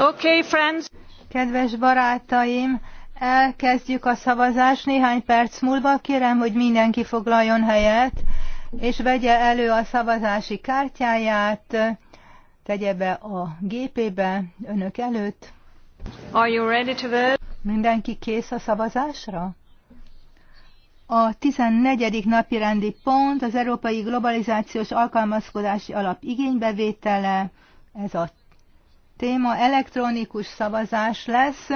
Okay, friends. Kedves barátaim, elkezdjük a szavazást néhány perc múlva. Kérem, hogy mindenki foglaljon helyet, és vegye elő a szavazási kártyáját, tegye be a gépébe önök előtt. Are you ready to vote? Mindenki kész a szavazásra? A 14. napi rendi pont az Európai Globalizációs Alkalmazkodási Alap igénybevétele, ez a téma elektronikus szavazás lesz.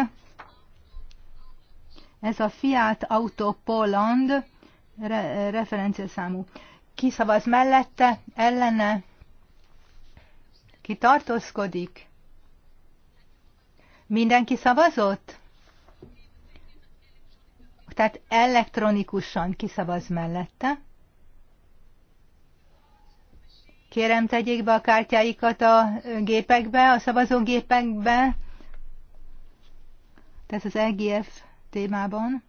Ez a Fiat Auto Poland re referenciaszámú. Ki szavaz mellette, ellene, ki tartózkodik? Mindenki szavazott? Tehát elektronikusan kiszavaz mellette. Kérem, tegyék be a kártyáikat a gépekbe, a szavazógépekbe. Tehát az EGF témában.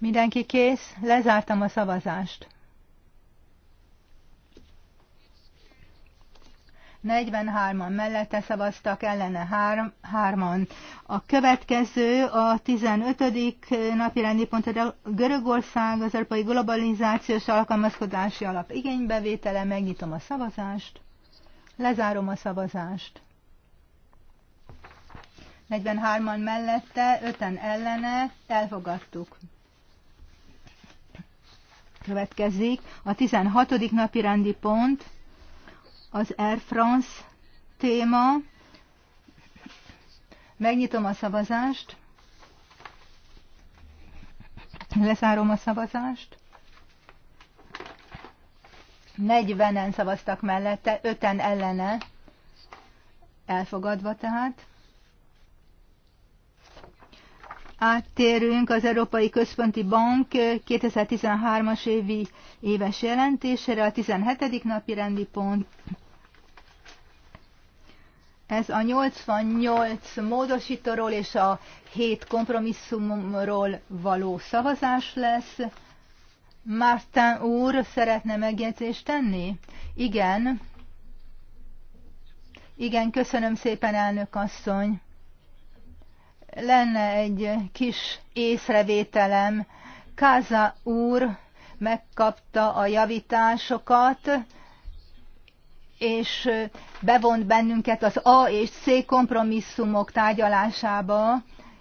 Mindenki kész? Lezártam a szavazást. 43-an mellette szavaztak, ellene 3-an. A következő a 15. napi rendi pont, a Görögország az Európai Globalizációs Alkalmazkodási Alap igénybevétele. Megnyitom a szavazást, lezárom a szavazást. 43-an mellette, 5-en ellene, elfogadtuk. Következik a 16. napi rendi pont, az Air France téma. Megnyitom a szavazást. Leszárom a szavazást. 40-en szavaztak mellette, 5-en ellene. Elfogadva tehát. Áttérünk az Európai Központi Bank 2013-as évi éves jelentésére, a 17. napi rendi pont. Ez a 88 módosítóról és a 7 kompromisszumról való szavazás lesz. Mártán úr szeretne megjegyzést tenni? Igen. Igen, köszönöm szépen, elnök asszony. Lenne egy kis észrevételem. Káza úr megkapta a javításokat, és bevont bennünket az A és C kompromisszumok tárgyalásába.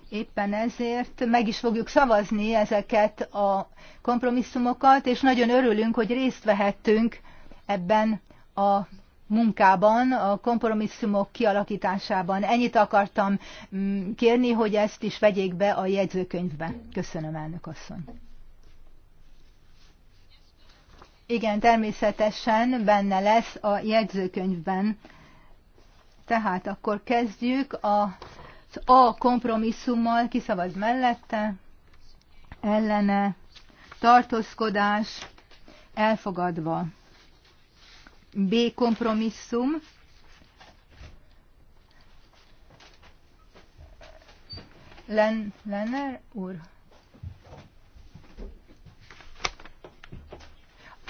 Éppen ezért meg is fogjuk szavazni ezeket a kompromisszumokat, és nagyon örülünk, hogy részt vehettünk ebben a munkában, a kompromisszumok kialakításában. Ennyit akartam mm, kérni, hogy ezt is vegyék be a jegyzőkönyvbe. Köszönöm, elnök asszony. Igen, természetesen benne lesz a jegyzőkönyvben. Tehát akkor kezdjük a, az A kompromisszummal, kiszavaz mellette, ellene, tartózkodás, elfogadva. B kompromisszum. Len, Lenner úr?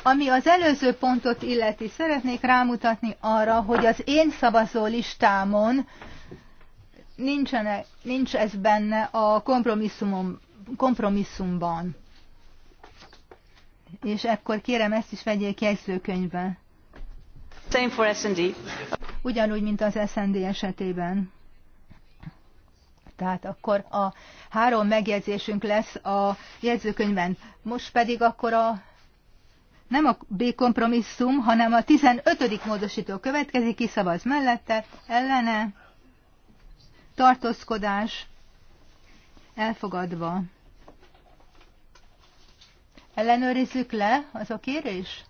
Ami az előző pontot illeti, szeretnék rámutatni arra, hogy az én szavazó listámon nincsenek, nincs ez benne a kompromisszumom, kompromisszumban. És ekkor kérem, ezt is vegyék jegyzőkönyvbe. Same for S&D. Ugyanúgy, mint az S&D esetében. Tehát akkor a három megjegyzésünk lesz a jegyzőkönyvben. Most pedig akkor a nem a B kompromisszum, hanem a 15. módosító következik, kiszavaz mellette, ellene, tartózkodás, elfogadva. Ellenőrizzük le, az a kérés?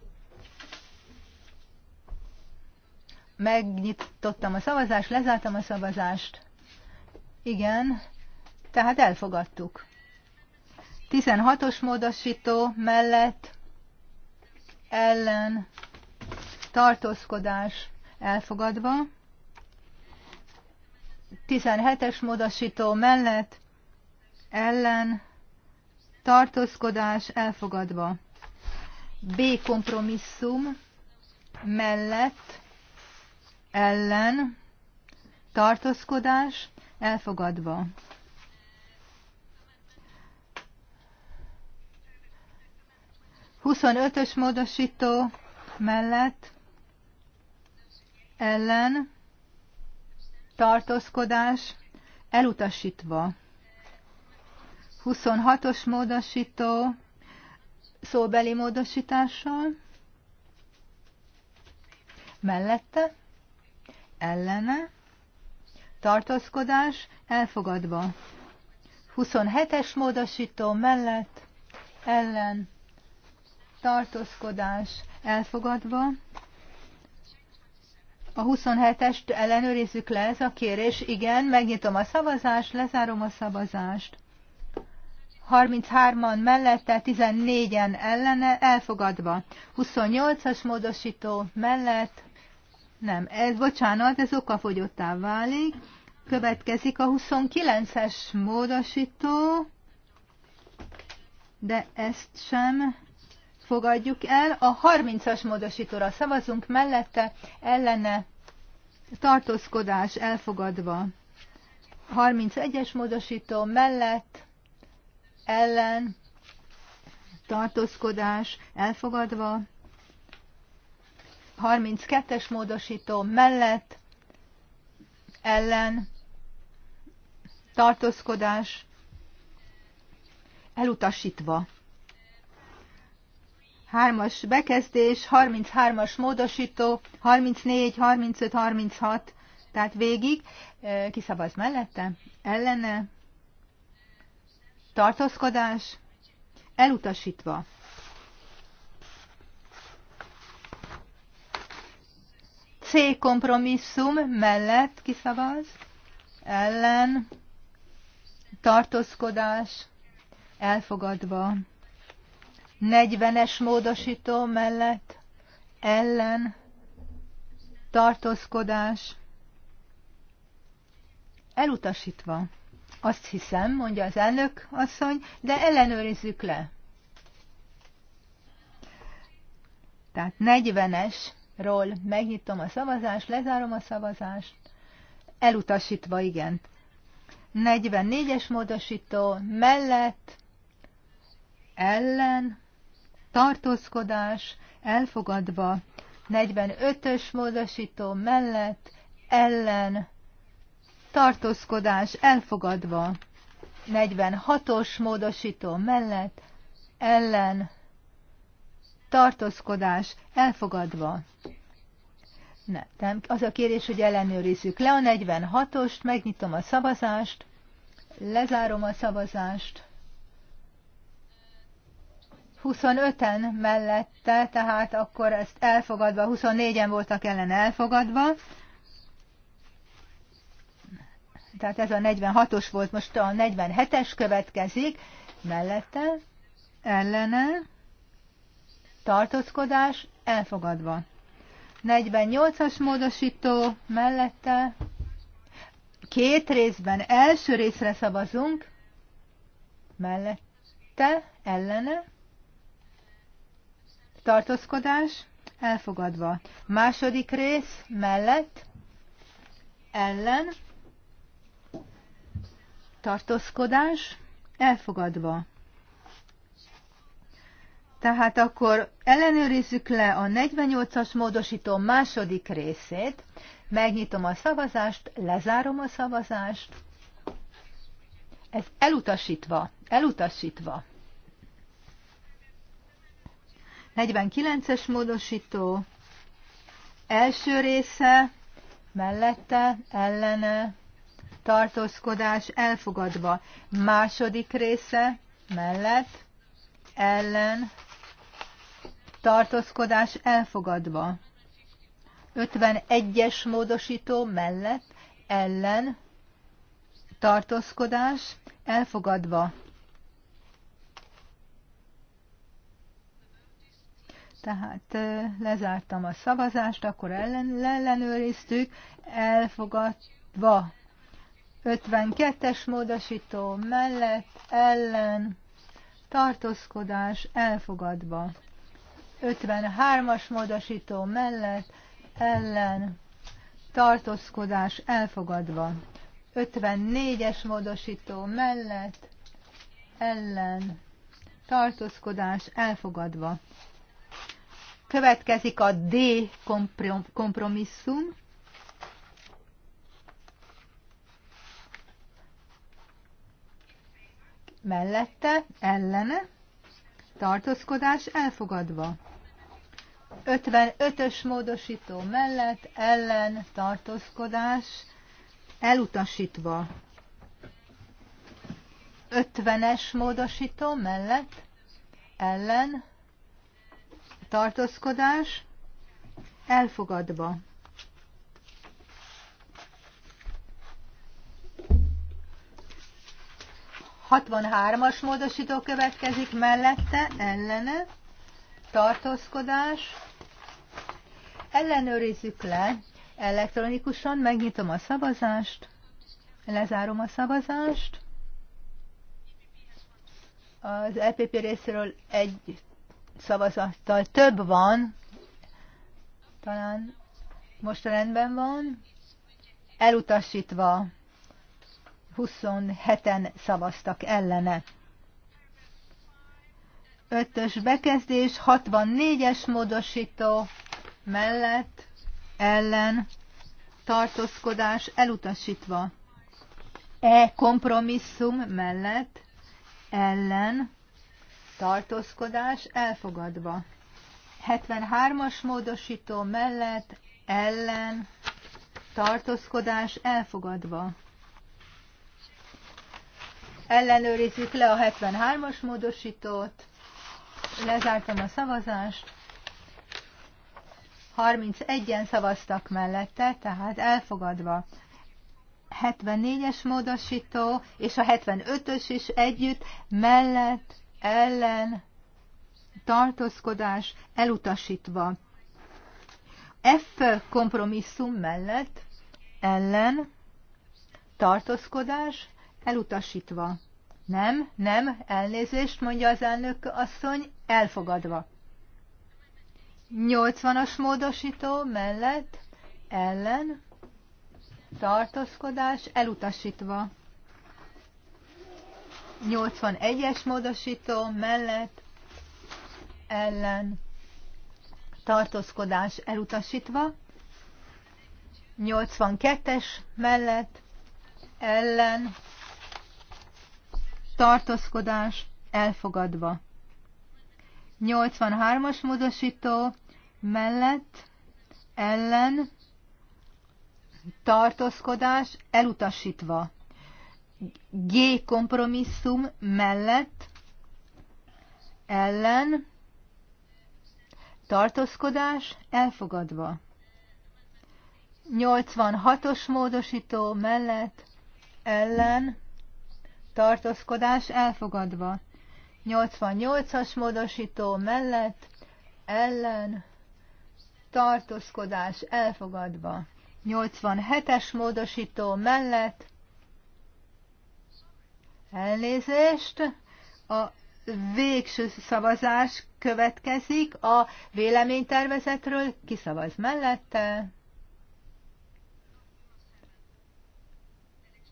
Megnyitottam a szavazást, lezártam a szavazást. Igen, tehát elfogadtuk. 16-os módosító mellett ellen tartózkodás elfogadva, 17-es módosító mellett ellen tartózkodás elfogadva, B kompromisszum mellett ellen tartózkodás elfogadva. Huszonötös módosító mellett ellen tartózkodás elutasítva. 26-os módosító szóbeli módosítással mellette ellene, tartózkodás elfogadva. 27-es módosító mellett, ellen, tartózkodás elfogadva. A 27-est ellenőrizzük le, ez a kérés. Igen, megnyitom a szavazást, lezárom a szavazást. 33-an mellette, 14-en ellene, elfogadva. 28-as módosító mellett, nem, ez, bocsánat, ez okafogyottá válik. Következik a 29-es módosító, de ezt sem fogadjuk el. A 30-as módosítóra szavazunk mellette, ellene tartózkodás elfogadva. 31-es módosító mellett, ellen tartózkodás elfogadva. 32-es módosító mellett ellen tartózkodás elutasítva. Hármas bekezdés, 33-as módosító, 34, 35, 36, tehát végig. Kiszavaz mellette? Ellene? Tartózkodás? Elutasítva. C kompromisszum mellett kiszavaz, ellen, tartózkodás, elfogadva. 40-es módosító mellett, ellen, tartózkodás, elutasítva. Azt hiszem, mondja az elnök asszony, de ellenőrizzük le. Tehát 40-es ról megnyitom a szavazást, lezárom a szavazást, elutasítva, igen. 44-es módosító mellett, ellen, tartózkodás, elfogadva, 45-ös módosító mellett, ellen, tartózkodás, elfogadva, 46-os módosító mellett, ellen, tartózkodás elfogadva. Ne, nem, az a kérés, hogy ellenőrizzük le a 46-ost, megnyitom a szavazást, lezárom a szavazást. 25-en mellette, tehát akkor ezt elfogadva, 24-en voltak ellen elfogadva. Tehát ez a 46-os volt, most a 47-es következik, mellette, ellene, tartózkodás elfogadva. 48-as módosító mellette két részben első részre szavazunk, mellette, ellene, tartózkodás, elfogadva. Második rész, mellett, ellen, tartózkodás, elfogadva. Tehát akkor ellenőrizzük le a 48-as módosító második részét, megnyitom a szavazást, lezárom a szavazást. Ez elutasítva, elutasítva. 49-es módosító, első része, mellette, ellene, tartózkodás elfogadva. Második része, mellett, ellen, tartózkodás elfogadva. 51-es módosító mellett ellen tartózkodás elfogadva. Tehát lezártam a szavazást, akkor ellen, ellenőriztük, elfogadva. 52-es módosító mellett ellen tartózkodás elfogadva. 53-as módosító mellett ellen tartózkodás elfogadva. 54-es módosító mellett ellen tartózkodás elfogadva. Következik a D kompromisszum. Mellette, ellene, tartózkodás elfogadva. 55-ös módosító mellett ellen tartózkodás elutasítva. 50-es módosító mellett ellen tartózkodás elfogadva. 63-as módosító következik mellette, ellene, tartózkodás. Ellenőrizzük le elektronikusan, megnyitom a szavazást, lezárom a szavazást. Az EPP részéről egy szavazattal több van, talán most rendben van, elutasítva 27-en szavaztak ellene. Ötös bekezdés, 64-es módosító mellett, ellen, tartózkodás elutasítva. E kompromisszum mellett, ellen, tartózkodás elfogadva. 73-as módosító mellett, ellen, tartózkodás elfogadva ellenőrizzük le a 73-as módosítót, lezártam a szavazást, 31-en szavaztak mellette, tehát elfogadva. 74-es módosító és a 75-ös is együtt mellett, ellen, tartózkodás elutasítva. F kompromisszum mellett, ellen, tartózkodás elutasítva. Nem, nem, elnézést, mondja az elnök asszony, elfogadva. 80-as módosító mellett, ellen, tartózkodás, elutasítva. 81-es módosító mellett, ellen, tartózkodás, elutasítva. 82-es mellett, ellen, tartózkodás elfogadva. 83-as módosító mellett ellen tartózkodás elutasítva. G kompromisszum mellett ellen tartózkodás elfogadva. 86-os módosító mellett ellen tartózkodás elfogadva. 88-as módosító mellett ellen tartózkodás elfogadva. 87-es módosító mellett elnézést, a végső szavazás következik a véleménytervezetről, kiszavaz mellette,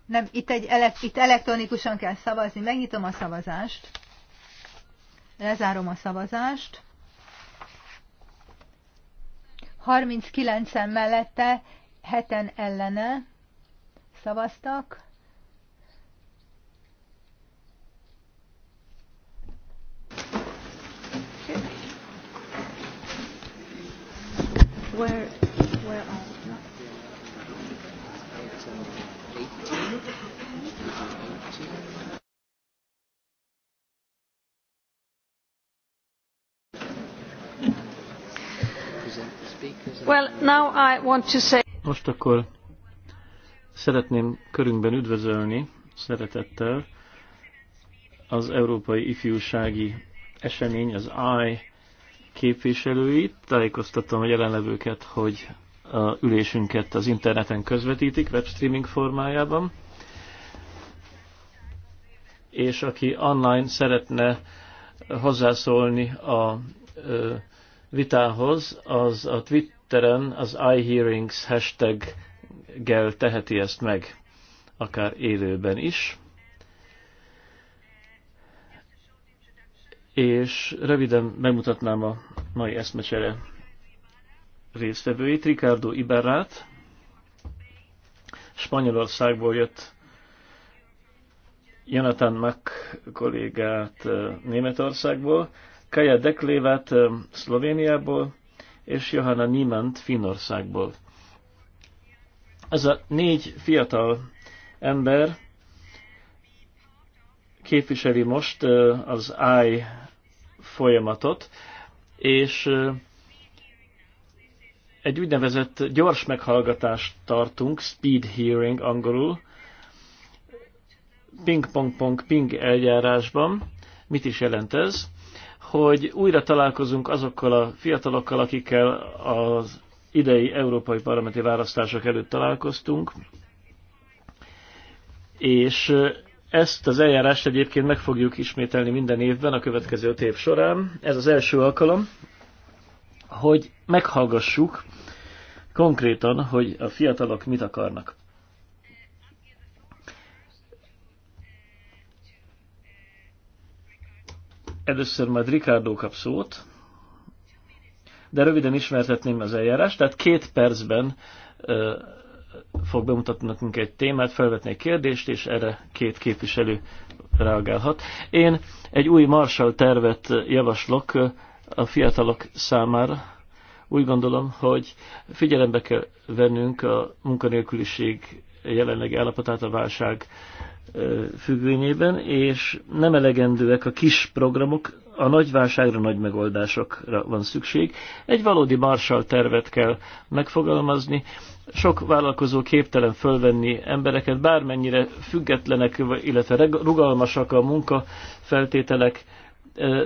Nem, itt, egy elek, itt elektronikusan kell szavazni. Megnyitom a szavazást. Lezárom a szavazást. 39-en mellette, 7-en ellene szavaztak. Where Most akkor szeretném körünkben üdvözölni szeretettel az Európai Ifjúsági Esemény, az I képviselőit. Tájékoztattam a jelenlevőket, hogy a ülésünket az interneten közvetítik, webstreaming formájában. És aki online szeretne hozzászólni a vitához, az a Twitter Twitteren az iHearings hashtaggel teheti ezt meg, akár élőben is. És röviden bemutatnám a mai eszmecsere résztvevőit, Ricardo Iberrát, Spanyolországból jött Jonathan Mack kollégát eh, Németországból, Kaja Deklévát eh, Szlovéniából, és Johanna Niemand Finnországból. Ez a négy fiatal ember képviseli most az AI folyamatot, és egy úgynevezett gyors meghallgatást tartunk, speed hearing angolul, ping-pong-pong-ping eljárásban. Mit is jelent ez? hogy újra találkozunk azokkal a fiatalokkal, akikkel az idei európai parlamenti választások előtt találkoztunk, és ezt az eljárást egyébként meg fogjuk ismételni minden évben a következő év során. Ez az első alkalom, hogy meghallgassuk konkrétan, hogy a fiatalok mit akarnak. Először majd Ricardo kap szót, de röviden ismertetném az eljárást. Tehát két percben ö, fog bemutatni nekünk egy témát, felvetni egy kérdést, és erre két képviselő reagálhat. Én egy új Marshall tervet javaslok a fiatalok számára. Úgy gondolom, hogy figyelembe kell vennünk a munkanélküliség jelenlegi állapotát, a válság függvényében, és nem elegendőek a kis programok, a nagy válságra nagy megoldásokra van szükség. Egy valódi Marshall tervet kell megfogalmazni. Sok vállalkozó képtelen fölvenni embereket, bármennyire függetlenek, illetve rugalmasak a munkafeltételek,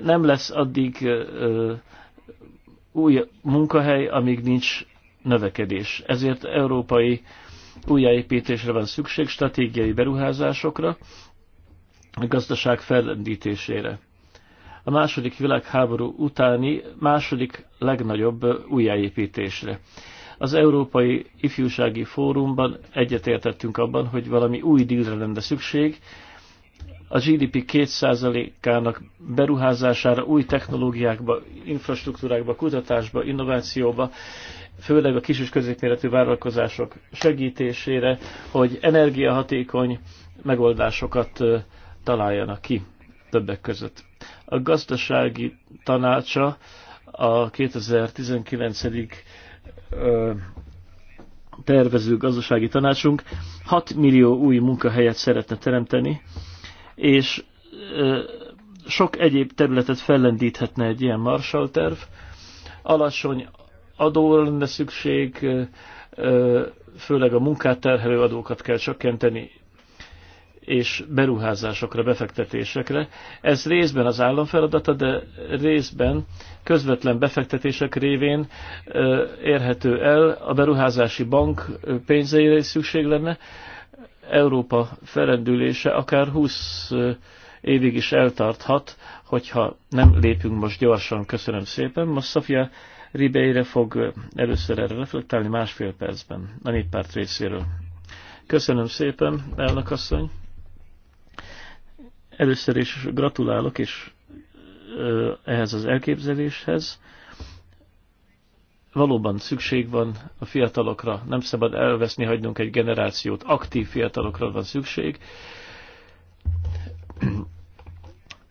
nem lesz addig új munkahely, amíg nincs növekedés. Ezért európai újjáépítésre van szükség, stratégiai beruházásokra, a gazdaság fellendítésére. A második világháború utáni második legnagyobb újjáépítésre. Az Európai Ifjúsági Fórumban egyetértettünk abban, hogy valami új dílre lenne szükség, a GDP 2%-ának beruházására új technológiákba, infrastruktúrákba, kutatásba, innovációba főleg a kis és középméretű vállalkozások segítésére, hogy energiahatékony megoldásokat találjanak ki többek között. A gazdasági tanácsa a 2019 tervező gazdasági tanácsunk 6 millió új munkahelyet szeretne teremteni, és sok egyéb területet fellendíthetne egy ilyen Marshall terv. Alacsony adóra lenne szükség, főleg a munkát terhelő adókat kell csökkenteni, és beruházásokra, befektetésekre. Ez részben az állam feladata, de részben közvetlen befektetések révén érhető el, a beruházási bank pénzeire is szükség lenne. Európa felendülése akár 20 évig is eltarthat, hogyha nem lépünk most gyorsan. Köszönöm szépen. Most Szofia Ribeire fog először erre reflektálni másfél percben a néppárt részéről. Köszönöm szépen, elnök asszony. Először is gratulálok és ehhez az elképzeléshez. Valóban szükség van a fiatalokra, nem szabad elveszni hagynunk egy generációt, aktív fiatalokra van szükség.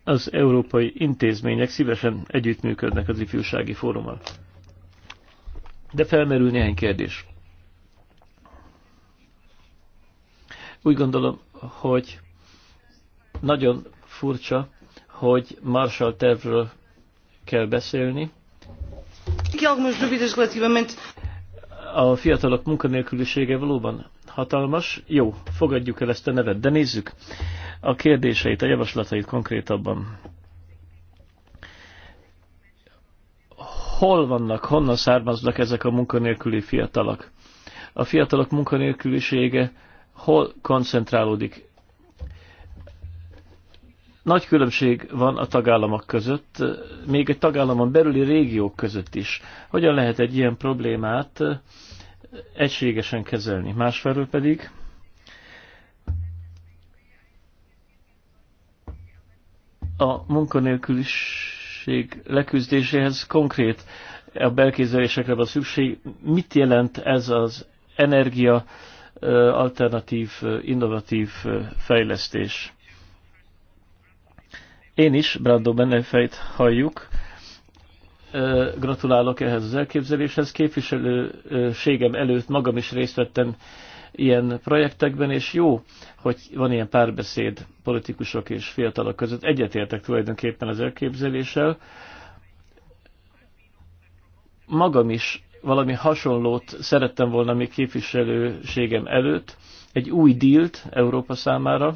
Az európai intézmények szívesen együttműködnek az ifjúsági fórummal. De felmerül néhány kérdés. Úgy gondolom, hogy nagyon furcsa, hogy Marshall tervről kell beszélni. A fiatalok munkanélkülisége valóban hatalmas. Jó, fogadjuk el ezt a nevet, de nézzük a kérdéseit, a javaslatait konkrétabban. hol vannak, honnan származnak ezek a munkanélküli fiatalok. A fiatalok munkanélkülisége hol koncentrálódik. Nagy különbség van a tagállamok között, még egy tagállamon belüli régiók között is. Hogyan lehet egy ilyen problémát egységesen kezelni? Másfelől pedig a munkanélküliség szükség leküzdéséhez konkrét a belképzelésekre van szükség. Mit jelent ez az energia alternatív, innovatív fejlesztés? Én is, Brando Benefejt halljuk, gratulálok ehhez az elképzeléshez. Képviselőségem előtt magam is részt vettem ilyen projektekben, és jó, hogy van ilyen párbeszéd politikusok és fiatalok között. Egyetértek tulajdonképpen az elképzeléssel. Magam is valami hasonlót szerettem volna még képviselőségem előtt, egy új dílt Európa számára,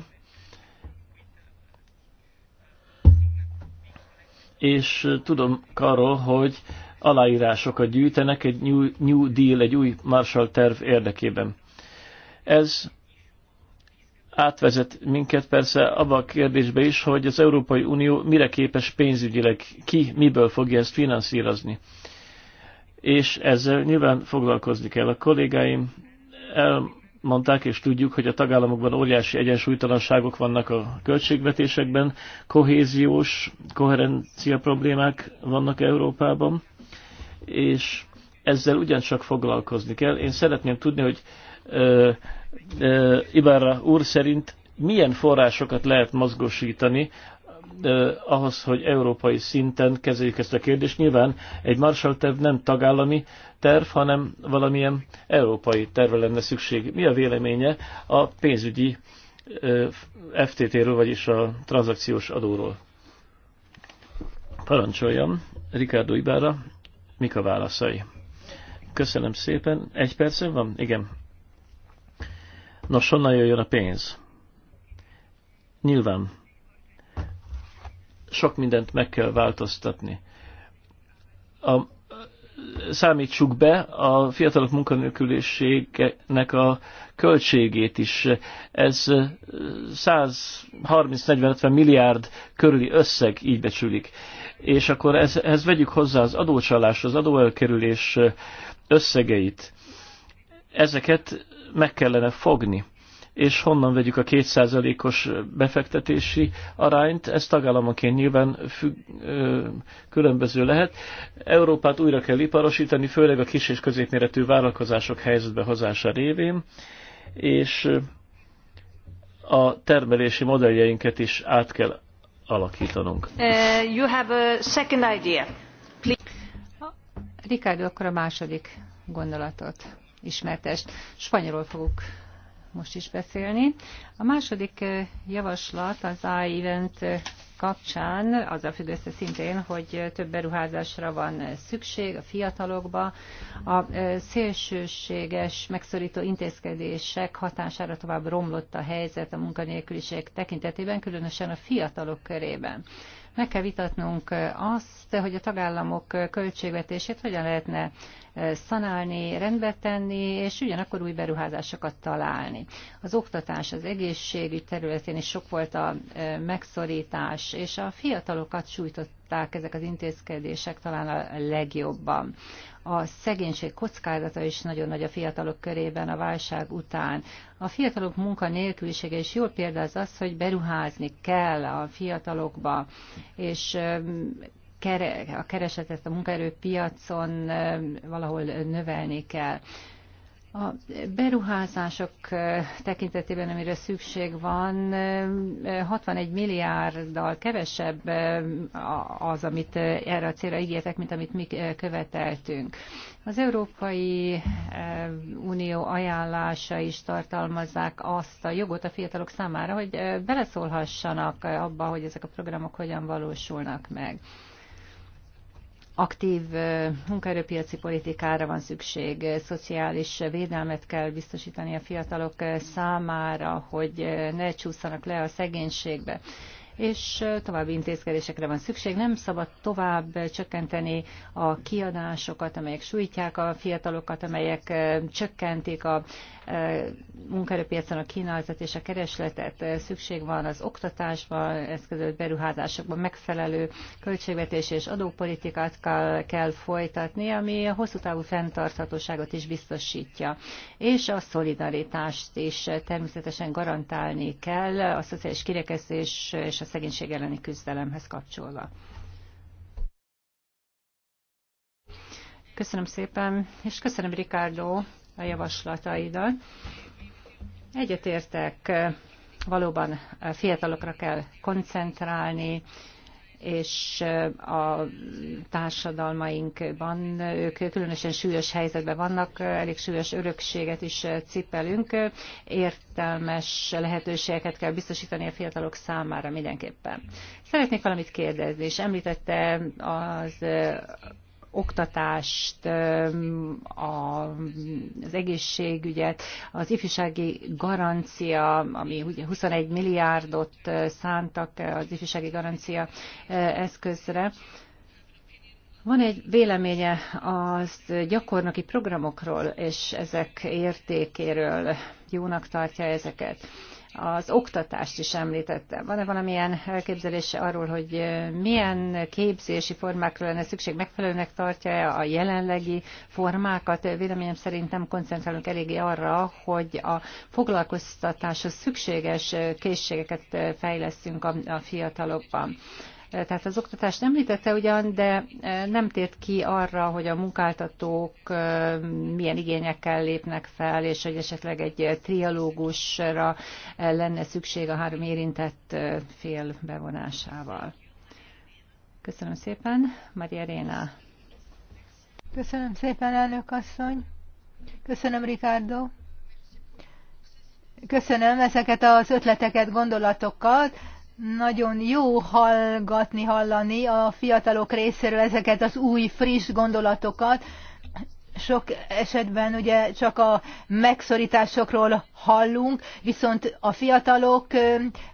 és tudom arról, hogy aláírásokat gyűjtenek egy New, Deal, egy új Marshall terv érdekében. Ez átvezet minket persze abba a kérdésbe is, hogy az Európai Unió mire képes pénzügyileg, ki miből fogja ezt finanszírozni. És ezzel nyilván foglalkozni kell. A kollégáim elmondták, és tudjuk, hogy a tagállamokban óriási egyensúlytalanságok vannak a költségvetésekben, kohéziós, koherencia problémák vannak Európában, és ezzel ugyancsak foglalkozni kell. Én szeretném tudni, hogy ö, ö, Ibarra úr szerint milyen forrásokat lehet mozgósítani ö, ahhoz, hogy európai szinten kezeljük ezt a kérdést. Nyilván egy Marshall terv nem tagállami terv, hanem valamilyen európai terve lenne szükség. Mi a véleménye a pénzügyi FTT-ről, vagyis a tranzakciós adóról? Parancsoljam, Ricardo Ibára, mik a válaszai? Köszönöm szépen. Egy percem van? Igen. Nos, honnan jöjjön a pénz? Nyilván sok mindent meg kell változtatni. A, számítsuk be a fiatalok munkanélküliségnek a költségét is. Ez 130-40-50 milliárd körüli összeg, így becsülik. És akkor ez, ez vegyük hozzá az adócsalás, az adóelkerülés összegeit. Ezeket meg kellene fogni. És honnan vegyük a kétszázalékos befektetési arányt? Ez tagállamoként nyilván függ, ö, különböző lehet. Európát újra kell iparosítani, főleg a kis és középméretű vállalkozások helyzetbe hozása révén, és a termelési modelljeinket is át kell alakítanunk. Uh, you have a second idea. Please. Ricardo, akkor a második gondolatot ismertest. Spanyolul fogok most is beszélni. A második eh, javaslat az iEvent eh, kapcsán a függ össze szintén, hogy eh, több beruházásra van szükség a fiatalokba. A szélsőséges megszorító intézkedések hatására tovább romlott a helyzet a munkanélküliség tekintetében, különösen a fiatalok körében. Meg kell vitatnunk azt, hogy a tagállamok költségvetését hogyan lehetne szanálni, rendbe tenni, és ugyanakkor új beruházásokat találni. Az oktatás, az egészségügy területén is sok volt a megszorítás, és a fiatalokat sújtották ezek az intézkedések talán a legjobban. A szegénység kockázata is nagyon nagy a fiatalok körében a válság után. A fiatalok munkanélkülisége is jó példa az az, hogy beruházni kell a fiatalokba, és a keresetet a munkaerőpiacon valahol növelni kell. A beruházások tekintetében, amire szükség van, 61 milliárddal kevesebb az, amit erre a célra ígértek, mint amit mi követeltünk. Az Európai Unió ajánlása is tartalmazzák azt a jogot a fiatalok számára, hogy beleszólhassanak abba, hogy ezek a programok hogyan valósulnak meg aktív munkaerőpiaci politikára van szükség, szociális védelmet kell biztosítani a fiatalok számára, hogy ne csúszanak le a szegénységbe és további intézkedésekre van szükség. Nem szabad tovább csökkenteni a kiadásokat, amelyek sújtják a fiatalokat, amelyek csökkentik a munkaerőpiacon a kínálatot és a keresletet szükség van az oktatásban, eszközölt beruházásokban megfelelő költségvetés és adópolitikát kell, kell folytatni, ami a hosszú távú fenntarthatóságot is biztosítja. És a szolidaritást is természetesen garantálni kell a szociális kirekesztés és a szegénység elleni küzdelemhez kapcsolva. Köszönöm szépen, és köszönöm Ricardo a javaslataidat. Egyetértek, valóban fiatalokra kell koncentrálni, és a társadalmainkban ők különösen súlyos helyzetben vannak, elég súlyos örökséget is cipelünk. Értelmes lehetőségeket kell biztosítani a fiatalok számára mindenképpen. Szeretnék valamit kérdezni, és említette az oktatást, az egészségügyet, az ifjúsági garancia, ami 21 milliárdot szántak az ifjúsági garancia eszközre. Van egy véleménye az gyakornoki programokról és ezek értékéről. Jónak tartja ezeket. Az oktatást is említette. Van-e valamilyen elképzelése arról, hogy milyen képzési formákra lenne szükség? Megfelelőnek tartja -e a jelenlegi formákat? Véleményem szerintem koncentrálunk eléggé arra, hogy a foglalkoztatáshoz szükséges készségeket fejlesztünk a fiatalokban. Tehát az oktatást említette ugyan, de e, nem tért ki arra, hogy a munkáltatók e, milyen igényekkel lépnek fel, és hogy esetleg egy trialógusra e, lenne szükség a három érintett fél bevonásával. Köszönöm szépen, Maria Réna. Köszönöm szépen, elnök asszony. Köszönöm, Ricardo. Köszönöm ezeket az ötleteket, gondolatokat nagyon jó hallgatni, hallani a fiatalok részéről ezeket az új, friss gondolatokat. Sok esetben ugye csak a megszorításokról hallunk, viszont a fiatalok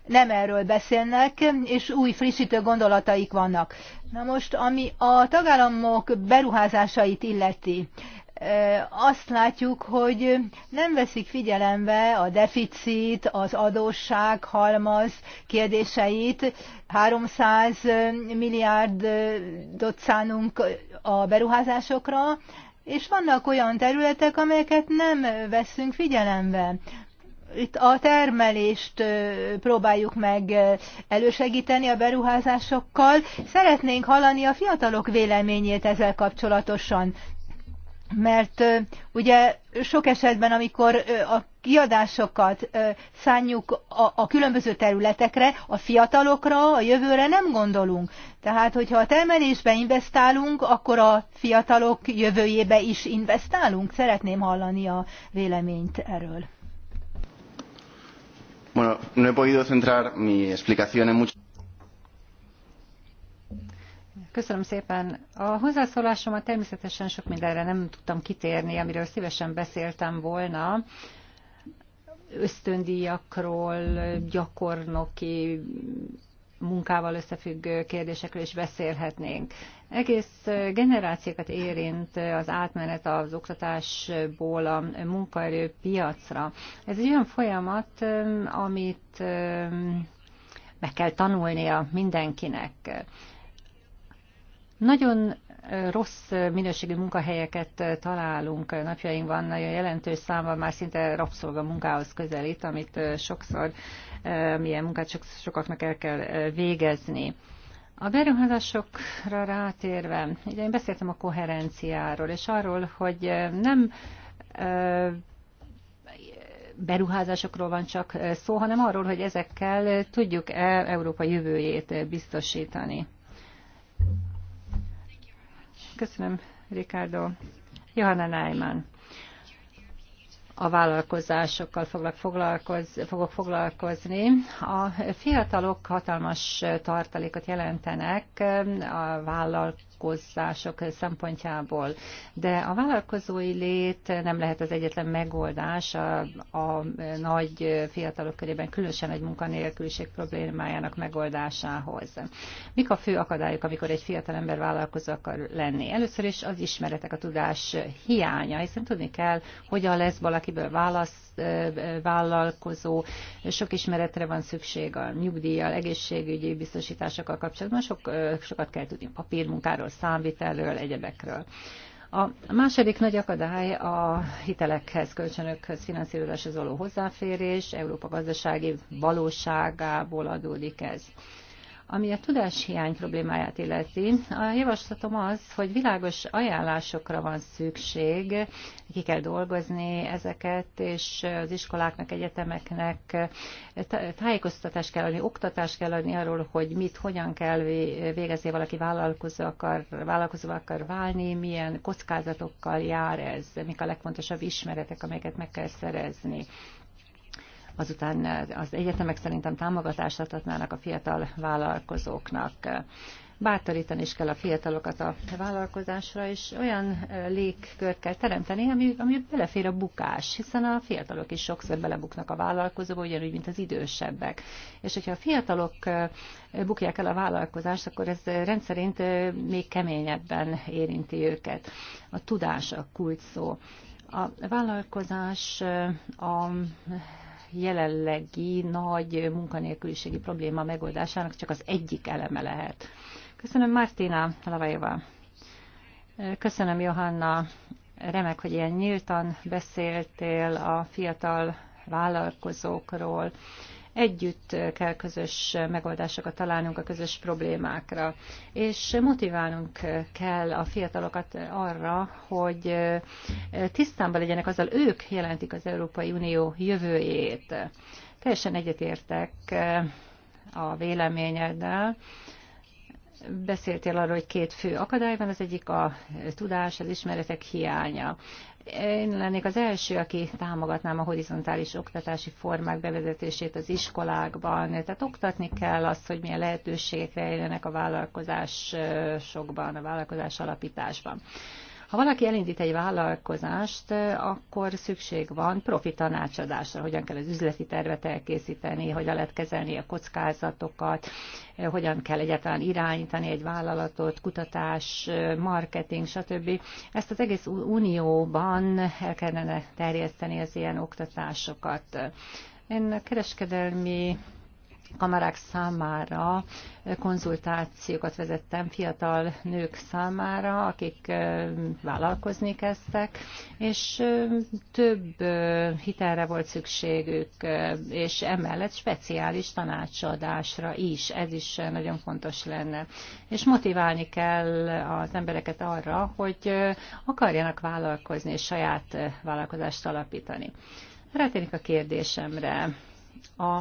nem erről beszélnek, és új frissítő gondolataik vannak. Na most, ami a tagállamok beruházásait illeti, azt látjuk, hogy nem veszik figyelembe a deficit, az adósság halmaz kérdéseit. 300 milliárdot szánunk a beruházásokra, és vannak olyan területek, amelyeket nem veszünk figyelembe. Itt a termelést próbáljuk meg elősegíteni a beruházásokkal. Szeretnénk hallani a fiatalok véleményét ezzel kapcsolatosan mert ugye sok esetben, amikor a kiadásokat szánjuk a, a különböző területekre, a fiatalokra, a jövőre nem gondolunk. Tehát, hogyha a termelésbe investálunk, akkor a fiatalok jövőjébe is investálunk. Szeretném hallani a véleményt erről. Bueno, no he podido centrar mi explicación en mucho. Köszönöm szépen. A hozzászólásomat természetesen sok mindenre nem tudtam kitérni, amiről szívesen beszéltem volna ösztöndíjakról, gyakornoki munkával összefüggő kérdésekről is beszélhetnénk. Egész generációkat érint az átmenet az oktatásból a munkaerőpiacra. Ez egy olyan folyamat, amit meg kell tanulnia mindenkinek. Nagyon rossz minőségű munkahelyeket találunk napjainkban, nagyon jelentős számban már szinte rabszolga munkához közelít, amit sokszor, milyen munkát sokaknak el kell végezni. A beruházásokra rátérve, ugye én beszéltem a koherenciáról, és arról, hogy nem beruházásokról van csak szó, hanem arról, hogy ezekkel tudjuk-e Európa jövőjét biztosítani. Köszönöm, Ricardo. Johanna Neiman a vállalkozásokkal foglak foglalkoz, fogok foglalkozni. A fiatalok hatalmas tartalékot jelentenek a vállal, vállalkozások szempontjából. De a vállalkozói lét nem lehet az egyetlen megoldás a, a nagy fiatalok körében, különösen egy munkanélküliség problémájának megoldásához. Mik a fő akadályok, amikor egy ember vállalkozó akar lenni? Először is az ismeretek, a tudás hiánya, hiszen tudni kell, hogyan lesz valakiből válasz, vállalkozó, sok ismeretre van szükség a nyugdíjjal, egészségügyi biztosításokkal kapcsolatban, sok, sokat kell tudni papírmunkáról, adóról, számvitelről, egyebekről. A második nagy akadály a hitelekhez, kölcsönökhöz, finanszírozáshoz való hozzáférés, Európa gazdasági valóságából adódik ez. Ami a tudáshiány problémáját illeti, a javaslatom az, hogy világos ajánlásokra van szükség, ki kell dolgozni ezeket, és az iskoláknak, egyetemeknek tájékoztatást kell adni, oktatást kell adni arról, hogy mit, hogyan kell végezni, valaki vállalkozó akar, vállalkozó akar válni, milyen kockázatokkal jár ez, mik a legfontosabb ismeretek, amelyeket meg kell szerezni azután eh, az egyetemek szerintem támogatást adhatnának a fiatal vállalkozóknak bátorítani is kell a fiatalokat a vállalkozásra, és olyan eh, légkört kell teremteni, ami, ami belefér a bukás, hiszen a fiatalok is sokszor belebuknak a vállalkozóba, ugyanúgy, mint az idősebbek. És hogyha a fiatalok eh, bukják el a vállalkozást, akkor ez rendszerint még keményebben érinti őket. A tudás a kulcs szó. A vállalkozás a jelenlegi nagy munkanélküliségi probléma megoldásának csak az egyik eleme lehet. Köszönöm Martina Lavajová. Köszönöm Johanna. Remek, hogy ilyen nyíltan beszéltél a fiatal vállalkozókról Együtt kell közös megoldásokat találnunk a közös problémákra, és motiválnunk kell a fiatalokat arra, hogy tisztában legyenek azzal, ők jelentik az Európai Unió jövőjét. Teljesen egyetértek a véleményeddel, Beszéltél arról, hogy két fő akadály van, az egyik a tudás, az ismeretek hiánya. Én lennék az első, aki támogatnám a horizontális oktatási formák bevezetését az iskolákban. Tehát oktatni kell azt, hogy milyen lehetőségek rejlenek a vállalkozásokban, a vállalkozás alapításban. Ha valaki elindít egy vállalkozást, akkor szükség van profi tanácsadásra, hogyan kell az üzleti tervet elkészíteni, hogyan lehet kezelni a kockázatokat, hogyan kell egyáltalán irányítani egy vállalatot, kutatás, marketing, stb. Ezt az egész unióban el kellene terjeszteni az ilyen oktatásokat. Én a kereskedelmi kamarák számára konzultációkat vezettem fiatal nők számára, akik vállalkozni kezdtek, és több hitelre volt szükségük, és emellett speciális tanácsadásra is, ez is nagyon fontos lenne. És motiválni kell az embereket arra, hogy akarjanak vállalkozni és saját vállalkozást alapítani. Rátérik a kérdésemre. A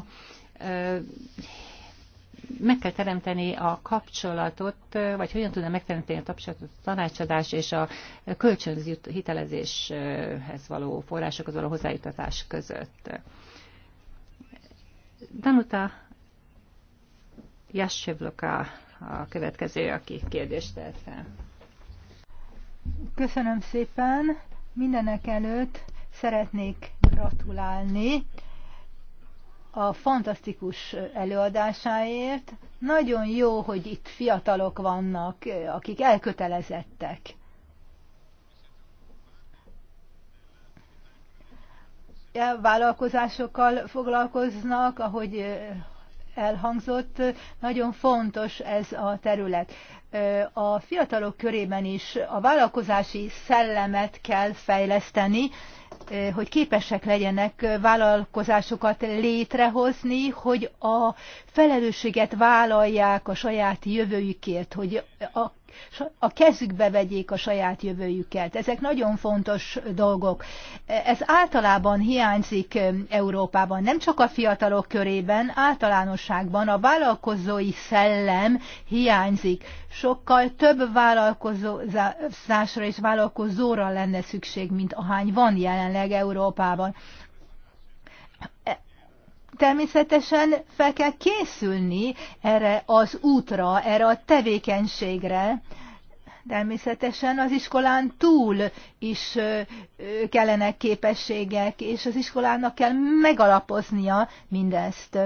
meg kell teremteni a kapcsolatot, vagy hogyan tudna megteremteni a kapcsolatot a tanácsadás és a kölcsönzött hitelezéshez való forrásokhoz való hozzájutatás között. Danuta Jassevloka a következő, aki kérdést tett fel. Köszönöm szépen. Mindenek előtt szeretnék gratulálni a fantasztikus előadásáért. Nagyon jó, hogy itt fiatalok vannak, akik elkötelezettek. Vállalkozásokkal foglalkoznak, ahogy elhangzott, nagyon fontos ez a terület. A fiatalok körében is a vállalkozási szellemet kell fejleszteni, hogy képesek legyenek vállalkozásokat létrehozni, hogy a felelősséget vállalják a saját jövőjükért, hogy a a kezükbe vegyék a saját jövőjüket. Ezek nagyon fontos dolgok. Ez általában hiányzik Európában, nem csak a fiatalok körében, általánosságban a vállalkozói szellem hiányzik. Sokkal több vállalkozásra és vállalkozóra lenne szükség, mint ahány van jelenleg Európában természetesen fel kell készülni erre az útra, erre a tevékenységre. Természetesen az iskolán túl is kellenek képességek, és az iskolának kell megalapoznia mindezt.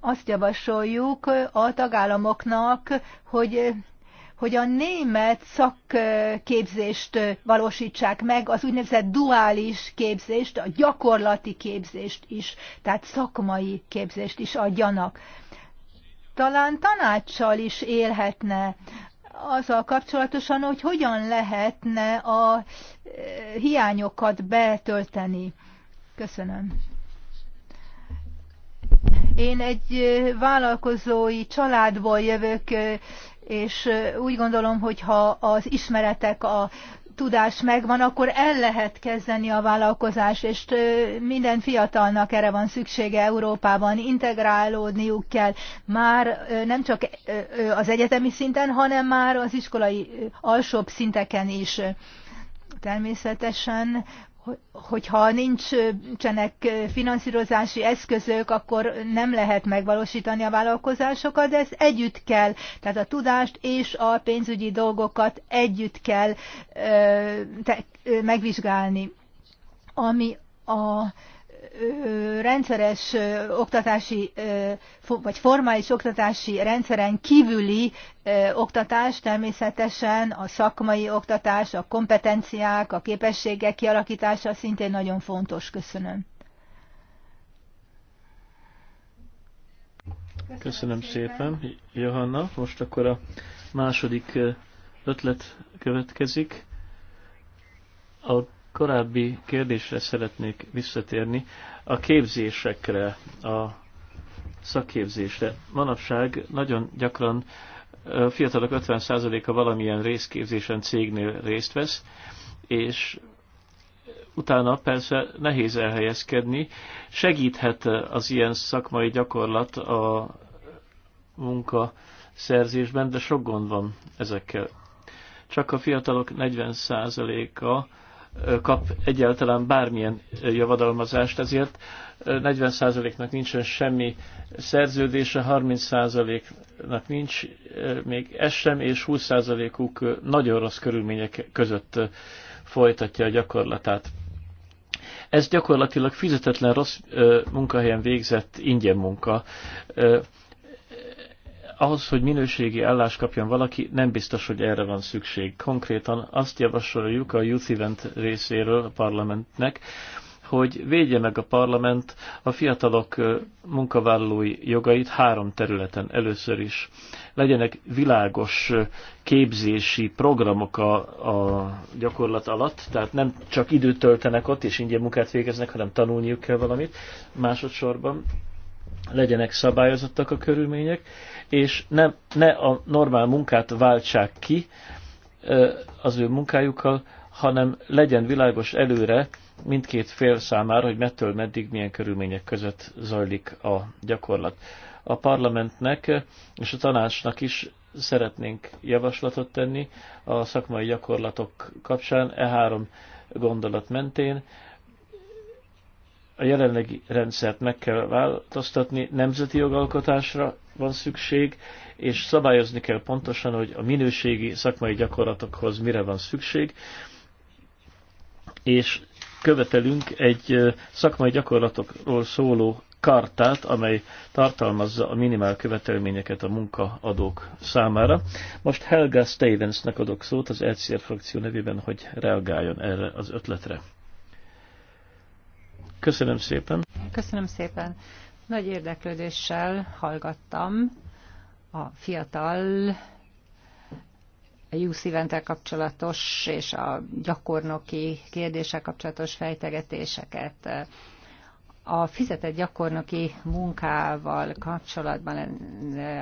Azt javasoljuk a tagállamoknak, hogy hogy a német szakképzést valósítsák meg, az úgynevezett duális képzést, a gyakorlati képzést is, tehát szakmai képzést is adjanak. Talán tanácssal is élhetne azzal kapcsolatosan, hogy hogyan lehetne a hiányokat betölteni. Köszönöm. Én egy vállalkozói családból jövök, és úgy gondolom, hogy ha az ismeretek, a tudás megvan, akkor el lehet kezdeni a vállalkozás és minden fiatalnak erre van szüksége Európában, integrálódniuk kell már nem csak az egyetemi szinten, hanem már az iskolai alsóbb szinteken is. Természetesen hogyha nincsenek finanszírozási eszközök, akkor nem lehet megvalósítani a vállalkozásokat, de ezt együtt kell, tehát a tudást és a pénzügyi dolgokat együtt kell ö, te, ö, megvizsgálni. Ami a rendszeres oktatási vagy formális oktatási rendszeren kívüli oktatás természetesen a szakmai oktatás, a kompetenciák, a képességek kialakítása szintén nagyon fontos. Köszönöm. Köszönöm szépen, Johanna. Most akkor a második ötlet következik. A korábbi kérdésre szeretnék visszatérni, a képzésekre, a szakképzésre. Manapság nagyon gyakran a fiatalok 50%-a valamilyen részképzésen cégnél részt vesz, és utána persze nehéz elhelyezkedni. Segíthet az ilyen szakmai gyakorlat a munka szerzésben, de sok gond van ezekkel. Csak a fiatalok 40%-a kap egyáltalán bármilyen javadalmazást, ezért 40%-nak nincsen semmi szerződése, 30%-nak nincs még ez sem, és 20%-uk nagyon rossz körülmények között folytatja a gyakorlatát. Ez gyakorlatilag fizetetlen rossz munkahelyen végzett ingyen munka ahhoz, hogy minőségi állást kapjon valaki, nem biztos, hogy erre van szükség. Konkrétan azt javasoljuk a Youth Event részéről a parlamentnek, hogy védje meg a parlament a fiatalok munkavállalói jogait három területen először is. Legyenek világos képzési programok a, a gyakorlat alatt, tehát nem csak időt töltenek ott és ingyen munkát végeznek, hanem tanulniuk kell valamit. Másodszorban legyenek szabályozottak a körülmények, és nem, ne a normál munkát váltsák ki az ő munkájukkal, hanem legyen világos előre mindkét fél számára, hogy mettől meddig milyen körülmények között zajlik a gyakorlat. A parlamentnek és a tanácsnak is szeretnénk javaslatot tenni a szakmai gyakorlatok kapcsán e három gondolat mentén, a jelenlegi rendszert meg kell változtatni, nemzeti jogalkotásra van szükség, és szabályozni kell pontosan, hogy a minőségi szakmai gyakorlatokhoz mire van szükség, és követelünk egy szakmai gyakorlatokról szóló kartát, amely tartalmazza a minimál követelményeket a munkaadók számára. Most Helga Stevensnek adok szót az LCR e frakció nevében, hogy reagáljon erre az ötletre. Köszönöm szépen. Köszönöm szépen. Nagy érdeklődéssel hallgattam a fiatal a Youth event kapcsolatos és a gyakornoki kérdések kapcsolatos fejtegetéseket. A fizetett gyakornoki munkával kapcsolatban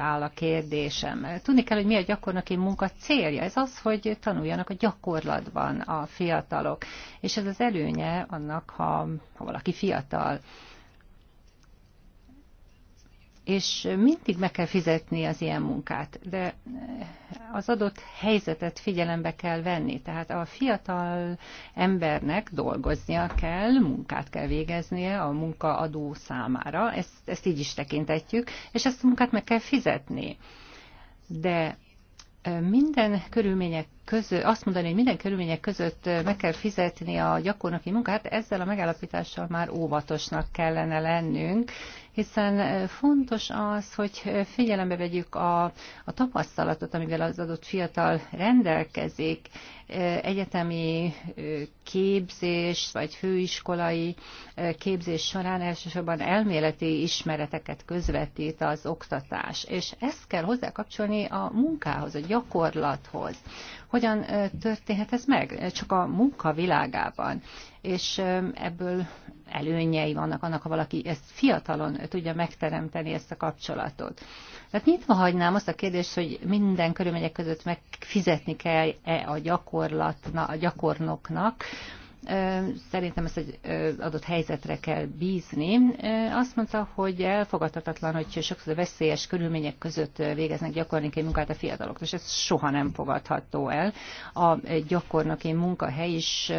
áll a kérdésem. Tudni kell, hogy mi a gyakornoki munka célja. Ez az, hogy tanuljanak a gyakorlatban a fiatalok. És ez az előnye annak, ha, ha valaki fiatal és mindig meg kell fizetni az ilyen munkát, de az adott helyzetet figyelembe kell venni. Tehát a fiatal embernek dolgoznia kell, munkát kell végeznie a munkaadó számára, ezt, ezt így is tekintetjük, és ezt a munkát meg kell fizetni. De minden körülmények között, azt mondani, hogy minden körülmények között meg kell fizetni a gyakornoki munkát, ezzel a megállapítással már óvatosnak kellene lennünk, hiszen fontos az, hogy figyelembe vegyük a, a tapasztalatot, amivel az adott fiatal rendelkezik, egyetemi képzés, vagy főiskolai képzés során elsősorban elméleti ismereteket közvetít az oktatás, és ezt kell hozzákapcsolni a munkához, a gyakorlathoz hogyan történhet ez meg? Csak a munka világában. És ebből előnyei vannak annak, ha valaki ezt fiatalon tudja megteremteni ezt a kapcsolatot. Tehát nyitva hagynám azt a kérdést, hogy minden körülmények között megfizetni kell-e a, gyakorlatna, a gyakornoknak, szerintem ezt egy adott helyzetre kell bízni. Azt mondta, hogy elfogadhatatlan, hogy sokszor veszélyes körülmények között végeznek gyakornoki munkát a fiatalok, és ez soha nem fogadható el. A gyakornoki munkahely is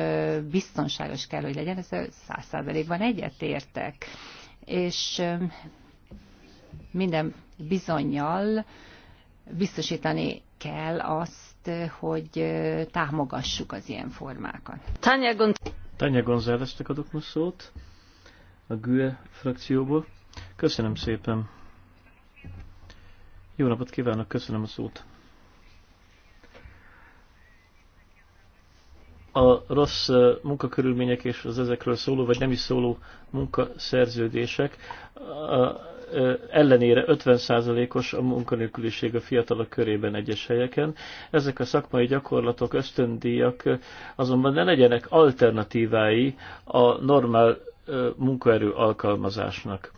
biztonságos kell, hogy legyen, ezzel száz százalékban egyetértek. És minden bizonyal biztosítani kell azt, Eh, hogy eh, támogassuk az ilyen formákat. Tanya, Gon- Tanya adok most szót a GUE frakcióból. Köszönöm szépen. Jó napot kívánok, köszönöm a szót. A rossz eh, munkakörülmények és az ezekről szóló, vagy nem is szóló munkaszerződések ellenére 50%-os a munkanélküliség a fiatalok körében egyes helyeken. Ezek a szakmai gyakorlatok, ösztöndíjak azonban ne legyenek alternatívái a normál munkaerő alkalmazásnak.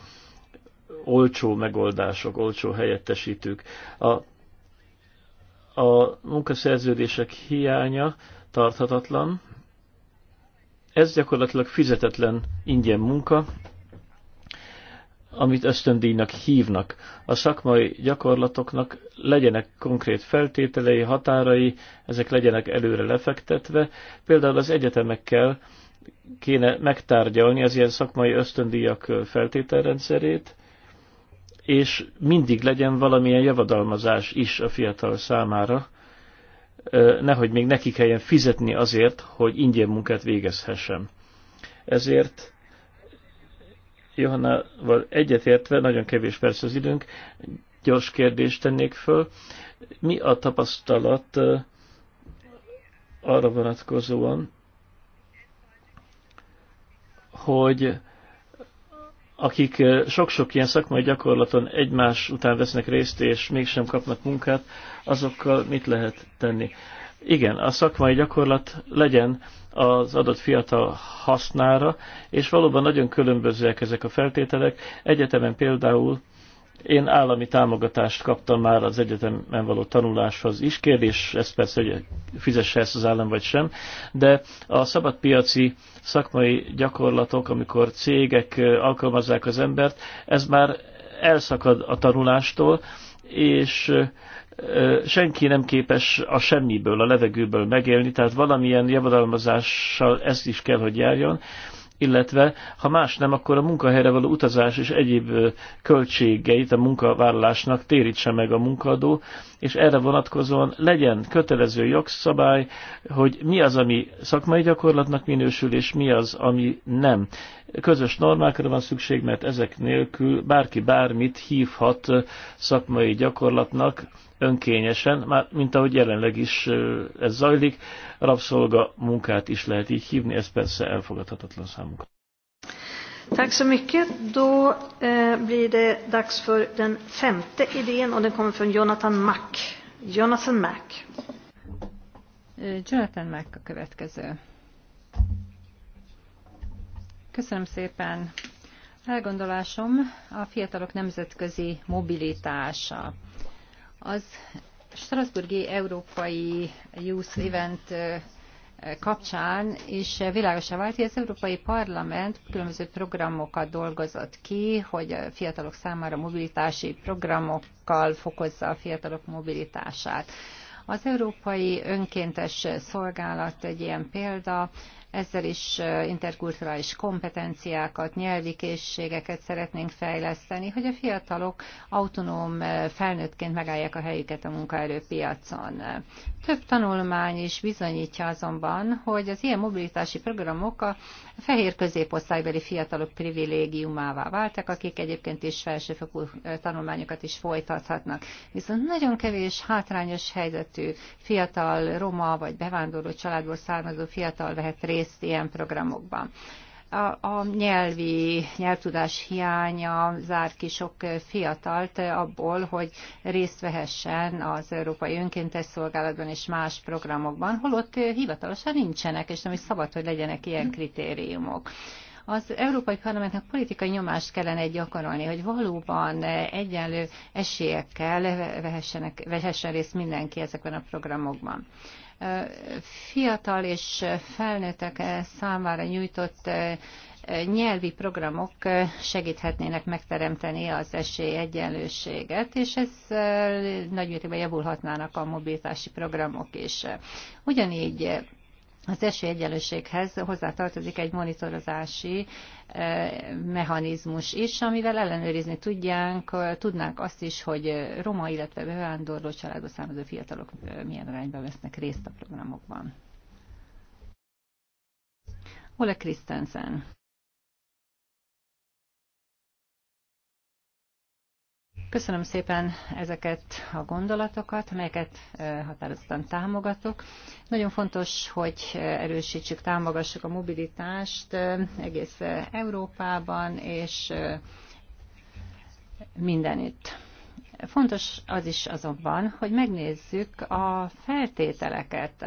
Olcsó megoldások, olcsó helyettesítők. A, a munkaszerződések hiánya tarthatatlan. Ez gyakorlatilag fizetetlen ingyen munka, amit ösztöndíjnak hívnak. A szakmai gyakorlatoknak legyenek konkrét feltételei, határai, ezek legyenek előre lefektetve. Például az egyetemekkel kéne megtárgyalni az ilyen szakmai ösztöndíjak feltételrendszerét, és mindig legyen valamilyen javadalmazás is a fiatal számára, nehogy még neki kelljen fizetni azért, hogy ingyen munkát végezhessen. Ezért Johannával egyetértve, nagyon kevés perc az időnk, gyors kérdést tennék föl. Mi a tapasztalat eh, arra vonatkozóan, hogy akik eh, sok-sok ilyen szakmai gyakorlaton egymás után vesznek részt, és mégsem kapnak munkát, azokkal mit lehet tenni? igen, a szakmai gyakorlat legyen az adott fiatal hasznára, és valóban nagyon különbözőek ezek a feltételek. Egyetemen például én állami támogatást kaptam már az egyetemen való tanuláshoz is. Kérdés ez persze, hogy fizesse ezt az állam vagy sem, de a szabadpiaci szakmai gyakorlatok, amikor cégek alkalmazzák az embert, ez már elszakad a tanulástól, és senki nem képes a semmiből, a levegőből megélni, tehát valamilyen javadalmazással ezt is kell, hogy járjon, illetve ha más nem, akkor a munkahelyre való utazás és egyéb költségeit a munkavállalásnak térítse meg a munkadó, és erre vonatkozóan legyen kötelező jogszabály, hogy mi az, ami szakmai gyakorlatnak minősül, és mi az, ami nem. Közös normákra van szükség, mert ezek nélkül bárki bármit hívhat szakmai gyakorlatnak önkényesen, már mint ahogy jelenleg is ez zajlik, rabszolga munkát is lehet így hívni, ez persze elfogadhatatlan számunkra. Tack så mycket. Då eh, blir det dags för den femte idén och den kommer från Jonathan Mack. Jonathan Mack. Eh, Jonathan Mack a következő. Köszönöm szépen. Elgondolásom a fiatalok nemzetközi mobilitása. Az Strasburgi Európai Youth Event kapcsán is világosá vált, hogy az Európai Parlament különböző programokat dolgozott ki, hogy a fiatalok számára mobilitási programokkal fokozza a fiatalok mobilitását. Az Európai Önkéntes Szolgálat egy ilyen példa, ezzel is interkulturális kompetenciákat, nyelvi készségeket szeretnénk fejleszteni, hogy a fiatalok autonóm felnőttként megállják a helyüket a munkaerőpiacon. Több tanulmány is bizonyítja azonban, hogy az ilyen mobilitási programok a fehér középosztálybeli fiatalok privilégiumává váltak, akik egyébként is felsőfokú tanulmányokat is folytathatnak. Viszont nagyon kevés hátrányos helyzetű fiatal, roma vagy bevándorló családból származó fiatal vehet részt részt ilyen programokban. A, a nyelvi, nyelvtudás hiánya zár ki sok fiatalt abból, hogy részt vehessen az Európai Önkéntes Szolgálatban és más programokban, holott hivatalosan nincsenek, és nem is szabad, hogy legyenek ilyen kritériumok az Európai Parlamentnek politikai nyomást kellene gyakorolni, hogy valóban egyenlő esélyekkel vehessenek, vehessen részt mindenki ezekben a programokban fiatal és felnőttek számára nyújtott nyelvi programok segíthetnének megteremteni az esélyegyenlőséget, és ez nagymértékben javulhatnának a mobilitási programok is. Ugyanígy az esélyegyenlőséghez hozzátartozik egy monitorozási eh, mechanizmus is, amivel ellenőrizni tudjánk, eh, tudnánk azt is, hogy eh, roma, illetve bevándorló családba származó fiatalok milyen arányban vesznek részt a programokban. Ole Christensen. Köszönöm szépen ezeket a gondolatokat, amelyeket határozottan támogatok. Nagyon fontos, hogy erősítsük, támogassuk a mobilitást egész Európában és mindenütt. Fontos az is azonban, hogy megnézzük a feltételeket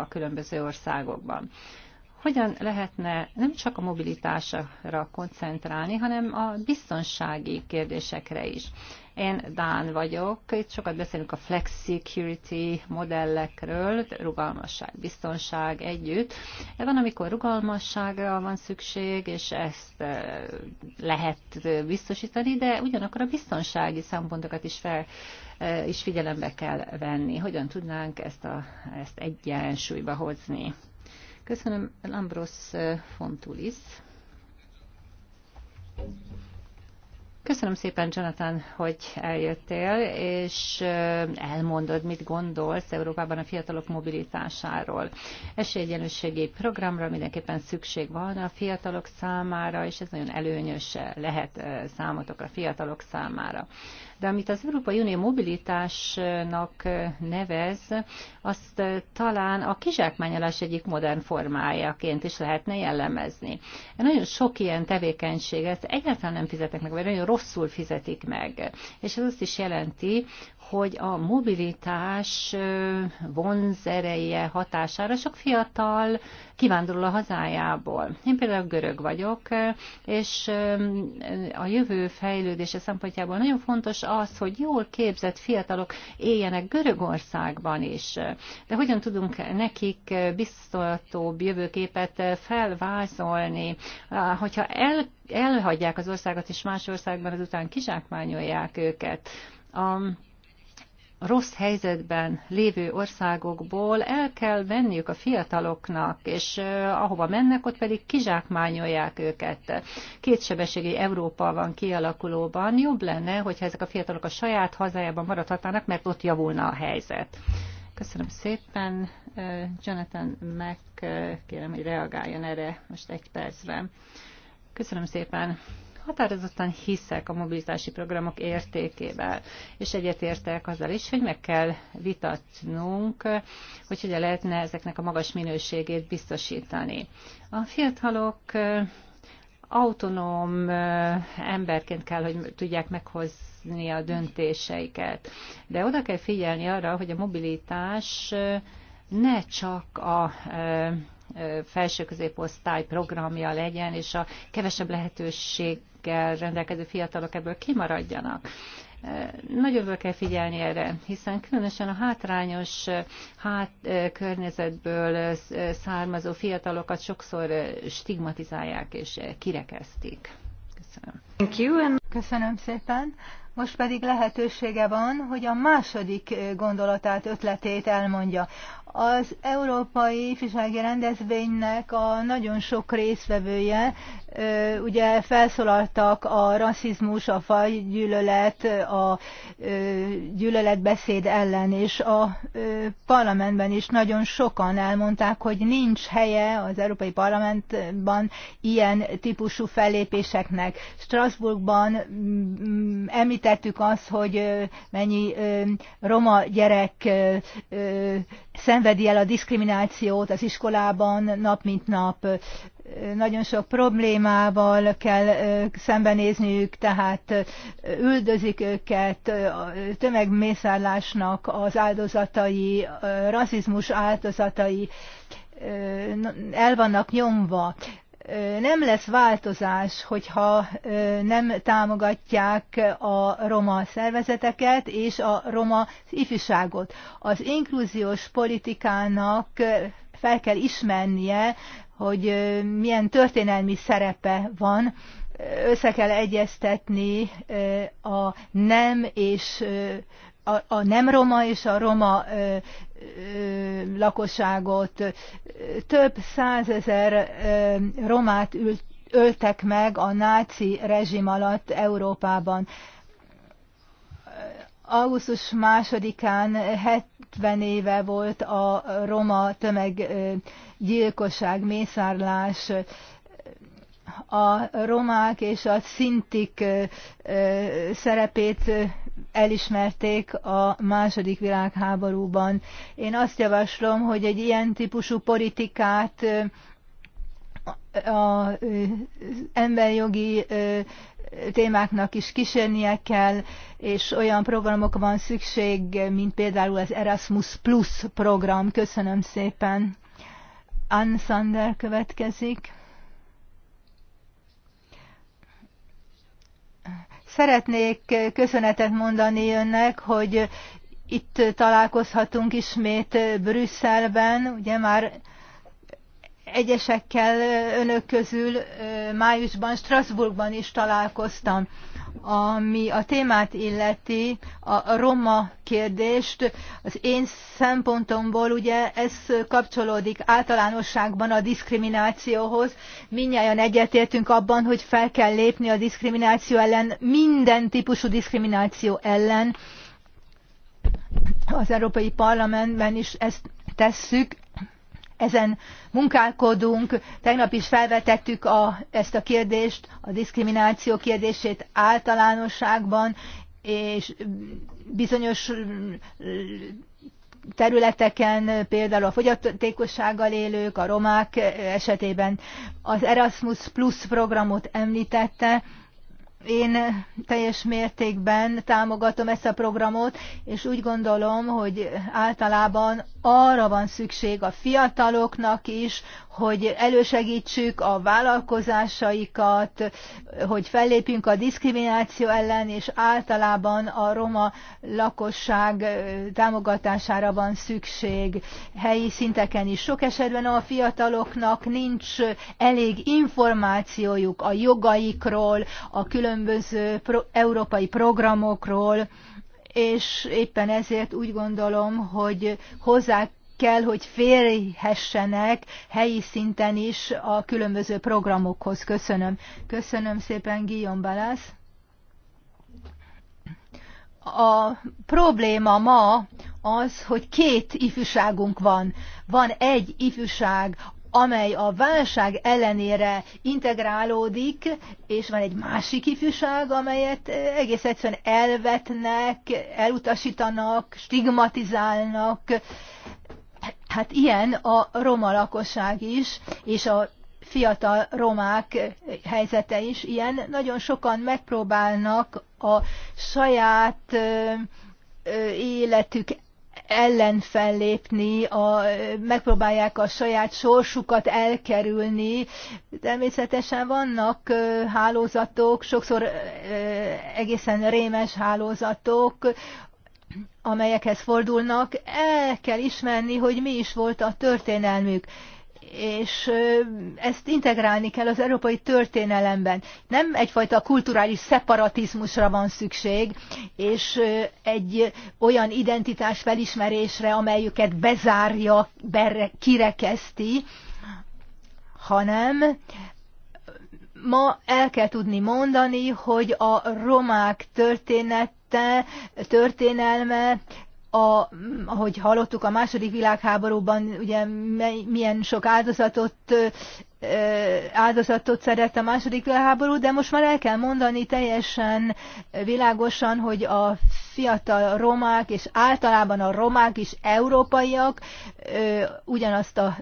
a különböző országokban. Hogyan lehetne nem csak a mobilitásra koncentrálni, hanem a biztonsági kérdésekre is. Én Dán vagyok, itt sokat beszélünk a flex security modellekről, rugalmasság, biztonság együtt. Van, amikor rugalmasságra van szükség, és ezt lehet biztosítani, de ugyanakkor a biztonsági szempontokat is fel is figyelembe kell venni. Hogyan tudnánk ezt, a, ezt egyensúlyba hozni? Köszönöm, Lambros Fontulis. Köszönöm szépen, Jonathan, hogy eljöttél, és elmondod, mit gondolsz Európában a fiatalok mobilitásáról. Esélyegyenlőségi programra mindenképpen szükség van a fiatalok számára, és ez nagyon előnyös lehet számotokra, fiatalok számára. De amit az Európai Unió mobilitásnak nevez, azt talán a kizsákmányolás egyik modern formájaként is lehetne jellemezni. Nagyon sok ilyen tevékenységet egyáltalán nem fizetek meg, vagy nagyon rossz rosszul fizetik meg. És ez azt is jelenti, hogy a mobilitás vonzereje hatására sok fiatal kivándorol a hazájából. Én például görög vagyok, és a jövő fejlődése szempontjából nagyon fontos az, hogy jól képzett fiatalok éljenek Görögországban is. De hogyan tudunk nekik biztosabb jövőképet felvázolni, hogyha el, elhagyják az országot, és más országban azután kizsákmányolják őket. A rossz helyzetben lévő országokból el kell venniük a fiataloknak, és ahova mennek, ott pedig kizsákmányolják őket. Kétsebességi Európa van kialakulóban. Jobb lenne, hogyha ezek a fiatalok a saját hazájában maradhatnának, mert ott javulna a helyzet. Köszönöm szépen. Jonathan meg kérem, hogy reagáljon erre most egy percben. Köszönöm szépen határozottan hiszek a mobilitási programok értékével, és egyetértek azzal is, hogy meg kell vitatnunk, hogy hogyan lehetne ezeknek a magas minőségét biztosítani. A fiatalok autonóm emberként kell, hogy tudják meghozni a döntéseiket. De oda kell figyelni arra, hogy a mobilitás ne csak a felső középosztály programja legyen, és a kevesebb lehetőség képességekkel rendelkező fiatalok ebből kimaradjanak. Nagyon oda kell figyelni erre, hiszen különösen a hátrányos hát, környezetből származó fiatalokat sokszor stigmatizálják és kirekeztik. Köszönöm. Thank you Köszönöm szépen. Most pedig lehetősége van, hogy a második gondolatát, ötletét elmondja az európai ifjúsági rendezvénynek a nagyon sok részvevője, ugye felszólaltak a rasszizmus, a fajgyűlölet, a gyűlöletbeszéd ellen, és a parlamentben is nagyon sokan elmondták, hogy nincs helye az Európai Parlamentban ilyen típusú fellépéseknek. Strasbourgban mm, említettük azt, hogy mennyi roma gyerek szem szenvedi el a diszkriminációt az iskolában nap mint nap. Nagyon sok problémával kell szembenézniük, tehát üldözik őket, tömegmészárlásnak az áldozatai, rasszizmus áldozatai el vannak nyomva nem lesz változás, hogyha nem támogatják a roma szervezeteket és a roma ifjúságot. Az inkluziós politikának fel kell ismernie, hogy milyen történelmi szerepe van, össze kell egyeztetni a nem és a, a nem roma és a roma ö, ö, lakosságot. Több százezer ö, romát ült, öltek meg a náci rezsim alatt Európában. Augusztus másodikán 70 éve volt a roma tömeggyilkosság, mészárlás, a romák és a szintik szerepét elismerték a második világháborúban. Én azt javaslom, hogy egy ilyen típusú politikát az emberjogi témáknak is kísérnie kell, és olyan programok van szükség, mint például az Erasmus Plus program. Köszönöm szépen. Ann Sander következik. Szeretnék köszönetet mondani önnek, hogy itt találkozhatunk ismét Brüsszelben, ugye már egyesekkel önök közül májusban Strasbourgban is találkoztam. Ami a témát illeti, a roma kérdést, az én szempontomból ugye ez kapcsolódik általánosságban a diszkriminációhoz. Mindnyáján egyetértünk abban, hogy fel kell lépni a diszkrimináció ellen, minden típusú diszkrimináció ellen. Az Európai Parlamentben is ezt tesszük ezen munkálkodunk. Tegnap is felvetettük a, ezt a kérdést, a diszkrimináció kérdését általánosságban, és bizonyos területeken, például a fogyatékossággal élők, a romák esetében az Erasmus Plus programot említette, én teljes mértékben támogatom ezt a programot, és úgy gondolom, hogy általában arra van szükség a fiataloknak is, hogy elősegítsük a vállalkozásaikat, hogy fellépjünk a diszkrimináció ellen, és általában a roma lakosság támogatására van szükség helyi szinteken is. Sok esetben a fiataloknak nincs elég információjuk a jogaikról, a különböző különböző pro- európai programokról, és éppen ezért úgy gondolom, hogy hozzá kell, hogy férjhessenek helyi szinten is a különböző programokhoz. Köszönöm. Köszönöm szépen, Guillaume Balász. A probléma ma az, hogy két ifjúságunk van. Van egy ifjúság, amely a válság ellenére integrálódik, és van egy másik ifjúság, amelyet eh, egész egyszerűen elvetnek, elutasítanak, stigmatizálnak. Hát ilyen a roma lakosság is, és a fiatal romák eh, helyzete is ilyen. Nagyon sokan megpróbálnak a saját eh, életük ellen fellépni, a, megpróbálják a saját sorsukat elkerülni. Természetesen vannak hálózatok, sokszor egészen rémes hálózatok, amelyekhez fordulnak, el kell ismerni, hogy mi is volt a történelmük és ezt integrálni kell az európai történelemben. Nem egyfajta kulturális szeparatizmusra van szükség, és egy olyan identitás felismerésre, amelyüket bezárja, berre, kirekeszti, hanem ma el kell tudni mondani, hogy a romák története, történelme a, ahogy hallottuk, a második világháborúban ugye milyen sok áldozatot áldozatot szerett a második világháború, de most már el kell mondani teljesen világosan, hogy a fiatal romák, és általában a romák is európaiak ugyanazt az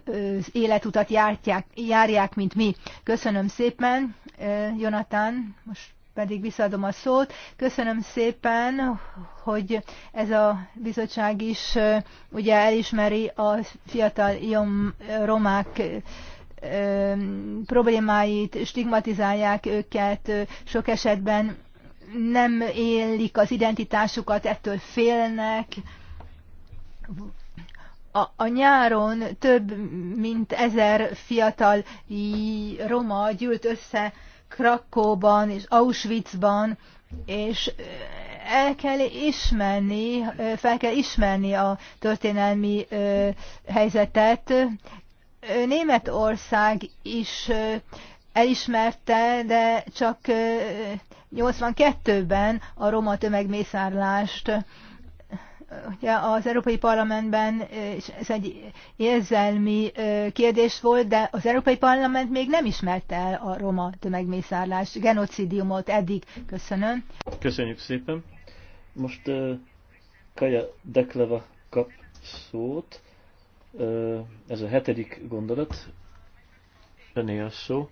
életutat járják, járják, mint mi. Köszönöm szépen, Jonathan. most pedig visszaadom a szót. Köszönöm szépen, hogy ez a bizottság is ugye elismeri a fiatal romák problémáit, stigmatizálják őket, sok esetben nem élik az identitásukat, ettől félnek. A, a nyáron több mint ezer fiatal roma gyűlt össze Krakóban és Auschwitzban, és el kell ismerni, fel kell ismerni a történelmi helyzetet. Németország is elismerte, de csak 82-ben a roma tömegmészárlást ugye az Európai Parlamentben ez egy érzelmi kérdés volt, de az Európai Parlament még nem ismerte el a roma tömegmészárlás genocidiumot eddig. Köszönöm. Köszönjük szépen. Most uh, Kaja Dekleva kap szót. Uh, ez a hetedik gondolat. Önél a szó.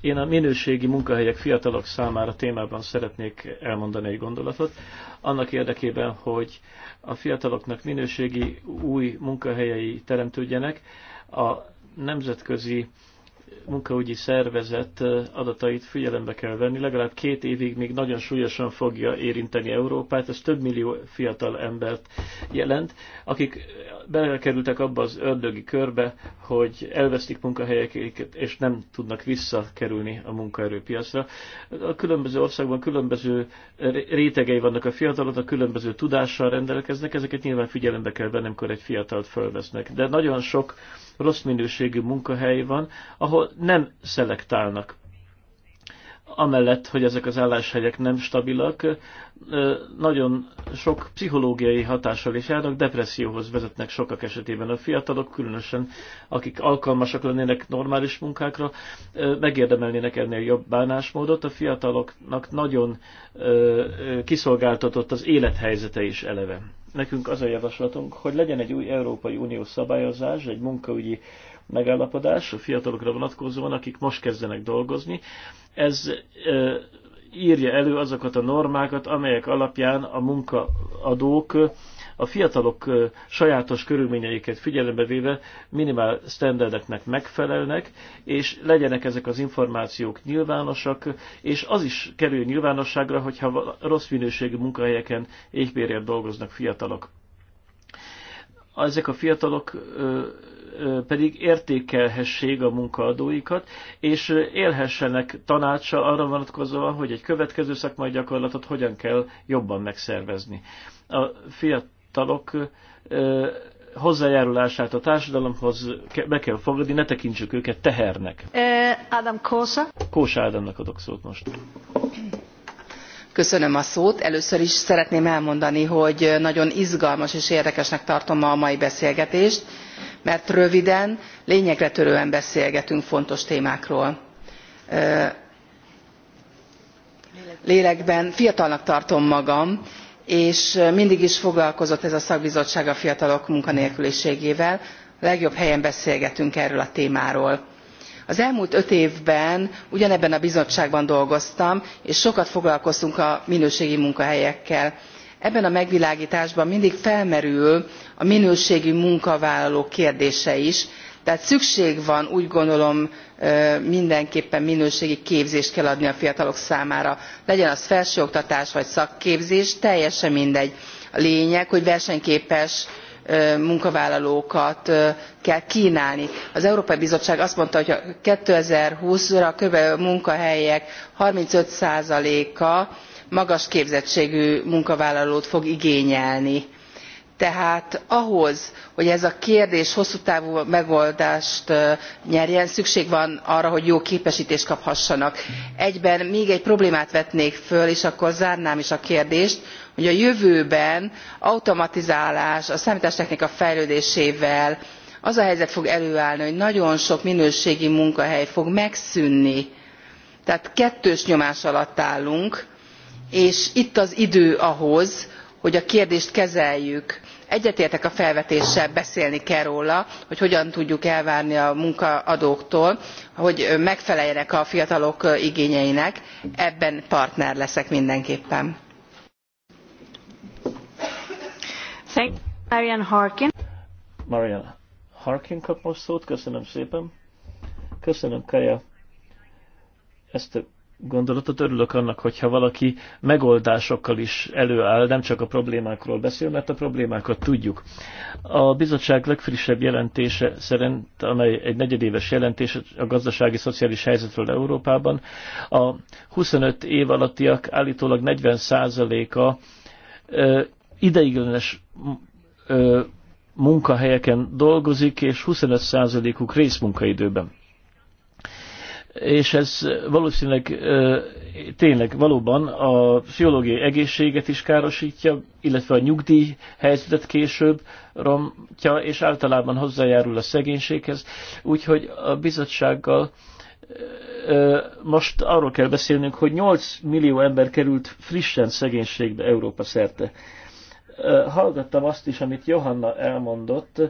Én a minőségi munkahelyek fiatalok számára témában szeretnék elmondani egy gondolatot, annak érdekében, hogy a fiataloknak minőségi új munkahelyei teremtődjenek, a nemzetközi munkaügyi szervezet adatait figyelembe kell venni. Legalább két évig még nagyon súlyosan fogja érinteni Európát. Ez több millió fiatal embert jelent, akik belekerültek abba az ördögi körbe, hogy elvesztik munkahelyeket, és nem tudnak visszakerülni a munkaerőpiacra. A különböző országban különböző rétegei vannak a fiataloknak, különböző tudással rendelkeznek, ezeket nyilván figyelembe kell venni, amikor egy fiatalt fölvesznek. De nagyon sok rossz minőségű munkahely van, ahol nem szelektálnak. Amellett, hogy ezek az álláshelyek nem stabilak, nagyon sok pszichológiai hatással is járnak, depresszióhoz vezetnek sokak esetében a fiatalok, különösen akik alkalmasak lennének normális munkákra, megérdemelnének ennél jobb bánásmódot. A fiataloknak nagyon kiszolgáltatott az élethelyzete is eleve. Nekünk az a javaslatunk, hogy legyen egy új Európai Unió szabályozás, egy munkaügyi megállapodás a fiatalokra vonatkozóan, akik most kezdenek dolgozni. Ez írja elő azokat a normákat, amelyek alapján a munkaadók a fiatalok sajátos körülményeiket figyelembe véve minimál standardeknek megfelelnek, és legyenek ezek az információk nyilvánosak, és az is kerül nyilvánosságra, hogyha rossz minőségű munkahelyeken éhbérért dolgoznak fiatalok. Ezek a fiatalok pedig értékelhessék a munkaadóikat, és élhessenek tanácsa arra vonatkozóan, hogy egy következő szakmai gyakorlatot hogyan kell jobban megszervezni. A fiatal fiatalok hozzájárulását a társadalomhoz be kell fogadni, ne tekintsük őket tehernek. Ádám Kósa. Kósa Ádámnak adok szót most. Köszönöm a szót. Először is szeretném elmondani, hogy nagyon izgalmas és érdekesnek tartom a mai beszélgetést, mert röviden, lényegre törően beszélgetünk fontos témákról lélekben fiatalnak tartom magam és mindig is foglalkozott ez a szakbizottság a fiatalok munkanélküliségével a legjobb helyen beszélgetünk erről a témáról. az elmúlt öt évben ugyanebben a bizottságban dolgoztam és sokat foglalkoztunk a minőségi munkahelyekkel. ebben a megvilágtásban mindig felmerül a minőségi munkavállalók kérdése is tehát szükség van úgy gondolom mindenképpen minőségi képzést kell adni a fiatalok számára legyen az felsőoktatás vagy szakképzés teljesen mindegy a lényeg hogy versenyképes munkavállalókat kell knálni. az európai bizottság azt mondta hogy two thousand and twenty ra körülbelül a munkahelyek thirty five a magas képzettségű munkavállalót fog igényelni tehát ahhoz hogy ez a kérdés hosszú távú megoldást nyerjen szükség van arra hogy jó képestést kaphassanak. egyben még egy problémát vetnék föl és akkor zárnám is a kérdést hogy a jövőben automatizálás a számtástechnika fejlődésével az a helyzet fog előállni hogy nagyon sok minőségi munkahely fog megszűnni tehát kettős nyomás alatt állunk és itt az idő ahhoz hogy a kérdést kezeljük. egyetértek a felvetéssel beszélni kell róla hogy hogyan tudjuk elvárni a munkaadóktól hogy megfeleljenek a fiatalok igényeinek ebben partner leszek mindenképpen. Marian Harkin. Marian Harkin kap most szót, köszönöm szépen. Köszönöm, Kaja, ezt a gondolatot. Örülök annak, hogyha valaki megoldásokkal is előáll, nem csak a problémákról beszél, mert a problémákat tudjuk. A bizottság legfrissebb jelentése szerint, amely egy negyedéves jelentés a gazdasági szociális helyzetről Európában, a 25 év alattiak állítólag 40%-a ideiglenes munkahelyeken dolgozik, és 25%-uk részmunkaidőben és ez valószínűleg tényleg valóban a pszichológiai egészséget is károsítja, illetve a nyugdíj helyzetet később romtja, és általában hozzájárul a szegénységhez. Úgyhogy a bizottsággal most arról kell beszélnünk, hogy 8 millió ember került frissen szegénységbe Európa szerte. Hallgattam azt is, amit Johanna elmondott,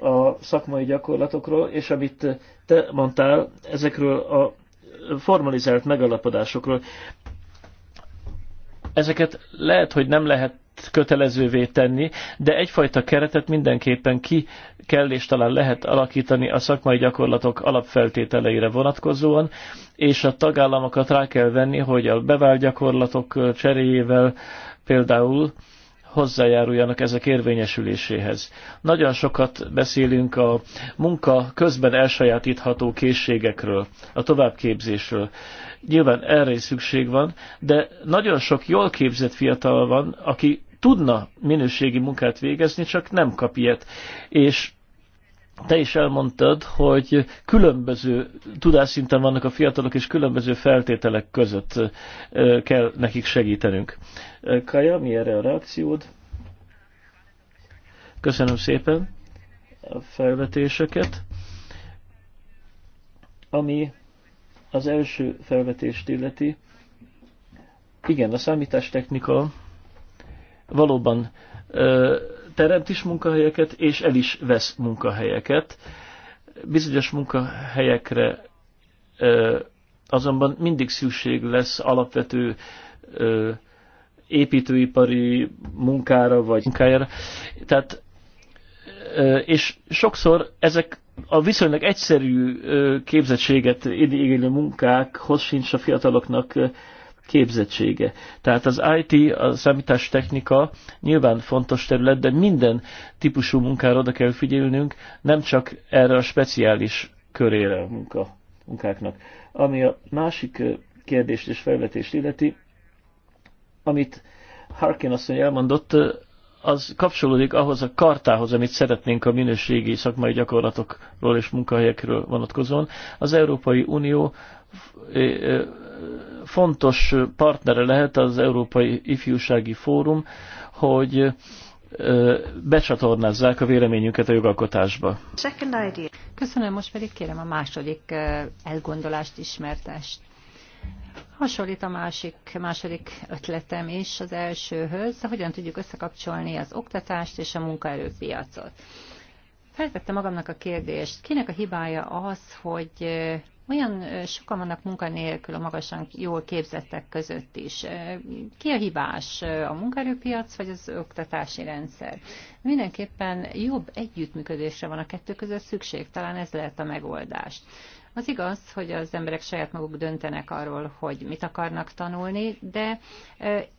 a szakmai gyakorlatokról, és amit te mondtál, ezekről a formalizált megalapodásokról. Ezeket lehet, hogy nem lehet kötelezővé tenni, de egyfajta keretet mindenképpen ki kell és talán lehet alakítani a szakmai gyakorlatok alapfeltételeire vonatkozóan, és a tagállamokat rá kell venni, hogy a bevált gyakorlatok cseréjével például hozzájáruljanak ezek érvényesüléséhez. Nagyon sokat beszélünk a munka közben elsajátítható készségekről, a továbbképzésről. Nyilván erre is szükség van, de nagyon sok jól képzett fiatal van, aki tudna minőségi munkát végezni, csak nem kap ilyet. És te is elmondtad, hogy különböző tudásszinten vannak a fiatalok, és különböző feltételek között kell nekik segítenünk. Kaja, mi erre a reakciód? Köszönöm szépen a felvetéseket. Ami az első felvetést illeti, igen, a számítástechnika valóban teremt is munkahelyeket, és el is vesz munkahelyeket. Bizonyos munkahelyekre azonban mindig szükség lesz alapvető építőipari munkára vagy munkájára. Tehát, és sokszor ezek a viszonylag egyszerű képzettséget igénylő munkákhoz sincs a fiataloknak képzettsége. Tehát az IT, a számítástechnika nyilván fontos terület, de minden típusú munkára oda kell figyelnünk, nem csak erre a speciális körére a munka, munkáknak. Ami a másik kérdést és felvetést illeti, amit Harkin asszony elmondott, az kapcsolódik ahhoz a kartához, amit szeretnénk a minőségi szakmai gyakorlatokról és munkahelyekről vonatkozóan. Az Európai Unió fontos partnere lehet az Európai Ifjúsági Fórum, hogy becsatornázzák a véleményünket a jogalkotásba. Köszönöm, most pedig kérem a második elgondolást, ismertest. Hasonlít a másik, második ötletem is az elsőhöz, hogyan tudjuk összekapcsolni az oktatást és a munkaerőpiacot. Feltette magamnak a kérdést, kinek a hibája az, hogy olyan sokan vannak munkanélkül a magasan jól képzettek között is. Ki a hibás? A munkaerőpiac vagy az oktatási rendszer? Mindenképpen jobb együttműködésre van a kettő között szükség, talán ez lehet a megoldás. Az igaz, hogy az emberek saját maguk döntenek arról, hogy mit akarnak tanulni, de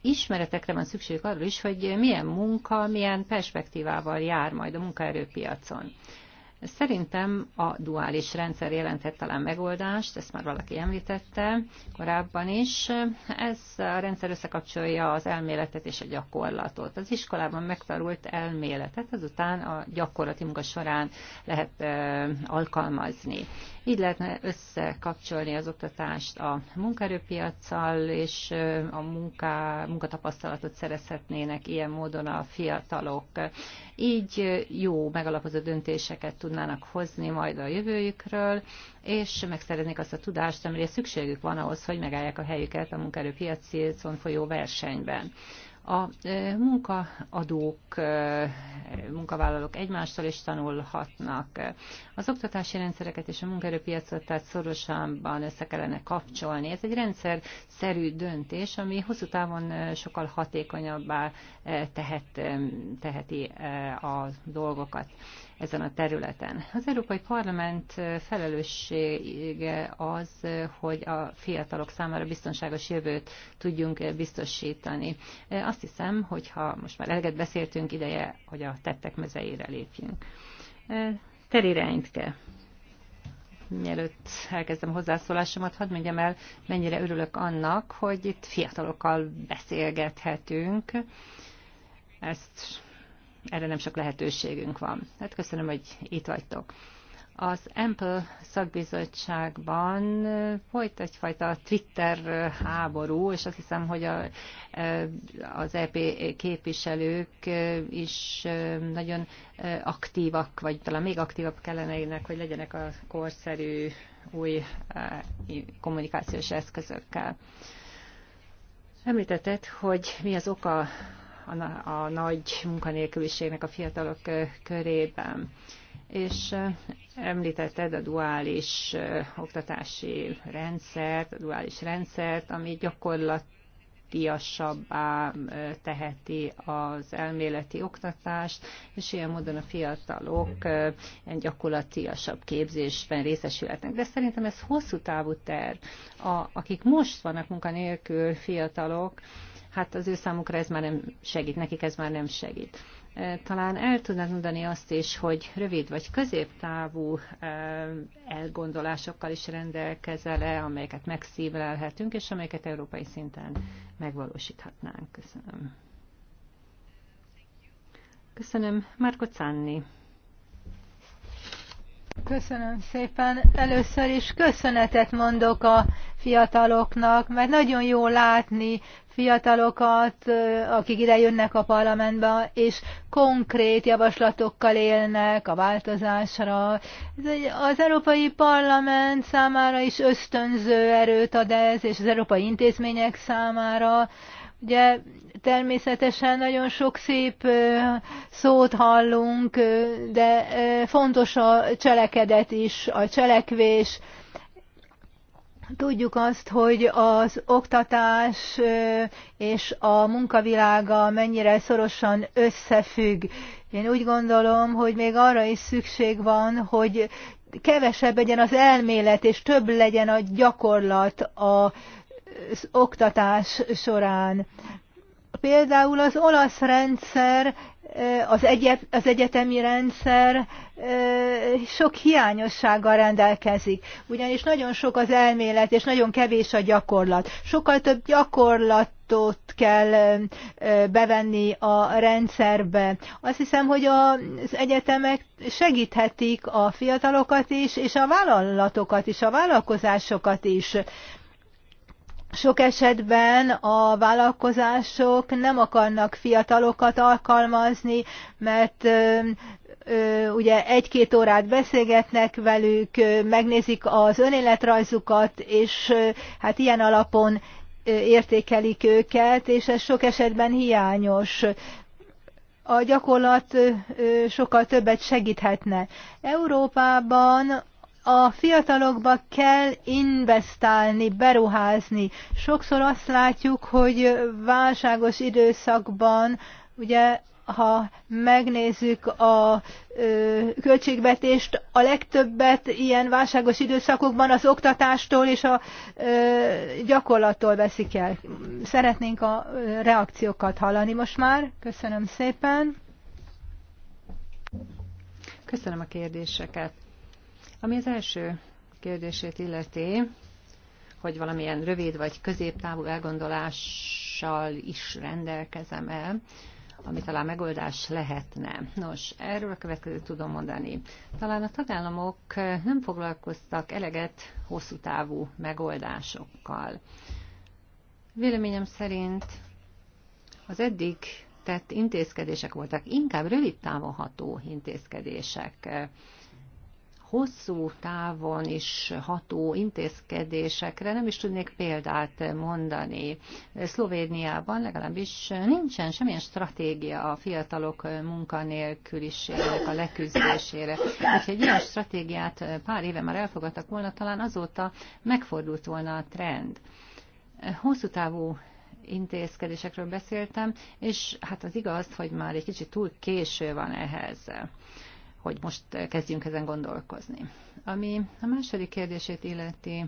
ismeretekre van szükségük, arról is, hogy milyen munka, milyen perspektívával jár majd a munkaerőpiacon. Szerintem a duális rendszer jelentett talán megoldást, ezt már valaki említette korábban is. Ez a rendszer összekapcsolja az elméletet és a gyakorlatot. Az iskolában megtanult elméletet azután a gyakorlati munka során lehet alkalmazni. Így lehetne összekapcsolni az oktatást a munkaerőpiacsal, és a munka munkatapasztalatot szerezhetnének ilyen módon a fiatalok. Így jó, megalapozott döntéseket tudnának hozni majd a jövőjükről, és megszereznék azt a tudást, amire szükségük van ahhoz, hogy megállják a helyüket a munkaerőpiaci folyó versenyben. A e, munkaadók, e, munkavállalók egymástól is tanulhatnak. Az oktatási rendszereket és a munkaerőpiacot tehát szorosabban össze kellene kapcsolni. Ez egy rendszer szerű döntés, ami hosszú távon e, sokkal hatékonyabbá tehet, teheti a dolgokat ezen a területen. Az Európai Parlament felelőssége az, hogy a fiatalok számára biztonságos jövőt tudjunk biztosítani. Azt hiszem, hogyha most már eleget beszéltünk, ideje, hogy a tettek mezeire lépjünk. Teri Reintke mielőtt elkezdem hozzászólásomat, hadd mondjam el, mennyire örülök annak, hogy itt fiatalokkal beszélgethetünk. Ezt erre nem sok lehetőségünk van. Hát köszönöm, hogy itt vagytok. Az Ample szakbizottságban folyt egyfajta Twitter háború, és azt hiszem, hogy a, az EP képviselők is nagyon aktívak, vagy talán még aktívabb kellene, hogy legyenek a korszerű új kommunikációs eszközökkel. Említetted, hogy mi az oka a, a nagy munkanélküliségnek a fiatalok körében. És említetted a duális oktatási rendszert, a duális rendszert, ami gyakorlatiasabbá teheti az elméleti oktatást, és ilyen módon a fiatalok egy gyakorlatiasabb képzésben részesülhetnek. De szerintem ez hosszú távú terv. A, akik most vannak munkanélkül, fiatalok, hát az ő számukra ez már nem segít, nekik ez már nem segít. Talán el tudnád mondani azt is, hogy rövid vagy középtávú elgondolásokkal is rendelkezel-e, amelyeket megszívlelhetünk, és amelyeket európai szinten megvalósíthatnánk. Köszönöm. Köszönöm. Márko Czanni. Köszönöm szépen. Először is köszönetet mondok a fiataloknak, mert nagyon jó látni, fiatalokat, akik ide jönnek a parlamentbe, és konkrét javaslatokkal élnek a változásra. Az Európai Parlament számára is ösztönző erőt ad ez, és az európai intézmények számára. Ugye természetesen nagyon sok szép szót hallunk, de fontos a cselekedet is, a cselekvés, Tudjuk azt, hogy az oktatás és a munkavilága mennyire szorosan összefügg. Én úgy gondolom, hogy még arra is szükség van, hogy kevesebb legyen az elmélet, és több legyen a gyakorlat az oktatás során. Például az olasz rendszer, eh, az, egyet, az egyetemi rendszer eh, sok hiányossággal rendelkezik, ugyanis nagyon sok az elmélet, és nagyon kevés a gyakorlat. Sokkal több gyakorlatot kell eh, bevenni a rendszerbe. Azt hiszem, hogy az egyetemek segíthetik a fiatalokat is, és a vállalatokat is, a vállalkozásokat is. Sok esetben a vállalkozások nem akarnak fiatalokat alkalmazni, mert ugye egy-két órát beszélgetnek velük, megnézik az önéletrajzukat, és hát ilyen alapon értékelik őket, és ez sok esetben hiányos. A gyakorlat sokkal többet segíthetne. Európában a fiatalokba kell investálni, beruházni. Sokszor azt látjuk, hogy válságos időszakban, ugye ha megnézzük a ö, költségvetést, a legtöbbet ilyen válságos időszakokban az oktatástól és a ö, gyakorlattól veszik el. Szeretnénk a reakciókat hallani most már. Köszönöm szépen. Köszönöm a kérdéseket. Ami az első kérdését illeti, hogy valamilyen rövid vagy középtávú elgondolással is rendelkezem-e, ami talán megoldás lehetne. Nos, erről a következőt tudom mondani. Talán a tagállamok nem foglalkoztak eleget hosszú távú megoldásokkal. Véleményem szerint az eddig tett intézkedések voltak inkább rövid távon ható intézkedések hosszú távon is ható intézkedésekre nem is tudnék példát mondani. Szlovéniában legalábbis nincsen semmilyen stratégia a fiatalok munkanélküliségének a leküzdésére. Hogyha egy ilyen stratégiát pár éve már elfogadtak volna, talán azóta megfordult volna a trend. Hosszú távú intézkedésekről beszéltem, és hát az igaz, hogy már egy kicsit túl késő van ehhez hogy most kezdjünk ezen gondolkozni. Ami a második kérdését illeti,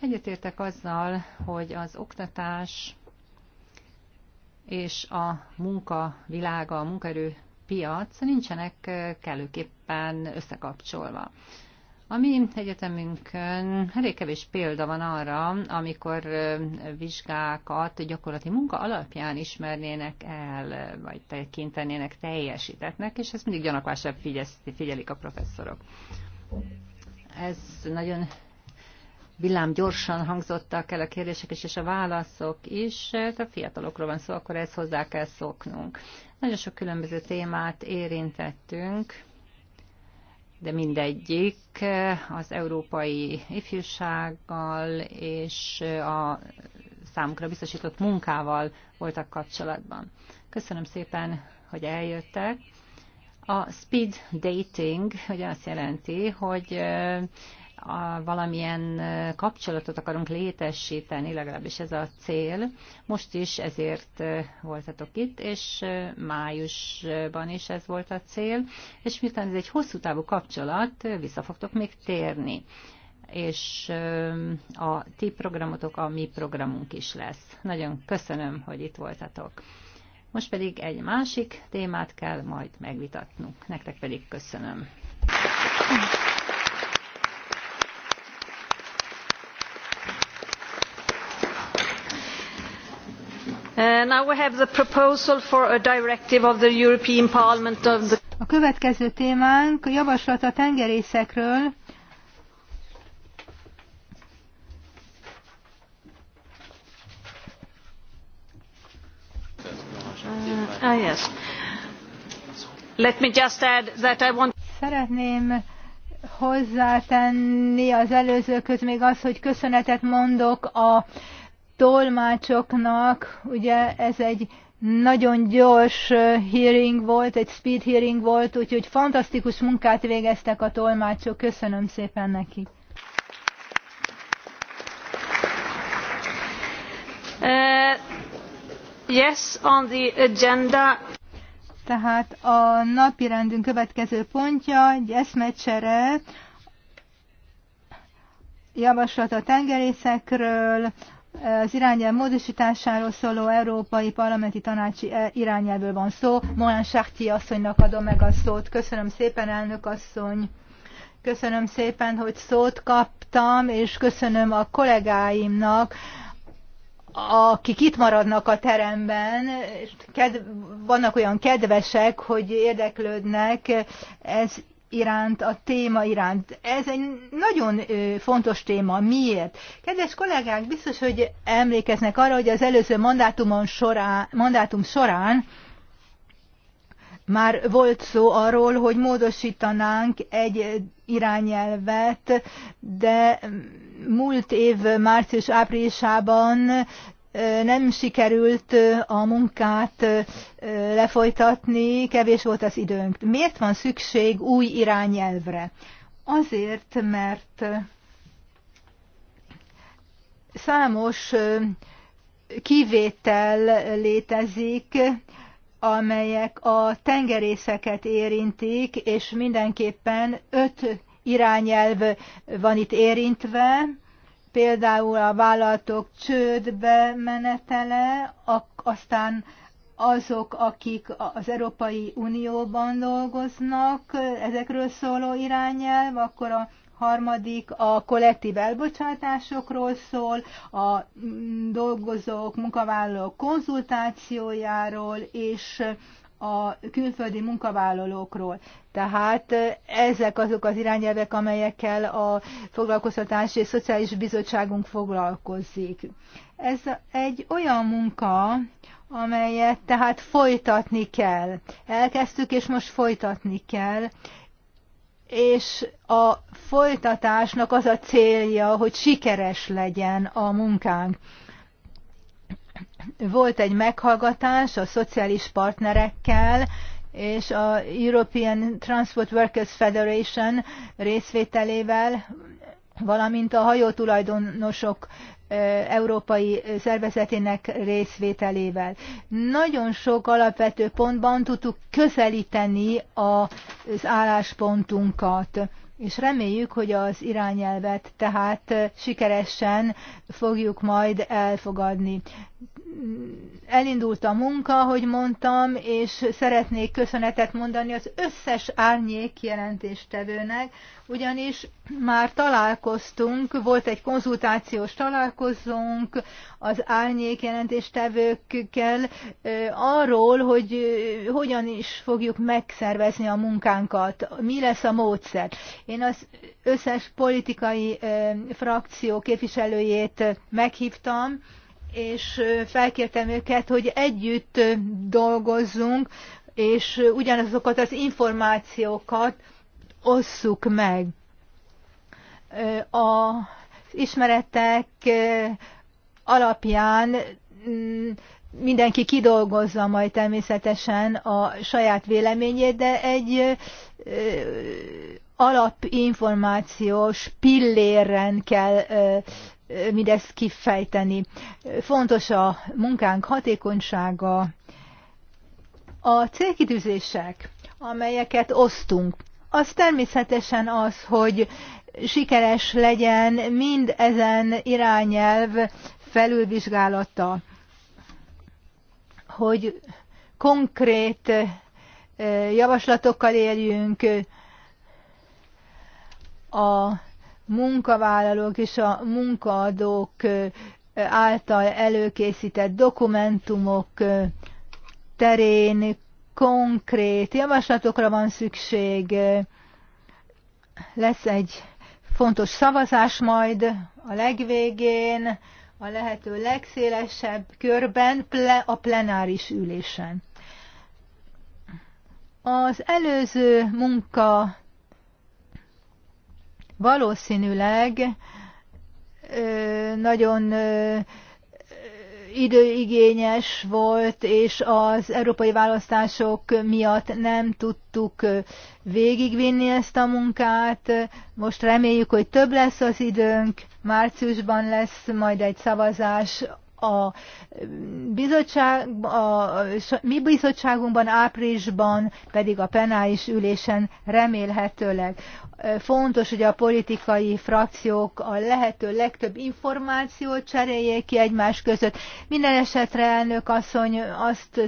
egyetértek azzal, hogy az oktatás és a munka világa, a munkaerő piac nincsenek kellőképpen összekapcsolva. A mi egyetemünkön elég kevés példa van arra, amikor vizsgákat gyakorlati munka alapján ismernének el, vagy tekintenének teljesítetnek, és ezt mindig gyanakvásabb figyelik a professzorok. Ez nagyon villám gyorsan hangzottak el a kérdések is, és a válaszok is. Hát, a fiatalokról van szó, akkor ezt hozzá kell szoknunk. Nagyon sok különböző témát érintettünk de mindegyik eh, az európai ifjúsággal és eh, a számukra biztosított munkával voltak kapcsolatban. Köszönöm szépen, hogy eljöttek. A speed dating ugye azt jelenti, hogy eh, a valamilyen kapcsolatot akarunk létesíteni, legalábbis ez a cél. Most is ezért voltatok itt, és májusban is ez volt a cél, és miután ez egy hosszú távú kapcsolat, vissza fogtok még térni és a ti programotok a mi programunk is lesz. Nagyon köszönöm, hogy itt voltatok. Most pedig egy másik témát kell majd megvitatnunk. Nektek pedig köszönöm. Thank you. Uh, now we have the proposal for a directive of the European Parliament of the... A következő témánk a javaslat a tengerészekről. Uh, ah, yes. Let me just add that I want... Szeretném hozzátenni az előzőköz még az, hogy köszönetet mondok a tolmácsoknak, ugye ez egy nagyon gyors hearing volt, egy speed hearing volt, úgyhogy fantasztikus munkát végeztek a tolmácsok, köszönöm szépen nekik. Uh, yes, on the agenda. Tehát a napi rendünk következő pontja egy eszmecsere javaslat a tengerészekről, az irányelv módosításáról szóló Európai Parlamenti Tanácsi eh, irányelvről van szó. Moán Sarti asszonynak adom meg a szót. Köszönöm szépen, elnök asszony. Köszönöm szépen, hogy szót kaptam, és köszönöm a kollégáimnak, akik itt maradnak a teremben, és vannak olyan kedvesek, hogy érdeklődnek ez iránt, a téma iránt. Ez egy nagyon fontos téma. Miért? Kedves kollégák, biztos, hogy emlékeznek arra, hogy az előző mandátumon során, mandátum során már volt szó arról, hogy módosítanánk egy irányelvet, de múlt év március-áprilisában nem sikerült a munkát lefolytatni, kevés volt az időnk. Miért van szükség új irányelvre? Azért, mert számos kivétel létezik, amelyek a tengerészeket érintik, és mindenképpen öt irányelv van itt érintve, például a vállalatok csődbe menetele, aztán azok, akik az Európai Unióban dolgoznak, ezekről szóló irányelv, akkor a harmadik a kollektív elbocsátásokról szól, a dolgozók, munkavállalók konzultációjáról, és a külföldi munkavállalókról. Tehát ezek azok az irányelvek, amelyekkel a Foglalkoztatási és Szociális Bizottságunk foglalkozik. Ez egy olyan munka, amelyet tehát folytatni kell. Elkezdtük, és most folytatni kell. És a folytatásnak az a célja, hogy sikeres legyen a munkánk. Volt egy meghallgatás a szociális partnerekkel, és a European Transport Workers Federation részvételével, valamint a hajótulajdonosok európai szervezetének részvételével. Nagyon sok alapvető pontban tudtuk közelíteni az álláspontunkat, és reméljük, hogy az irányelvet tehát sikeresen fogjuk majd elfogadni elindult a munka, hogy mondtam, és szeretnék köszönetet mondani az összes árnyék jelentéstevőnek, ugyanis már találkoztunk, volt egy konzultációs találkozónk az árnyék jelentéstevőkkel arról, hogy hogyan is fogjuk megszervezni a munkánkat, mi lesz a módszer. Én az összes politikai frakció képviselőjét meghívtam, és felkértem őket, hogy együtt dolgozzunk, és ugyanazokat az információkat osszuk meg. Az ismeretek alapján mm, mindenki kidolgozza majd természetesen a saját véleményét, de egy alapinformációs pilléren kell mindezt kifejteni. Fontos a munkánk hatékonysága, a célkitűzések, amelyeket osztunk, az természetesen az, hogy sikeres legyen mind ezen irányelv felülvizsgálata, hogy konkrét javaslatokkal éljünk a munkavállalók és a munkaadók által előkészített dokumentumok terén konkrét javaslatokra van szükség. Lesz egy fontos szavazás majd a legvégén, a lehető legszélesebb körben, a plenáris ülésen. Az előző munka valószínűleg nagyon időigényes volt, és az európai választások miatt nem tudtuk végigvinni ezt a munkát. Most reméljük, hogy több lesz az időnk, márciusban lesz majd egy szavazás a bizottság, a mi bizottságunkban áprilisban pedig a penális ülésen remélhetőleg fontos, hogy a politikai frakciók a lehető legtöbb információt cseréljék ki egymás között. Minden esetre elnök asszony azt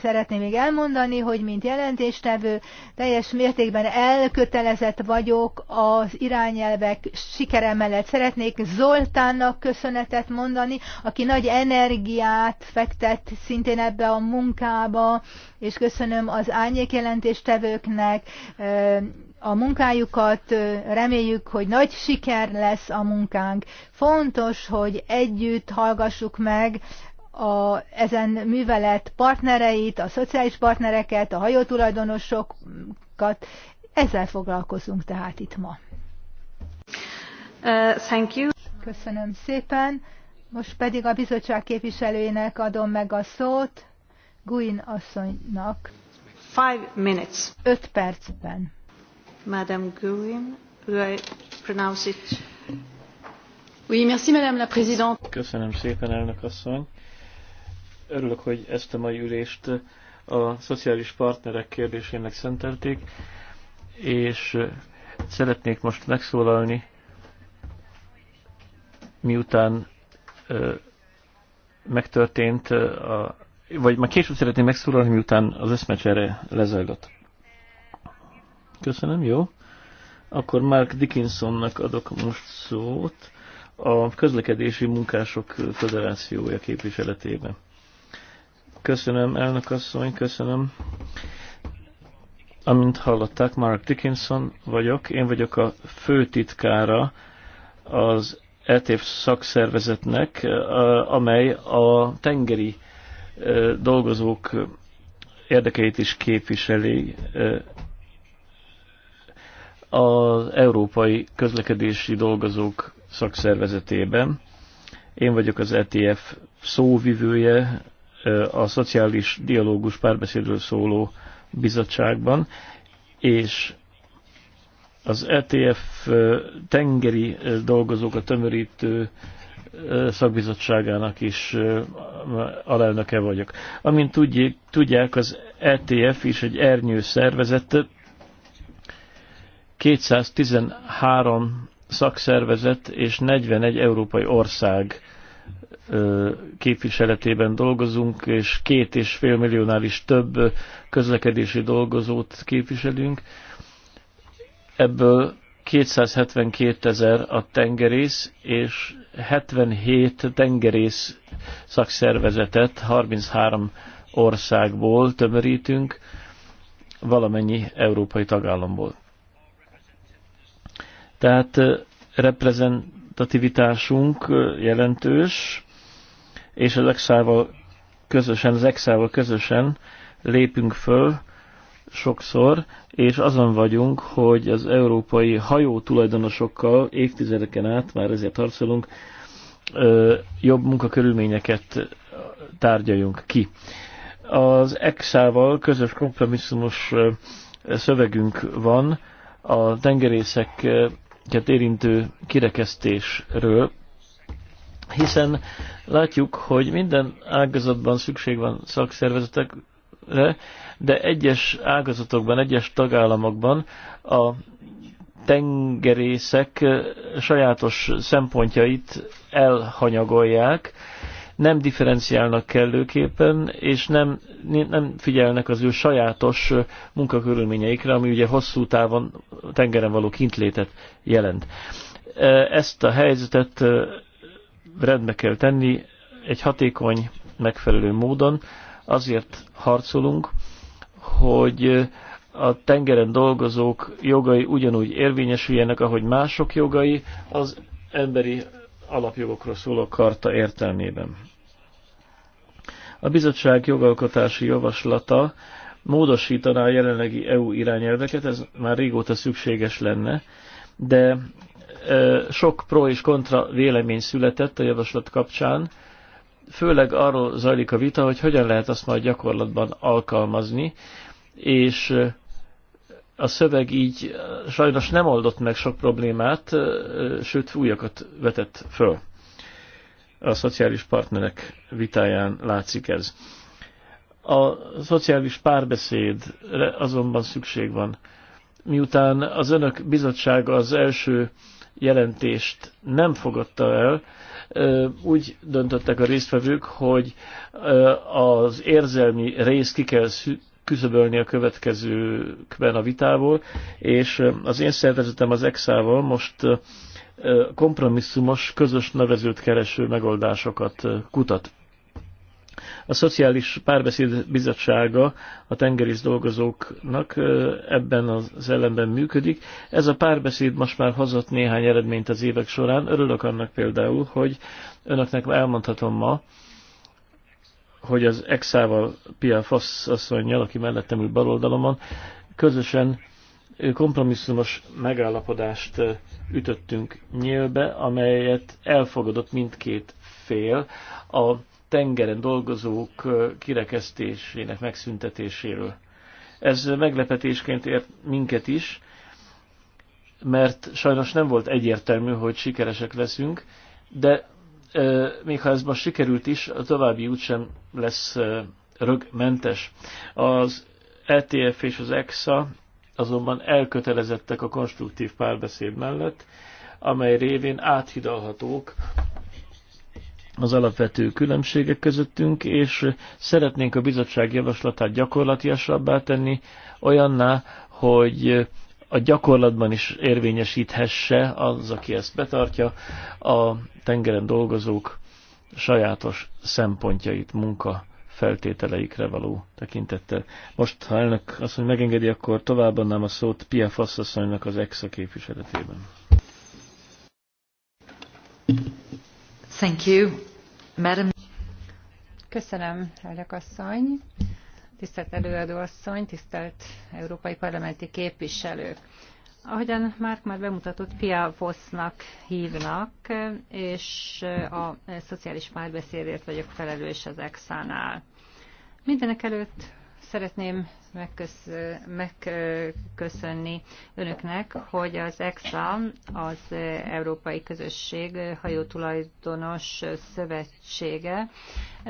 szeretném még elmondani, hogy mint jelentéstevő teljes mértékben elkötelezett vagyok az irányelvek sikere mellett. Szeretnék Zoltánnak köszönetet mondani, aki nagy nagy energiát fektet szintén ebbe a munkába, és köszönöm az árnyékjelentéstevőknek a munkájukat, reméljük, hogy nagy siker lesz a munkánk. Fontos, hogy együtt hallgassuk meg a, ezen művelet partnereit, a szociális partnereket, a hajótulajdonosokat. Ezzel foglalkozunk tehát itt ma. Uh, thank you. Köszönöm szépen. Most pedig a bizottság képviselőjének adom meg a szót, Guin asszonynak. Five minutes. Öt percben. Madame Guin, do I pronounce it? Oui, merci, Madame la Présidente. Köszönöm szépen, elnök asszony. Örülök, hogy ezt a mai ülést a szociális partnerek kérdésének szentelték, és szeretnék most megszólalni, miután megtörtént, a, vagy már később szeretném megszólalni, miután az eszmecsere lezajlott. Köszönöm, jó. Akkor Mark Dickinsonnak adok most szót a Közlekedési Munkások federációja képviseletében. Köszönöm, elnök asszony, köszönöm. Amint hallották, Mark Dickinson vagyok. Én vagyok a főtitkára az ETF szakszervezetnek, amely a tengeri dolgozók érdekeit is képviseli az Európai Közlekedési Dolgozók szakszervezetében. Én vagyok az ETF szóvivője a Szociális Dialógus Párbeszédről szóló bizottságban, és az ETF tengeri dolgozókat tömörítő szakbizottságának is alelnöke vagyok. Amint tudják, az ETF is egy ernyő szervezet, 213 szakszervezet és 41 európai ország képviseletében dolgozunk, és két és fél milliónál is több közlekedési dolgozót képviselünk ebből 272 ezer a tengerész, és 77 tengerész szakszervezetet 33 országból tömörítünk, valamennyi európai tagállamból. Tehát reprezentativitásunk jelentős, és az exával közösen, az exával közösen lépünk föl sokszor, és azon vagyunk, hogy az európai hajó tulajdonosokkal évtizedeken át, már ezért harcolunk, jobb munkakörülményeket tárgyaljunk ki. Az EXA-val közös kompromisszumos szövegünk van a tengerészeket érintő kirekesztésről, hiszen látjuk, hogy minden ágazatban szükség van szakszervezetek, le, de egyes ágazatokban, egyes tagállamokban a tengerészek sajátos szempontjait elhanyagolják, nem differenciálnak kellőképpen, és nem, nem figyelnek az ő sajátos munkakörülményeikre, ami ugye hosszú távon tengeren való kintlétet jelent. Ezt a helyzetet rendbe kell tenni egy hatékony, megfelelő módon, azért harcolunk, hogy a tengeren dolgozók jogai ugyanúgy érvényesüljenek, ahogy mások jogai az emberi alapjogokról szóló karta értelmében. A bizottság jogalkotási javaslata módosítaná a jelenlegi EU irányelveket, ez már régóta szükséges lenne, de sok pro és kontra vélemény született a javaslat kapcsán, főleg arról zajlik a vita, hogy hogyan lehet azt majd gyakorlatban alkalmazni, és a szöveg így sajnos nem oldott meg sok problémát, sőt újakat vetett föl. A szociális partnerek vitáján látszik ez. A szociális párbeszédre azonban szükség van. Miután az önök bizottsága az első jelentést nem fogadta el, úgy döntöttek a résztvevők, hogy az érzelmi rész ki kell küszöbölni a következőkben a vitából, és az én szervezetem az EXA-val most kompromisszumos, közös nevezőt kereső megoldásokat kutat. A Szociális Párbeszéd Bizottsága a tengerész dolgozóknak ebben az ellenben működik. Ez a párbeszéd most már hozott néhány eredményt az évek során. Örülök annak például, hogy önöknek elmondhatom ma, hogy az Exával, Pia Fosz asszonynal, aki mellettem ül baloldalomon, közösen kompromisszumos megállapodást ütöttünk nyílbe, amelyet elfogadott mindkét fél. A tengeren dolgozók kirekesztésének megszüntetéséről. Ez meglepetésként ért minket is, mert sajnos nem volt egyértelmű, hogy sikeresek leszünk, de e, még ha ez most sikerült is, a további út sem lesz e, rögmentes. Az ETF és az EXA azonban elkötelezettek a konstruktív párbeszéd mellett, amely révén áthidalhatók az alapvető különbségek közöttünk, és szeretnénk a bizottság javaslatát gyakorlatiasabbá tenni, olyanná, hogy a gyakorlatban is érvényesíthesse az, aki ezt betartja, a tengeren dolgozók sajátos szempontjait, munka feltételeikre való tekintettel. Most, ha elnök azt, mondja, megengedi, akkor továbbadnám a szót Pia Fasszasszonynak az EXA képviseletében. Thank you. Köszönöm, elnök asszony, tisztelt előadó asszony, tisztelt európai parlamenti képviselők. Ahogyan Márk már bemutatott, Pia Vosznak hívnak, és a szociális párbeszédért vagyok felelős az Exánál. Mindenek előtt Szeretném megkösz, megköszönni önöknek, hogy az EXA, az Európai Közösség Hajótulajdonos Szövetsége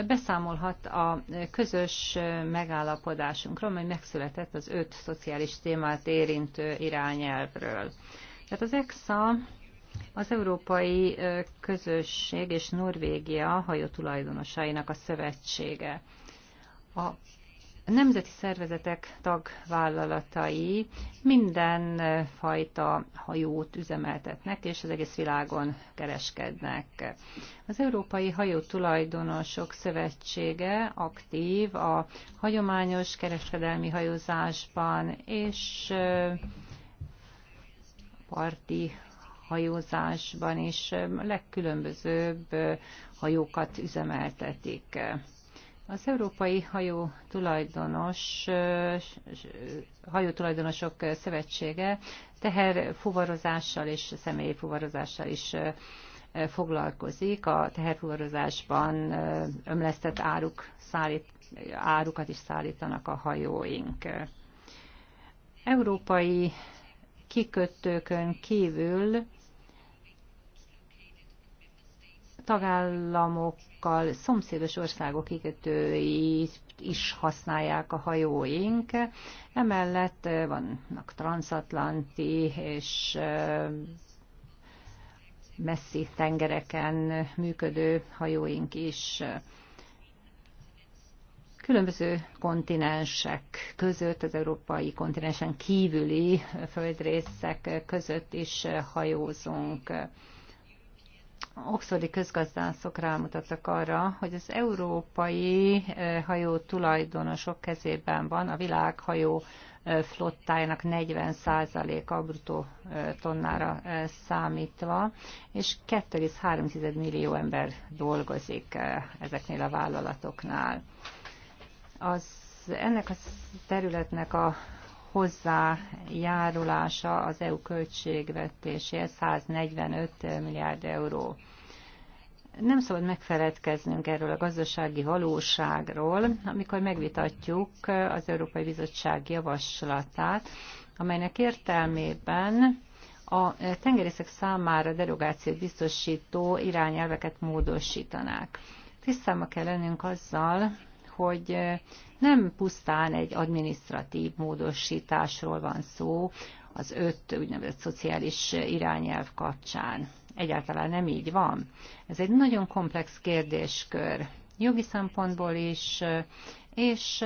beszámolhat a közös megállapodásunkról, amely megszületett az öt szociális témát érintő irányelvről. Tehát az EXA az Európai Közösség és Norvégia hajótulajdonosainak a szövetsége. A nemzeti szervezetek tagvállalatai minden eh, fajta hajót üzemeltetnek, és az egész világon kereskednek. Az Európai Hajó Tulajdonosok Szövetsége aktív a hagyományos kereskedelmi hajózásban és eh, parti hajózásban is eh, legkülönbözőbb hajókat üzemeltetik. Az Európai Hajó Tulajdonos, Hajó Tulajdonosok Szövetsége teherfuvarozással és személyi fuvarozással is foglalkozik. A teherfuvarozásban ömlesztett áruk szállít, árukat is szállítanak a hajóink. Európai kikötőkön kívül tagállamokkal szomszédos országok kikötői is használják a hajóink. Emellett eh, vannak transatlanti és eh, messzi tengereken működő hajóink is különböző kontinensek között, az európai kontinensen kívüli földrészek között is hajózunk oxfordi közgazdászok rámutattak arra, hogy az európai eh, hajó tulajdonosok kezében van a világ hajó eh, flottájának 40%-a a brutó eh, tonnára számítva, és 2,3 millió ember dolgozik ezeknél a vállalatoknál. Az ennek a területnek a hozzájárulása az EU költségvetéséhez 145 milliárd euró. Nem szabad megfeledkeznünk erről a gazdasági valóságról, amikor megvitatjuk az Európai Bizottság javaslatát, amelynek értelmében a tengerészek számára derogációt biztosító irányelveket módosítanák. Tisztában kell lennünk azzal, hogy nem pusztán egy adminisztratív módosításról van szó az öt úgynevezett szociális irányelv kapcsán. Egyáltalán nem így van. Ez egy nagyon komplex kérdéskör, jogi szempontból is, és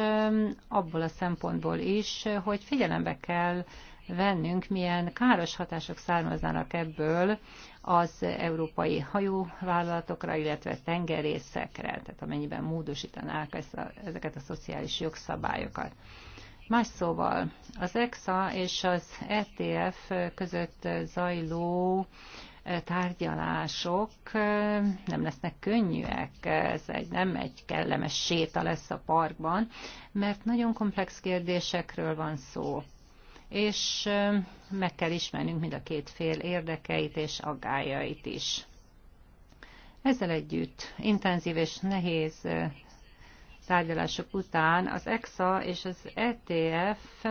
abból a szempontból is, hogy figyelembe kell vennünk, milyen káros hatások származnának ebből az európai hajóvállalatokra, illetve tengerészekre, tehát amennyiben módosítanák ezt a, ezeket a szociális jogszabályokat. Más szóval, az EXA és az ETF között zajló eh, tárgyalások eh, nem lesznek könnyűek, ez egy, nem egy kellemes séta lesz a parkban, mert nagyon komplex kérdésekről van szó és meg kell ismernünk mind a két fél érdekeit és aggájait is. Ezzel együtt intenzív és nehéz tárgyalások után az EXA és az ETF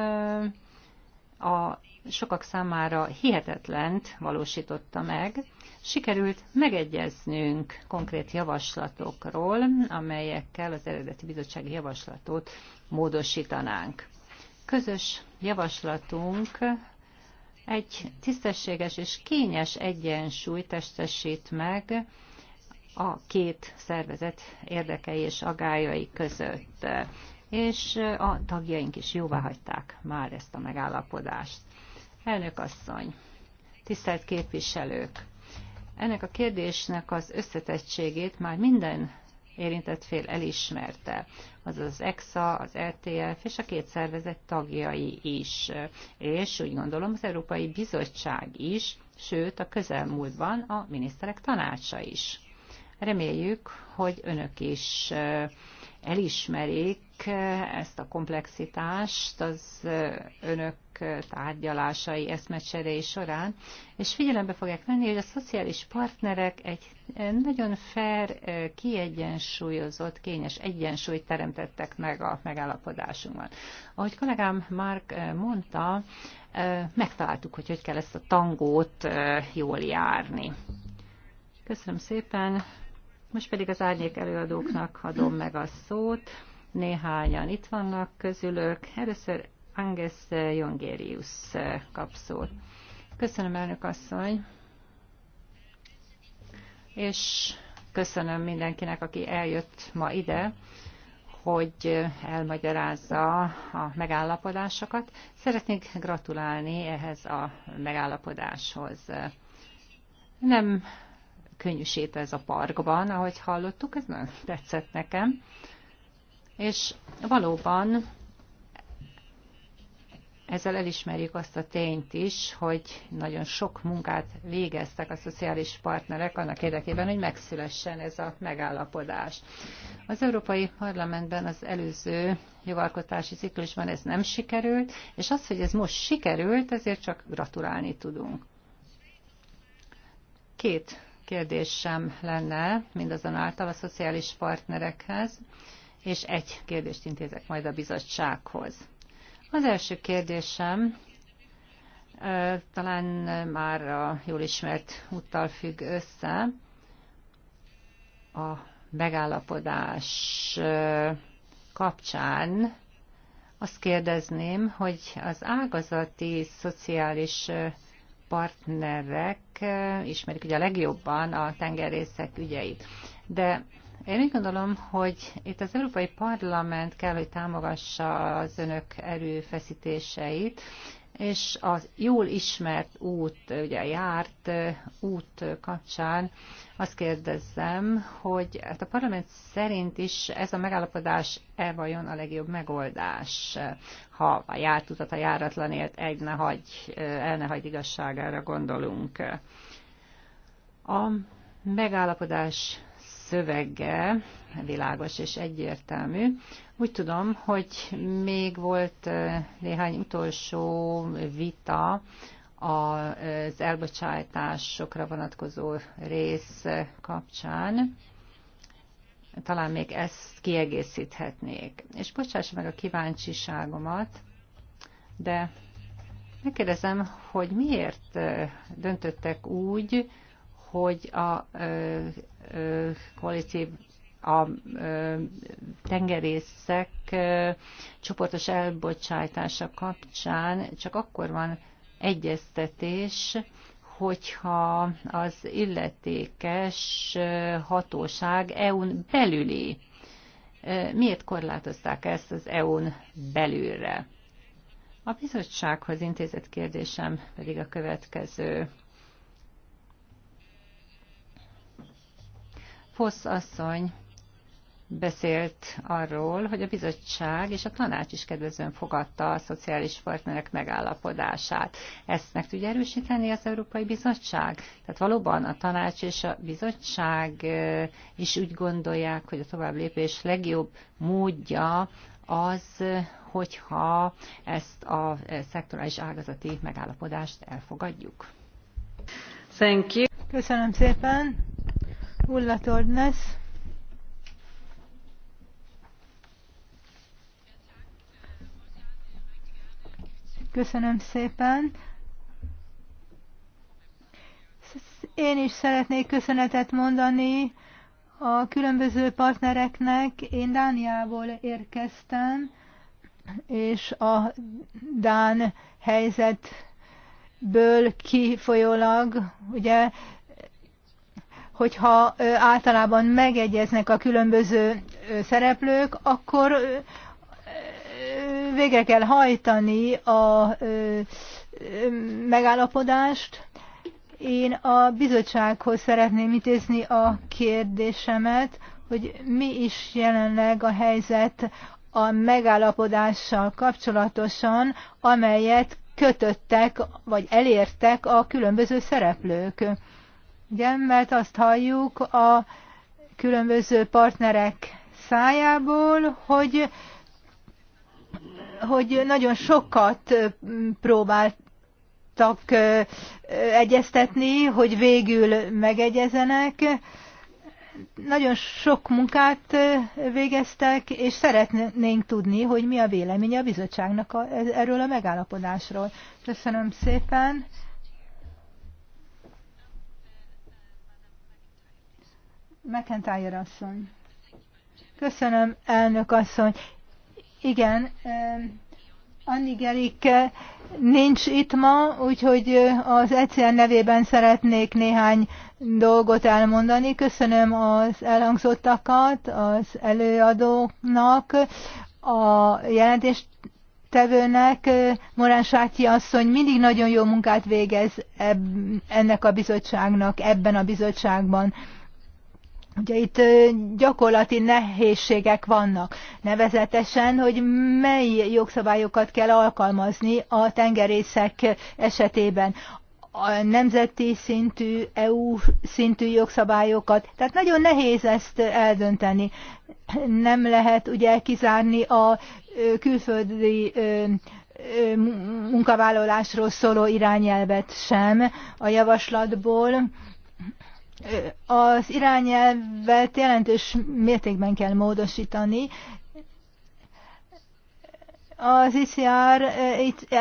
a sokak számára hihetetlent valósította meg. Sikerült megegyeznünk konkrét javaslatokról, amelyekkel az eredeti bizottsági javaslatot módosítanánk közös javaslatunk egy tisztességes és kényes egyensúly testesít meg a két szervezet érdekei és agályai között. És a tagjaink is jóvá hagyták már ezt a megállapodást. Elnök asszony, tisztelt képviselők! Ennek a kérdésnek az összetettségét már minden érintett fél elismerte, az az EXA, az RTF és a két szervezet tagjai is. És úgy gondolom az Európai Bizottság is, sőt a közelmúltban a miniszterek tanácsa is. Reméljük, hogy önök is eh, elismerik Eh, ezt a komplexitást az eh, önök tárgyalásai, eszmecserei során, és figyelembe fogják venni, hogy a szociális partnerek egy eh, nagyon fair, kiegyensúlyozott, kényes egyensúlyt teremtettek meg a megállapodásunkban. Ahogy kollégám Mark mondta, megtaláltuk, hogy hogy kell ezt a tangót jól járni. Köszönöm szépen. Most pedig az árnyék előadóknak adom meg a szót néhányan itt vannak közülök. Először Anges Jongerius kap szót. Köszönöm, elnök asszony, és köszönöm mindenkinek, aki eljött ma ide hogy elmagyarázza a megállapodásokat. Szeretnék gratulálni ehhez a megállapodáshoz. Nem könnyűsét ez a parkban, ahogy hallottuk, ez nagyon tetszett nekem. És valóban ezzel elismerjük azt a tényt is, hogy nagyon sok munkát végeztek a szociális partnerek annak érdekében, hogy megszülessen ez a megállapodás. Az Európai Parlamentben az előző jogalkotási ciklusban ez nem sikerült, és az, hogy ez most sikerült, ezért csak gratulálni tudunk. Két kérdésem lenne mindazonáltal a szociális partnerekhez és egy kérdést intézek majd a bizottsághoz. Az első kérdésem talán már a jól ismert úttal függ össze. A megállapodás kapcsán azt kérdezném, hogy az ágazati szociális partnerek ismerik ugye a legjobban a tengerészek ügyeit. De én úgy gondolom, hogy itt az Európai Parlament kell, hogy támogassa az önök erőfeszítéseit, és az jól ismert út, ugye járt út kapcsán azt kérdezzem, hogy hát a parlament szerint is ez a megállapodás e vajon a legjobb megoldás, ha a járt utat a járatlanért egy ne hagy, el ne hagy igazságára gondolunk. A megállapodás szövege világos és egyértelmű. Úgy tudom, hogy még volt néhány utolsó vita az elbocsátásokra vonatkozó rész kapcsán. Talán még ezt kiegészíthetnék. És bocsáss meg a kíváncsiságomat, de megkérdezem, hogy miért döntöttek úgy, hogy a Quality a tengerészek csoportos elbocsátása kapcsán csak akkor van egyeztetés, hogyha az illetékes hatóság EU-n belüli. Miért korlátozták ezt az EU-n belülre? A bizottsághoz intézett kérdésem pedig a következő. Fosz asszony beszélt arról, hogy a bizottság és a tanács is kedvezően fogadta a szociális partnerek megállapodását. Ezt meg tudja erősíteni az Európai Bizottság? Tehát valóban a tanács és a bizottság is úgy gondolják, hogy a tovább lépés legjobb módja az, hogyha ezt a e, szektorális ágazati megállapodást elfogadjuk. Thank you. Köszönöm szépen. Ulla Tornes. Köszönöm szépen. Én is szeretnék köszönetet mondani a különböző partnereknek. Én Dániából érkeztem, és a Dán helyzetből kifolyólag, ugye hogyha általában megegyeznek a különböző szereplők, akkor végre kell hajtani a megállapodást. Én a bizottsághoz szeretném intézni a kérdésemet, hogy mi is jelenleg a helyzet a megállapodással kapcsolatosan, amelyet kötöttek vagy elértek a különböző szereplők. Ugye, mert azt halljuk a különböző partnerek szájából, hogy, hogy nagyon sokat próbáltak egyeztetni, hogy végül megegyezenek. Nagyon sok munkát végeztek, és szeretnénk tudni, hogy mi a véleménye a bizottságnak erről a megállapodásról. Köszönöm szépen! McIntyre asszony. Köszönöm, elnök asszony. Igen, Anni Gerik nincs itt ma, úgyhogy az ECN nevében szeretnék néhány dolgot elmondani. Köszönöm az elhangzottakat az előadóknak, a jelentéstevőnek, Morán Sátyi asszony mindig nagyon jó munkát végez ennek a bizottságnak, ebben a bizottságban. Ugye itt gyakorlati nehézségek vannak, nevezetesen, hogy mely jogszabályokat kell alkalmazni a tengerészek esetében a nemzeti szintű, EU szintű jogszabályokat. Tehát nagyon nehéz ezt eldönteni. Nem lehet ugye kizárni a külföldi munkavállalásról szóló irányelvet sem a javaslatból az irányelvet jelentős mértékben kell módosítani. Az ICR,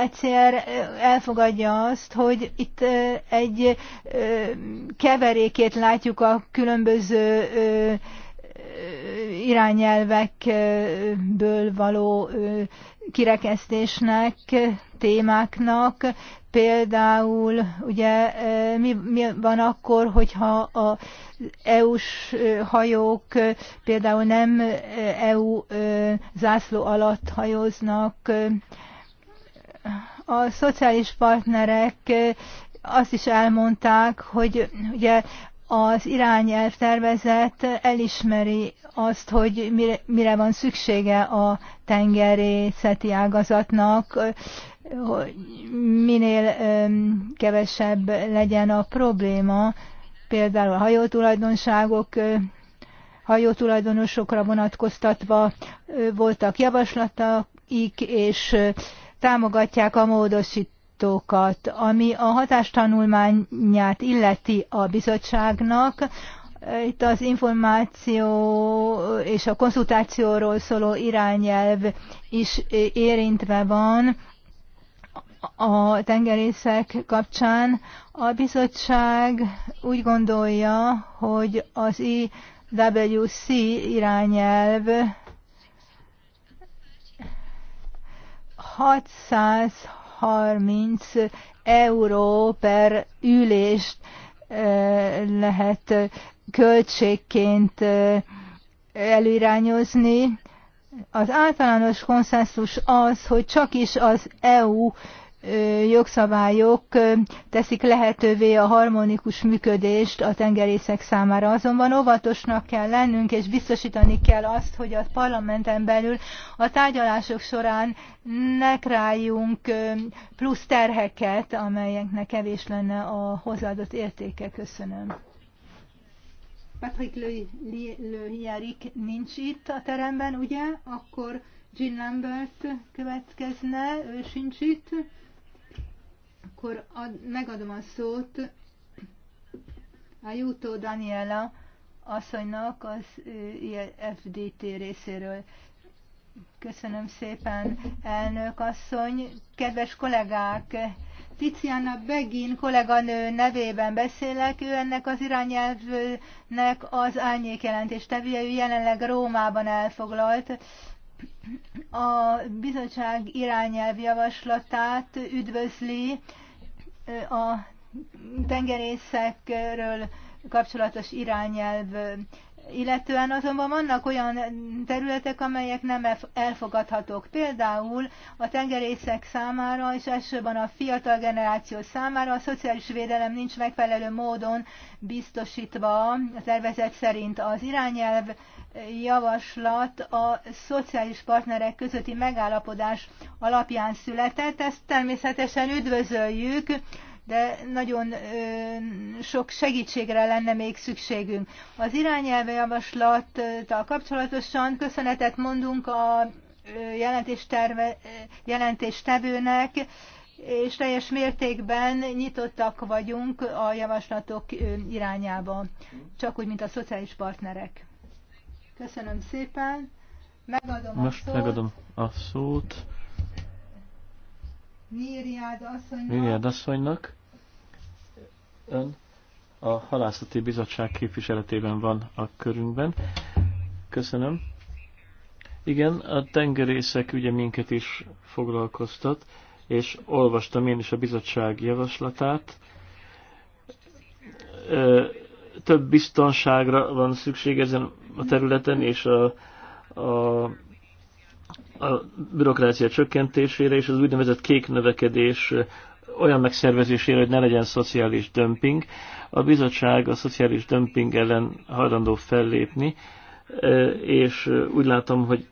ICR elfogadja azt, hogy itt egy keverékét látjuk a különböző irányelvekből való kirekesztésnek, témáknak, például ugye mi, mi van akkor, hogyha a EU-s hajók például nem EU zászló alatt hajóznak, a szociális partnerek azt is elmondták, hogy ugye az irányelv tervezet elismeri azt, hogy mire, mire van szüksége a tengerészeti ágazatnak, hogy minél kevesebb legyen a probléma, például a hajótulajdonságok, hajótulajdonosokra vonatkoztatva voltak javaslataik, és támogatják a módosítást módosítókat. Ami a hatástanulmányát illeti a bizottságnak, itt az információ és a konzultációról szóló irányelv is érintve van a tengerészek kapcsán. A bizottság úgy gondolja, hogy az IWC irányelv 600 30 euró per ülést lehet költségként előirányozni. Az általános konszenzus az, hogy csak is az EU jogszabályok teszik lehetővé a harmonikus működést a tengerészek számára. Azonban óvatosnak kell lennünk, és biztosítani kell azt, hogy a parlamenten belül a tárgyalások során ne králjunk plusz terheket, amelyeknek kevés lenne a hozzáadott értéke. Köszönöm. Patrick Lőhiárik nincs itt a teremben, ugye? Akkor Jean Lambert következne, ő sincs itt akkor ad, megadom a szót a Jutó Daniela asszonynak az FDT részéről. Köszönöm szépen, elnök asszony. Kedves kollégák, Tiziana Begin kolléganő nevében beszélek. Ő ennek az irányelvnek az árnyékjelentés tevője, ő jelenleg Rómában elfoglalt. A bizottság irányelv javaslatát üdvözli, a tengerészekről kapcsolatos irányelv, illetően azonban vannak olyan területek, amelyek nem elfogadhatók. Például a tengerészek számára, és elsősorban a fiatal generáció számára a szociális védelem nincs megfelelő módon biztosítva a tervezet szerint az irányelv javaslat a szociális partnerek közötti megállapodás alapján született. Ezt természetesen üdvözöljük, de nagyon sok segítségre lenne még szükségünk. Az irányelve javaslattal kapcsolatosan köszönetet mondunk a jelentéstevőnek, és teljes mértékben nyitottak vagyunk a javaslatok irányába, csak úgy, mint a szociális partnerek. Köszönöm szépen. Megadom Most a szót. megadom a szót. Níriád asszonynak. Níriád asszonynak. Ön a halászati bizottság képviseletében van a körünkben. Köszönöm. Igen, a tengerészek ugye minket is foglalkoztat, és olvastam én is a bizottság javaslatát. Több biztonságra van szükség ezen a területen, és a, a, a bürokrácia csökkentésére, és az úgynevezett kék növekedés olyan megszervezésére, hogy ne legyen szociális dömping. A bizottság a szociális dömping ellen hajlandó fellépni, e, és úgy látom, hogy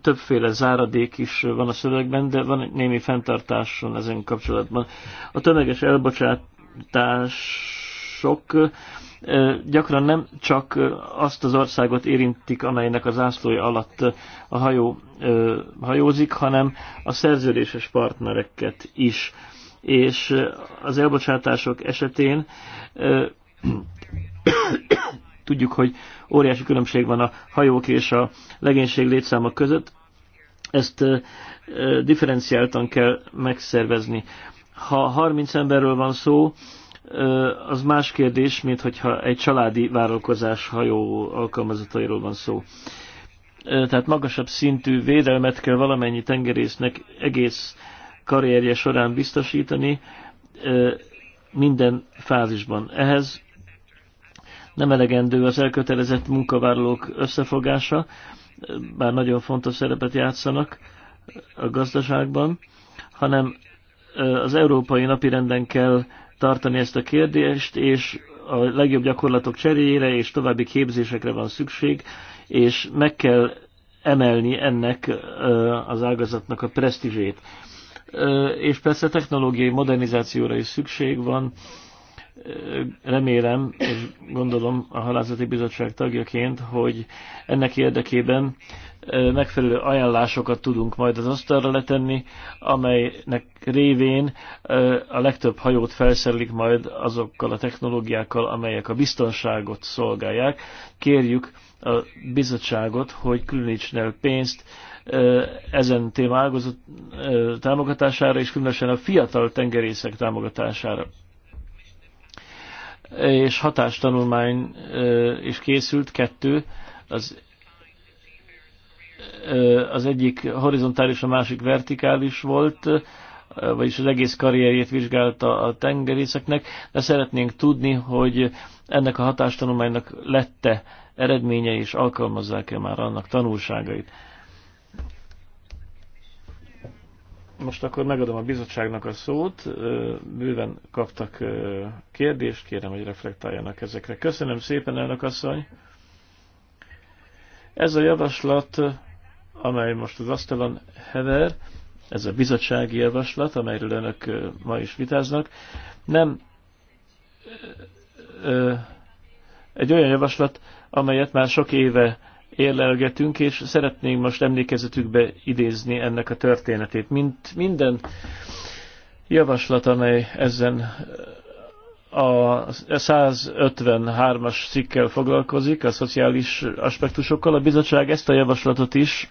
többféle záradék is van a szövegben, de van egy némi fenntartáson ezen kapcsolatban. A tömeges elbocsátások gyakran nem csak azt az országot érintik, amelynek az ászlója alatt a hajó hajózik, hanem a szerződéses partnereket is. És az elbocsátások esetén tudjuk, hogy óriási különbség van a hajók és a legénység létszáma között, ezt differenciáltan kell megszervezni. Ha 30 emberről van szó, az más kérdés, mint hogyha egy családi vállalkozás hajó alkalmazatairól van szó. Tehát magasabb szintű védelmet kell valamennyi tengerésznek egész karrierje során biztosítani minden fázisban. Ehhez nem elegendő az elkötelezett munkavállalók összefogása, bár nagyon fontos szerepet játszanak a gazdaságban, hanem az európai napirenden kell tartani ezt a kérdést, és a legjobb gyakorlatok cseréjére és további képzésekre van szükség, és meg kell emelni ennek az ágazatnak a presztizsét. És persze technológiai modernizációra is szükség van, remélem, és gondolom a halászati bizottság tagjaként, hogy ennek érdekében megfelelő ajánlásokat tudunk majd az asztalra letenni, amelynek révén a legtöbb hajót felszerelik majd azokkal a technológiákkal, amelyek a biztonságot szolgálják. Kérjük a bizottságot, hogy különítsen el pénzt ezen témágozott támogatására, és különösen a fiatal tengerészek támogatására és hatástanulmány is készült, kettő, az, az egyik horizontális, a másik vertikális volt, vagyis az egész karrierjét vizsgálta a tengerészeknek, de szeretnénk tudni, hogy ennek a hatástanulmánynak lette eredménye, és alkalmazzák-e már annak tanulságait. Most akkor megadom a bizottságnak a szót. Bőven kaptak kérdést, kérem, hogy reflektáljanak ezekre. Köszönöm szépen, elnök asszony. Ez a javaslat, amely most az asztalon hever, ez a bizottsági javaslat, amelyről önök ma is vitáznak, nem egy olyan javaslat, amelyet már sok éve érlelgetünk, és szeretnénk most emlékezetükbe idézni ennek a történetét. Mint minden javaslat, amely ezen a 153-as cikkel foglalkozik, a szociális aspektusokkal. A bizottság ezt a javaslatot is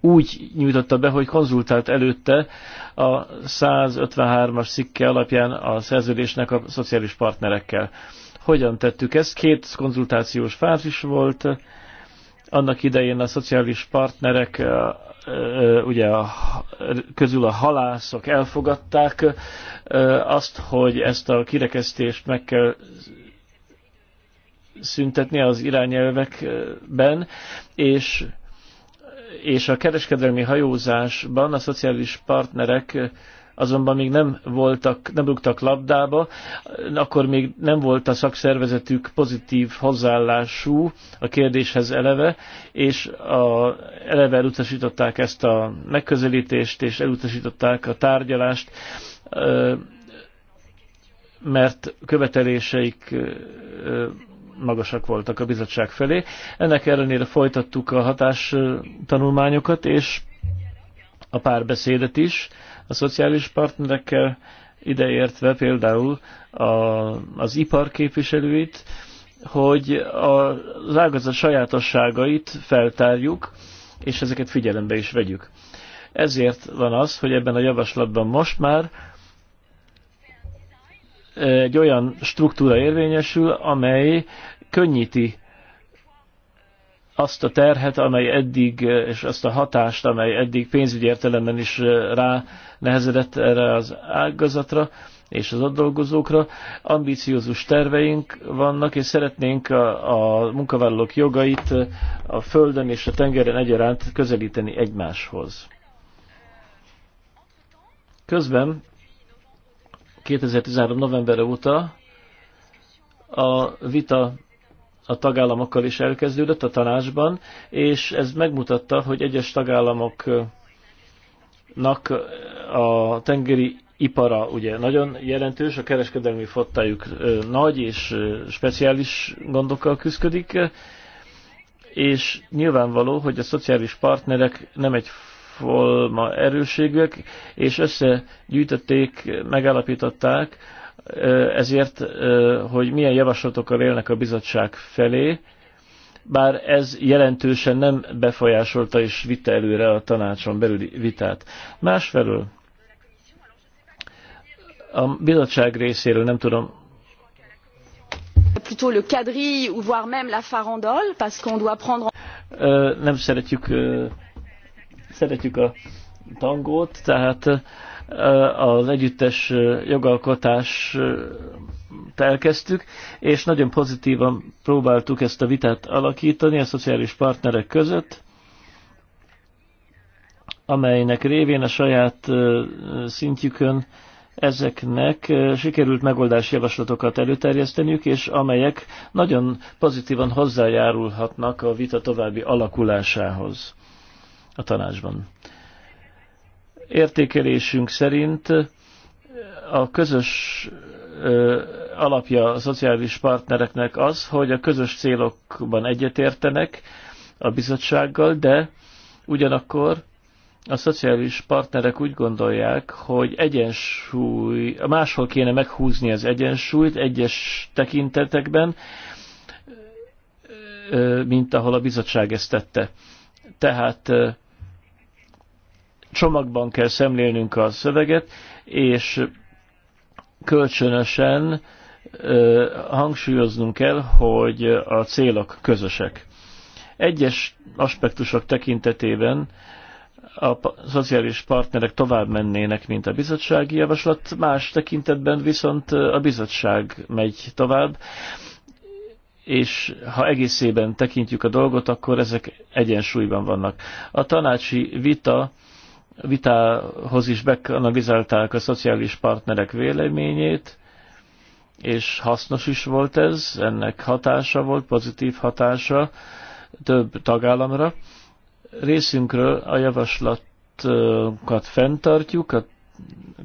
úgy nyújtotta be, hogy konzultált előtte a 153-as cikke alapján a szerződésnek a szociális partnerekkel. Hogyan tettük ezt? Két konzultációs fázis volt, annak idején a szociális partnerek ugye a, közül a halászok elfogadták azt, hogy ezt a kirekesztést meg kell szüntetni az irányelvekben, és, és a kereskedelmi hajózásban a szociális partnerek azonban még nem voltak, nem rúgtak labdába, akkor még nem volt a szakszervezetük pozitív hozzáállású a kérdéshez eleve, és a, eleve elutasították ezt a megközelítést, és elutasították a tárgyalást, mert követeléseik magasak voltak a bizottság felé. Ennek ellenére folytattuk a hatás tanulmányokat és a párbeszédet is, a szociális partnerekkel, ideértve például a, az ipar képviselőit, hogy az ágazat sajátosságait feltárjuk, és ezeket figyelembe is vegyük. Ezért van az, hogy ebben a javaslatban most már egy olyan struktúra érvényesül, amely könnyíti azt a terhet, amely eddig, és azt a hatást, amely eddig pénzügyi értelemben is eh, rá nehezedett erre az ágazatra és az ott dolgozókra. Ambíciózus terveink vannak, és szeretnénk a, a munkavállalók jogait eh, a földön és a tengeren egyaránt közelíteni egymáshoz. Közben 2013. november óta a vita a tagállamokkal is elkezdődött a tanácsban, és ez megmutatta, hogy egyes tagállamoknak a tengeri ipara ugye nagyon jelentős, a kereskedelmi fottájuk nagy és speciális gondokkal küzdik, és nyilvánvaló, hogy a szociális partnerek nem egy forma erőségek, és összegyűjtötték, megállapították, ezért, hogy milyen javaslatokkal élnek a bizottság felé, bár ez jelentősen nem befolyásolta és vitte előre a tanácson belüli vitát. Másfelől a bizottság részéről nem tudom, plutôt le quadrille ou voire même la farandole parce qu'on doit prendre nem szeretjük szeretjük a tangót, tehát az együttes jogalkotás elkezdtük, és nagyon pozitívan próbáltuk ezt a vitát alakítani a szociális partnerek között, amelynek révén a saját szintjükön ezeknek sikerült megoldási javaslatokat előterjeszteniük, és amelyek nagyon pozitívan hozzájárulhatnak a vita további alakulásához a tanácsban értékelésünk szerint a közös alapja a szociális partnereknek az, hogy a közös célokban egyetértenek a bizottsággal, de ugyanakkor a szociális partnerek úgy gondolják, hogy egyensúly, máshol kéne meghúzni az egyensúlyt egyes tekintetekben, mint ahol a bizottság ezt tette. Tehát csomagban kell szemlélnünk a szöveget, és kölcsönösen hangsúlyoznunk kell, hogy a célok közösek. Egyes aspektusok tekintetében a szociális partnerek tovább mennének, mint a bizottsági javaslat, más tekintetben viszont a bizottság megy tovább, és ha egészében tekintjük a dolgot, akkor ezek egyensúlyban vannak. A tanácsi vita vitához is bekanalizálták a szociális partnerek véleményét, és hasznos is volt ez, ennek hatása volt, pozitív hatása több tagállamra. Részünkről a javaslatokat fenntartjuk a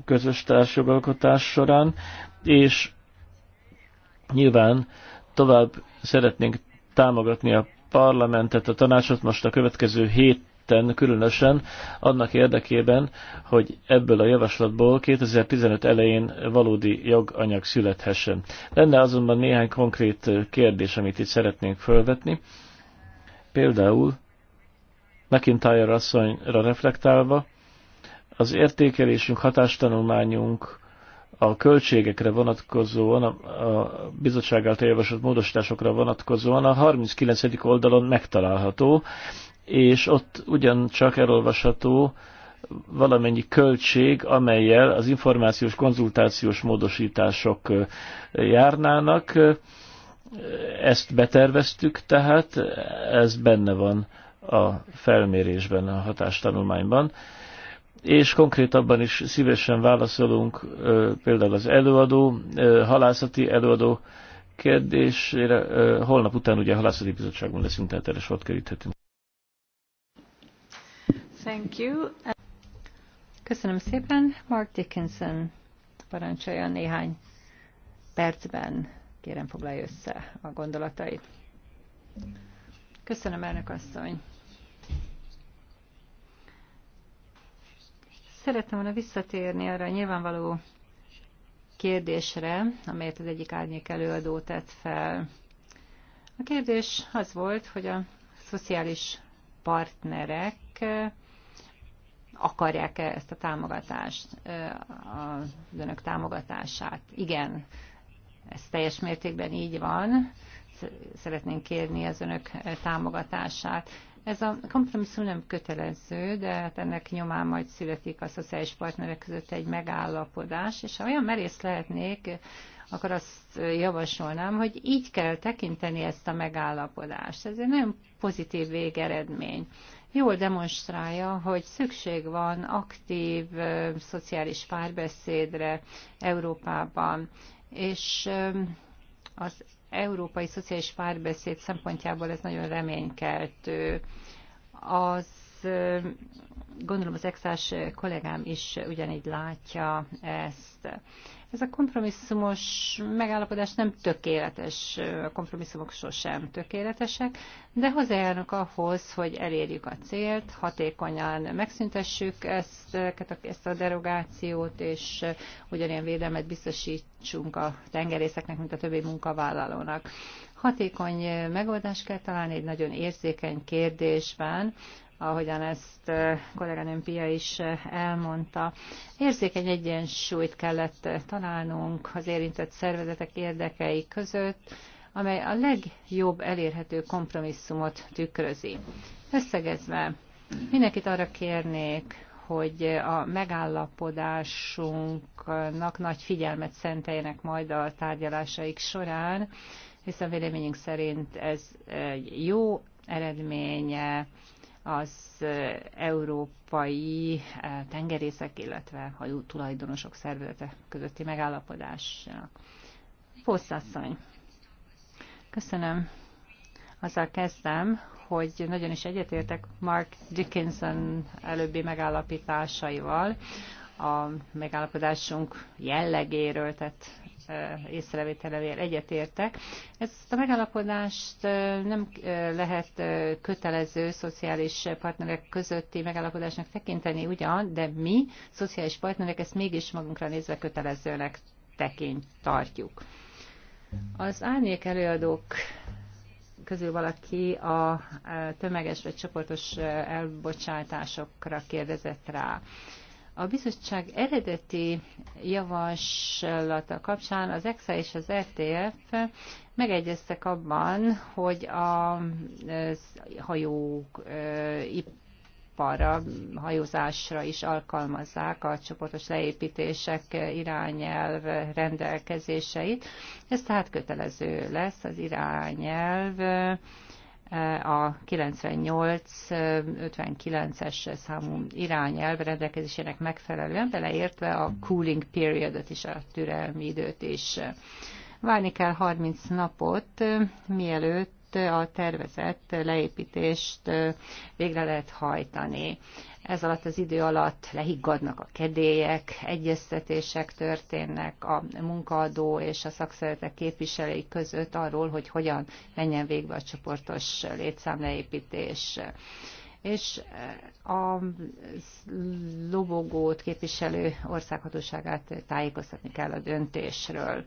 közös társjogalkotás során, és nyilván tovább szeretnénk támogatni a parlamentet, a tanácsot most a következő hét ketten különösen annak érdekében, hogy ebből a javaslatból 2015 elején valódi joganyag születhessen. Lenne azonban néhány konkrét kérdés, amit itt szeretnénk felvetni. Például McIntyre asszonyra reflektálva, az értékelésünk, hatástanulmányunk, a költségekre vonatkozóan, a, a bizottság által javasolt módosításokra vonatkozóan a 39. oldalon megtalálható és ott ugyancsak elolvasható valamennyi költség, amelyel az információs konzultációs módosítások járnának. Ezt beterveztük, tehát ez benne van a felmérésben, a hatástanulmányban. És konkrétabban is szívesen válaszolunk például az előadó, halászati előadó kérdésére. Holnap után ugye a halászati bizottságban leszünk, tehát erre sort keríthetünk. Thank you. Köszönöm szépen. Mark Dickinson parancsolja néhány percben. Kérem foglalja össze a gondolatait. Köszönöm, elnök asszony. Szerettem volna visszatérni arra a nyilvánvaló kérdésre, amelyet az egyik árnyék előadó tett fel. A kérdés az volt, hogy a szociális partnerek akarják-e ezt a támogatást, az önök támogatását. Igen, ez teljes mértékben így van. Szeretnénk kérni az önök támogatását. Ez a kompromisszum nem kötelező, de hát ennek nyomán majd születik a szociális partnerek között egy megállapodás, és ha olyan merész lehetnék, akkor azt javasolnám, hogy így kell tekinteni ezt a megállapodást. Ez egy nagyon pozitív végeredmény jól demonstrálja, hogy szükség van aktív szociális párbeszédre Európában, és az európai szociális párbeszéd szempontjából ez nagyon reménykeltő. Az gondolom az exás kollégám is ugyanígy látja ezt. Ez a kompromisszumos megállapodás nem tökéletes, a kompromisszumok sosem tökéletesek, de hozzájárnak ahhoz, hogy elérjük a célt, hatékonyan megszüntessük ezt, ezt a derogációt, és ugyanilyen védelmet biztosítsunk a tengerészeknek, mint a többi munkavállalónak. Hatékony megoldást kell találni egy nagyon érzékeny kérdésben, ahogyan ezt kolléganőm Pia is elmondta. Érzékeny egyensúlyt kellett találnunk az érintett szervezetek érdekei között, amely a legjobb elérhető kompromisszumot tükrözi. Összegezve, mindenkit arra kérnék, hogy a megállapodásunknak nagy figyelmet szenteljenek majd a tárgyalásaik során, hiszen véleményünk szerint ez egy jó eredménye az európai tengerészek, illetve hajó tulajdonosok szervezete közötti megállapodásnak. Fosszasszony. Köszönöm. Azzal kezdtem, hogy nagyon is egyetértek Mark Dickinson előbbi megállapításaival, a megállapodásunk jellegéről, tehát észrevételevel egyetértek. Ezt a megállapodást nem lehet kötelező szociális partnerek közötti megállapodásnak tekinteni ugyan, de mi, szociális partnerek, ezt mégis magunkra nézve kötelezőnek tekint, tartjuk. Az árnyék előadók közül valaki a tömeges vagy csoportos elbocsátásokra kérdezett rá. A bizottság eredeti javaslata kapcsán az EXA és az RTF e megegyeztek abban, hogy a hajók iparra, hajózásra is alkalmazzák a csoportos leépítések irányelv rendelkezéseit. Ez tehát kötelező lesz az irányelv a 98-59-es számú irányelv rendelkezésének megfelelően, beleértve a cooling periodot is, a türelmi időt is. Várni kell 30 napot, mielőtt a tervezett leépítést végre lehet hajtani. Ez alatt az idő alatt lehiggadnak a kedélyek, egyeztetések történnek a munkaadó és a szakszeretek képviselői között arról, hogy hogyan menjen végbe a csoportos létszámleépítés és a lobogót képviselő országhatóságát tájékoztatni kell a döntésről.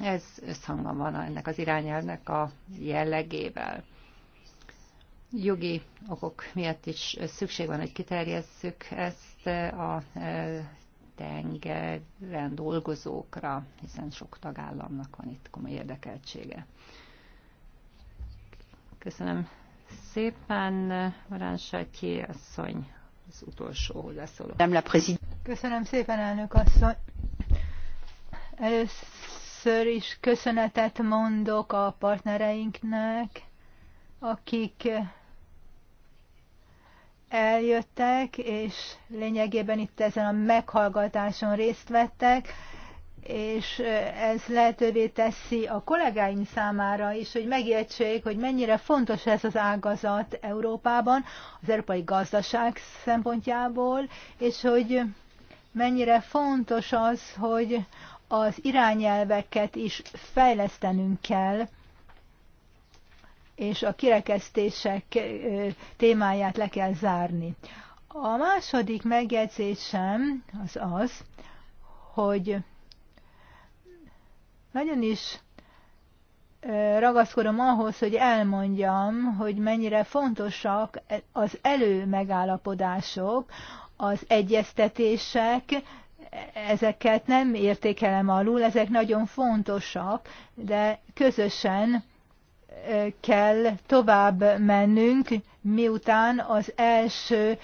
Ez összhangban van ennek az irányelvnek a jellegével. Jogi okok miatt is szükség van, hogy kiterjesszük ezt a e, tengeren dolgozókra, hiszen sok tagállamnak van itt komoly érdekeltsége. Köszönöm szépen, Marán Satyi asszony, az utolsó hozzászóló. Köszönöm szépen, elnök asszony. Először Először is köszönetet mondok a partnereinknek, akik eljöttek, és lényegében itt ezen a meghallgatáson részt vettek, és ez lehetővé teszi a kollégáim számára is, hogy megértsék, hogy mennyire fontos ez az ágazat Európában, az európai gazdaság szempontjából, és hogy mennyire fontos az, hogy az irányelveket is fejlesztenünk kell, és a kirekesztések témáját le kell zárni. A második megjegyzésem az az, hogy nagyon is ragaszkodom ahhoz, hogy elmondjam, hogy mennyire fontosak az előmegállapodások, az egyeztetések, ezeket nem értékelem alul, ezek nagyon fontosak, de közösen kell tovább mennünk, miután az első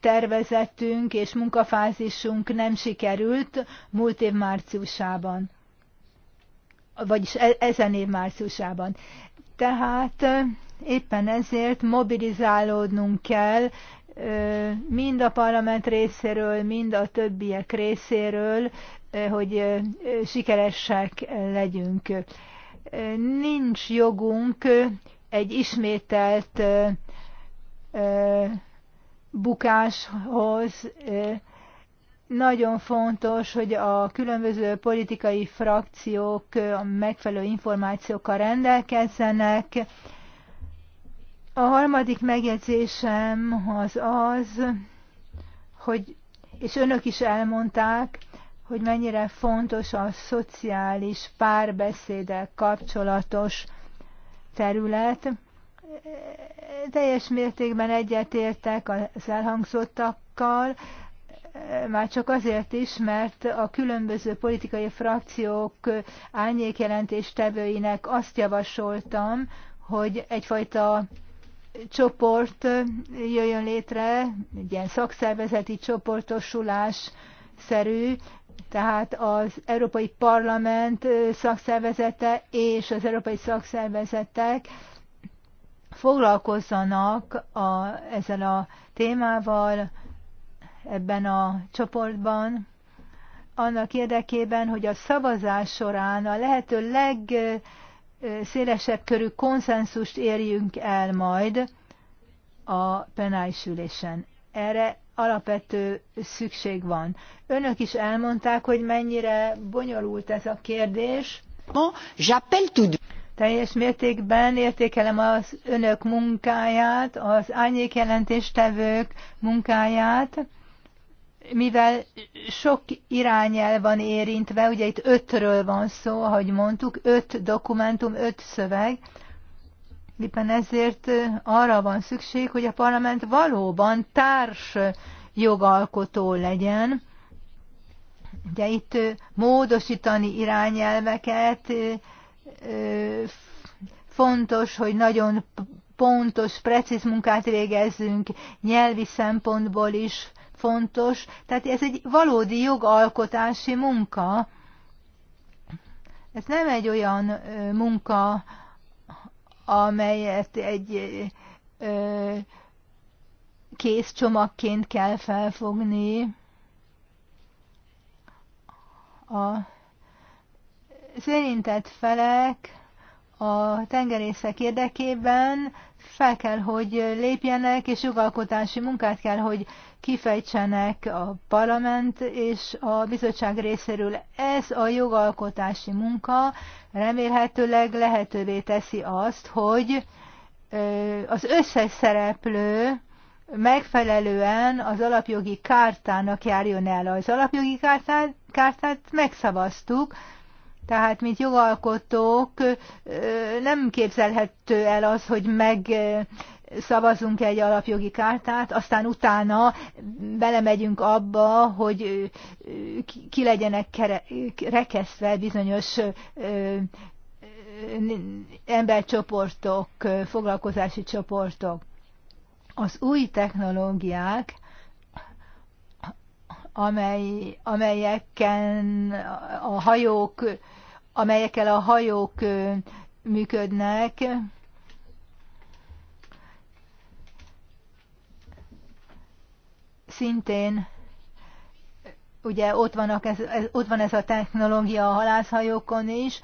tervezetünk és munkafázisunk nem sikerült múlt év márciusában, vagyis e, ezen év márciusában. Tehát éppen ezért mobilizálódnunk kell, mind a parlament részéről, mind a többiek részéről, hogy sikeresek legyünk. Nincs jogunk egy ismételt bukáshoz. Nagyon fontos, hogy a különböző politikai frakciók a megfelelő információkkal rendelkezzenek, a harmadik megjegyzésem az az, hogy, és önök is elmondták, hogy mennyire fontos a szociális párbeszédek kapcsolatos terület. Teljes mértékben egyetértek az elhangzottakkal, már csak azért is, mert a különböző politikai frakciók árnyékjelentéstevőinek azt javasoltam, hogy egyfajta csoport jöjjön létre, egy ilyen szakszervezeti csoportosulás szerű, tehát az Európai Parlament szakszervezete és az európai szakszervezetek foglalkozzanak a, ezzel a témával ebben a csoportban, annak érdekében, hogy a szavazás során a lehető leg szélesebb körű konszenzust érjünk el majd a penális Erre alapvető szükség van. Önök is elmondták, hogy mennyire bonyolult ez a kérdés. Teljes mértékben értékelem az önök munkáját, az jelentéstevők munkáját mivel sok irányel van érintve, ugye itt ötről van szó, ahogy mondtuk, öt dokumentum, öt szöveg, éppen ezért arra van szükség, hogy a parlament valóban társ jogalkotó legyen. Ugye itt módosítani irányelveket, fontos, hogy nagyon pontos, precíz munkát végezzünk nyelvi szempontból is, fontos, tehát ez egy valódi jogalkotási munka. Ez nem egy olyan munka, amelyet egy ö, kész csomagként kell felfogni. A érintett felek a tengerészek érdekében fel kell, hogy lépjenek, és jogalkotási munkát kell, hogy kifejtsenek a parlament és a bizottság részéről. Ez a jogalkotási munka remélhetőleg lehetővé teszi azt, hogy az összes szereplő megfelelően az alapjogi kártának járjon el. Az alapjogi kártát, kártát megszavaztuk, tehát, mint jogalkotók, nem képzelhető el az, hogy meg szavazunk egy alapjogi kártát, aztán utána belemegyünk abba, hogy ki legyenek rekesztve bizonyos embercsoportok, foglalkozási csoportok. Az új technológiák amely, amelyeken a hajók, amelyekkel a hajók működnek, szintén ugye ott, vannak ez, ez, ott van ez a technológia a halászhajókon is,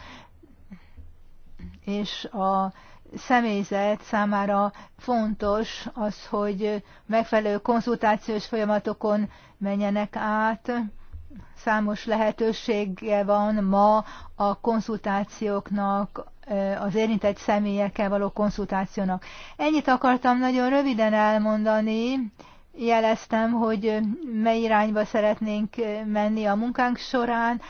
és a személyzet számára fontos az, hogy megfelelő konzultációs folyamatokon menjenek át. Számos lehetősége van ma a konzultációknak, az érintett személyekkel való konzultációnak. Ennyit akartam nagyon röviden elmondani, jeleztem, hogy mely irányba szeretnénk menni a munkánk során.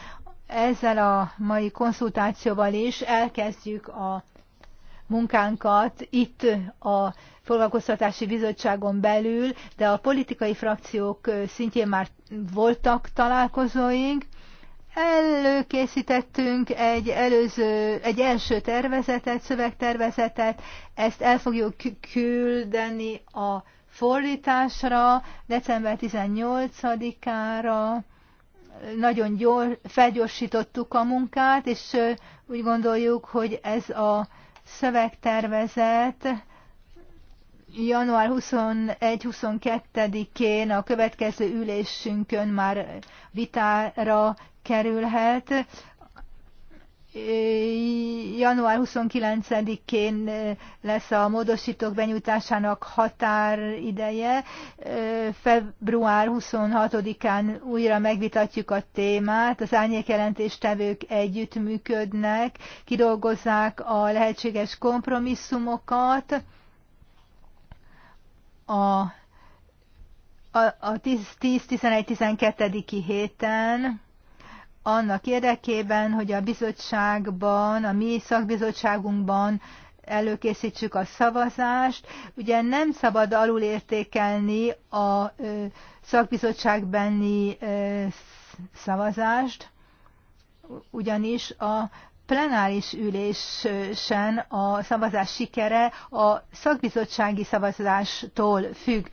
Ezzel a mai konszultációval is elkezdjük a munkánkat itt a foglalkoztatási bizottságon belül, de a politikai frakciók szintjén már voltak találkozóink. Előkészítettünk egy előző, egy első tervezetet, szövegtervezetet, ezt el fogjuk küldeni a fordításra, december 18-ára nagyon gyor, felgyorsítottuk a munkát, és úgy gondoljuk, hogy ez a szövegtervezet január 21-22-én a következő ülésünkön már vitára kerülhet január 29-én lesz a módosítók benyújtásának határideje, február 26-án újra megvitatjuk a témát, az árnyékjelentéstevők együttműködnek, kidolgozzák a lehetséges kompromisszumokat, a, a, a 10-11-12. héten, annak érdekében, hogy a bizottságban, a mi szakbizottságunkban előkészítsük a szavazást. Ugye nem szabad alulértékelni a szakbizottságbeni szavazást, ugyanis a plenáris ülésen a szavazás sikere a szakbizottsági szavazástól függ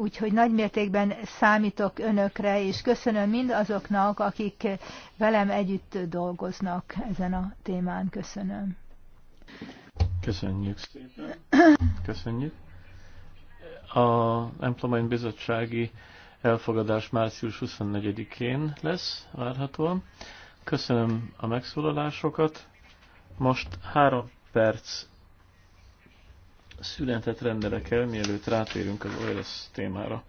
úgyhogy nagymértékben számítok önökre, és köszönöm mind azoknak, akik velem együtt dolgoznak ezen a témán. Köszönöm. Köszönjük szépen. Köszönjük. A Employment Bizottsági elfogadás március 24-én lesz várhatóan. Köszönöm a megszólalásokat. Most három perc szünetet rendelek el, mielőtt rátérünk az OLS témára.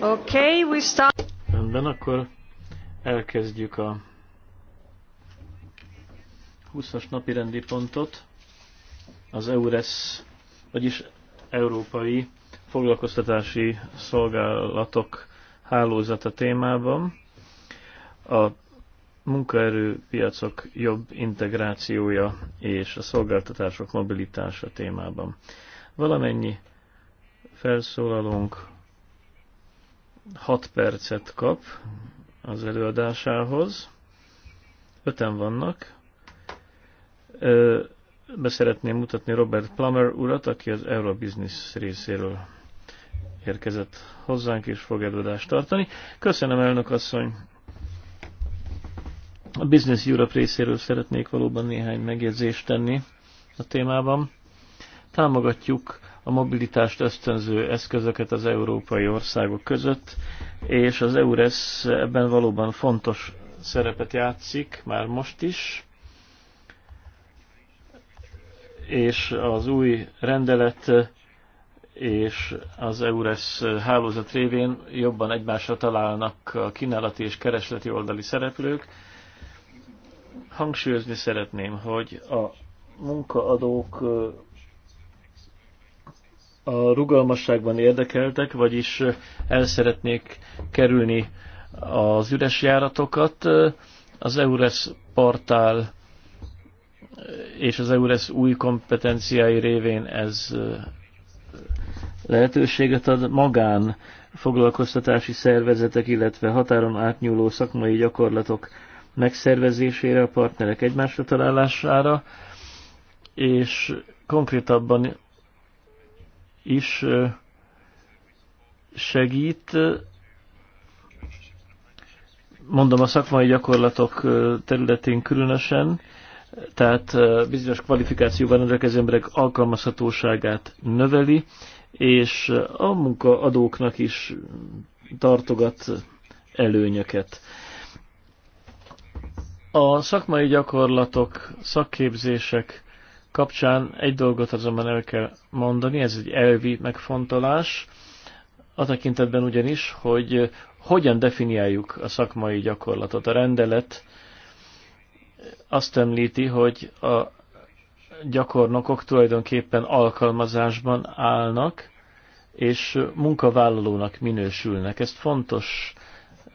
Okay, we start. Rendben, akkor elkezdjük a 20-as napi rendi pontot, az EURES, vagyis Európai Foglalkoztatási Szolgálatok hálózata témában. A munkaerőpiacok jobb integrációja és a szolgáltatások mobilitása témában. Valamennyi felszólalónk 6 percet kap az előadásához. Öten vannak. Ö, beszeretném mutatni Robert Plummer urat, aki az Eurobusiness részéről érkezett hozzánk és fog előadást tartani. Köszönöm, elnök asszony! A Business Europe részéről szeretnék valóban néhány megjegyzést tenni a témában. Támogatjuk a mobilitást ösztönző eszközöket az európai országok között, és az EURES ebben valóban fontos szerepet játszik, már most is, és az új rendelet és az EURES hálózat révén jobban egymásra találnak a kínálati és keresleti oldali szereplők. Hangsúlyozni szeretném, hogy a munkaadók a rugalmasságban érdekeltek, vagyis el szeretnék kerülni az üres járatokat. Az EURES portál és az EURES új kompetenciái révén ez lehetőséget ad magán foglalkoztatási szervezetek, illetve határon átnyúló szakmai gyakorlatok megszervezésére, a partnerek egymásra találására, és konkrétabban is segít. Mondom, a szakmai gyakorlatok területén különösen, tehát bizonyos kvalifikációval rendelkező emberek alkalmazhatóságát növeli, és a munkaadóknak is tartogat előnyöket. A szakmai gyakorlatok, szakképzések kapcsán egy dolgot azonban el kell mondani, ez egy elvi megfontolás, a tekintetben ugyanis, hogy hogyan definiáljuk a szakmai gyakorlatot. A rendelet azt említi, hogy a gyakornokok tulajdonképpen alkalmazásban állnak, és munkavállalónak minősülnek. Ezt fontos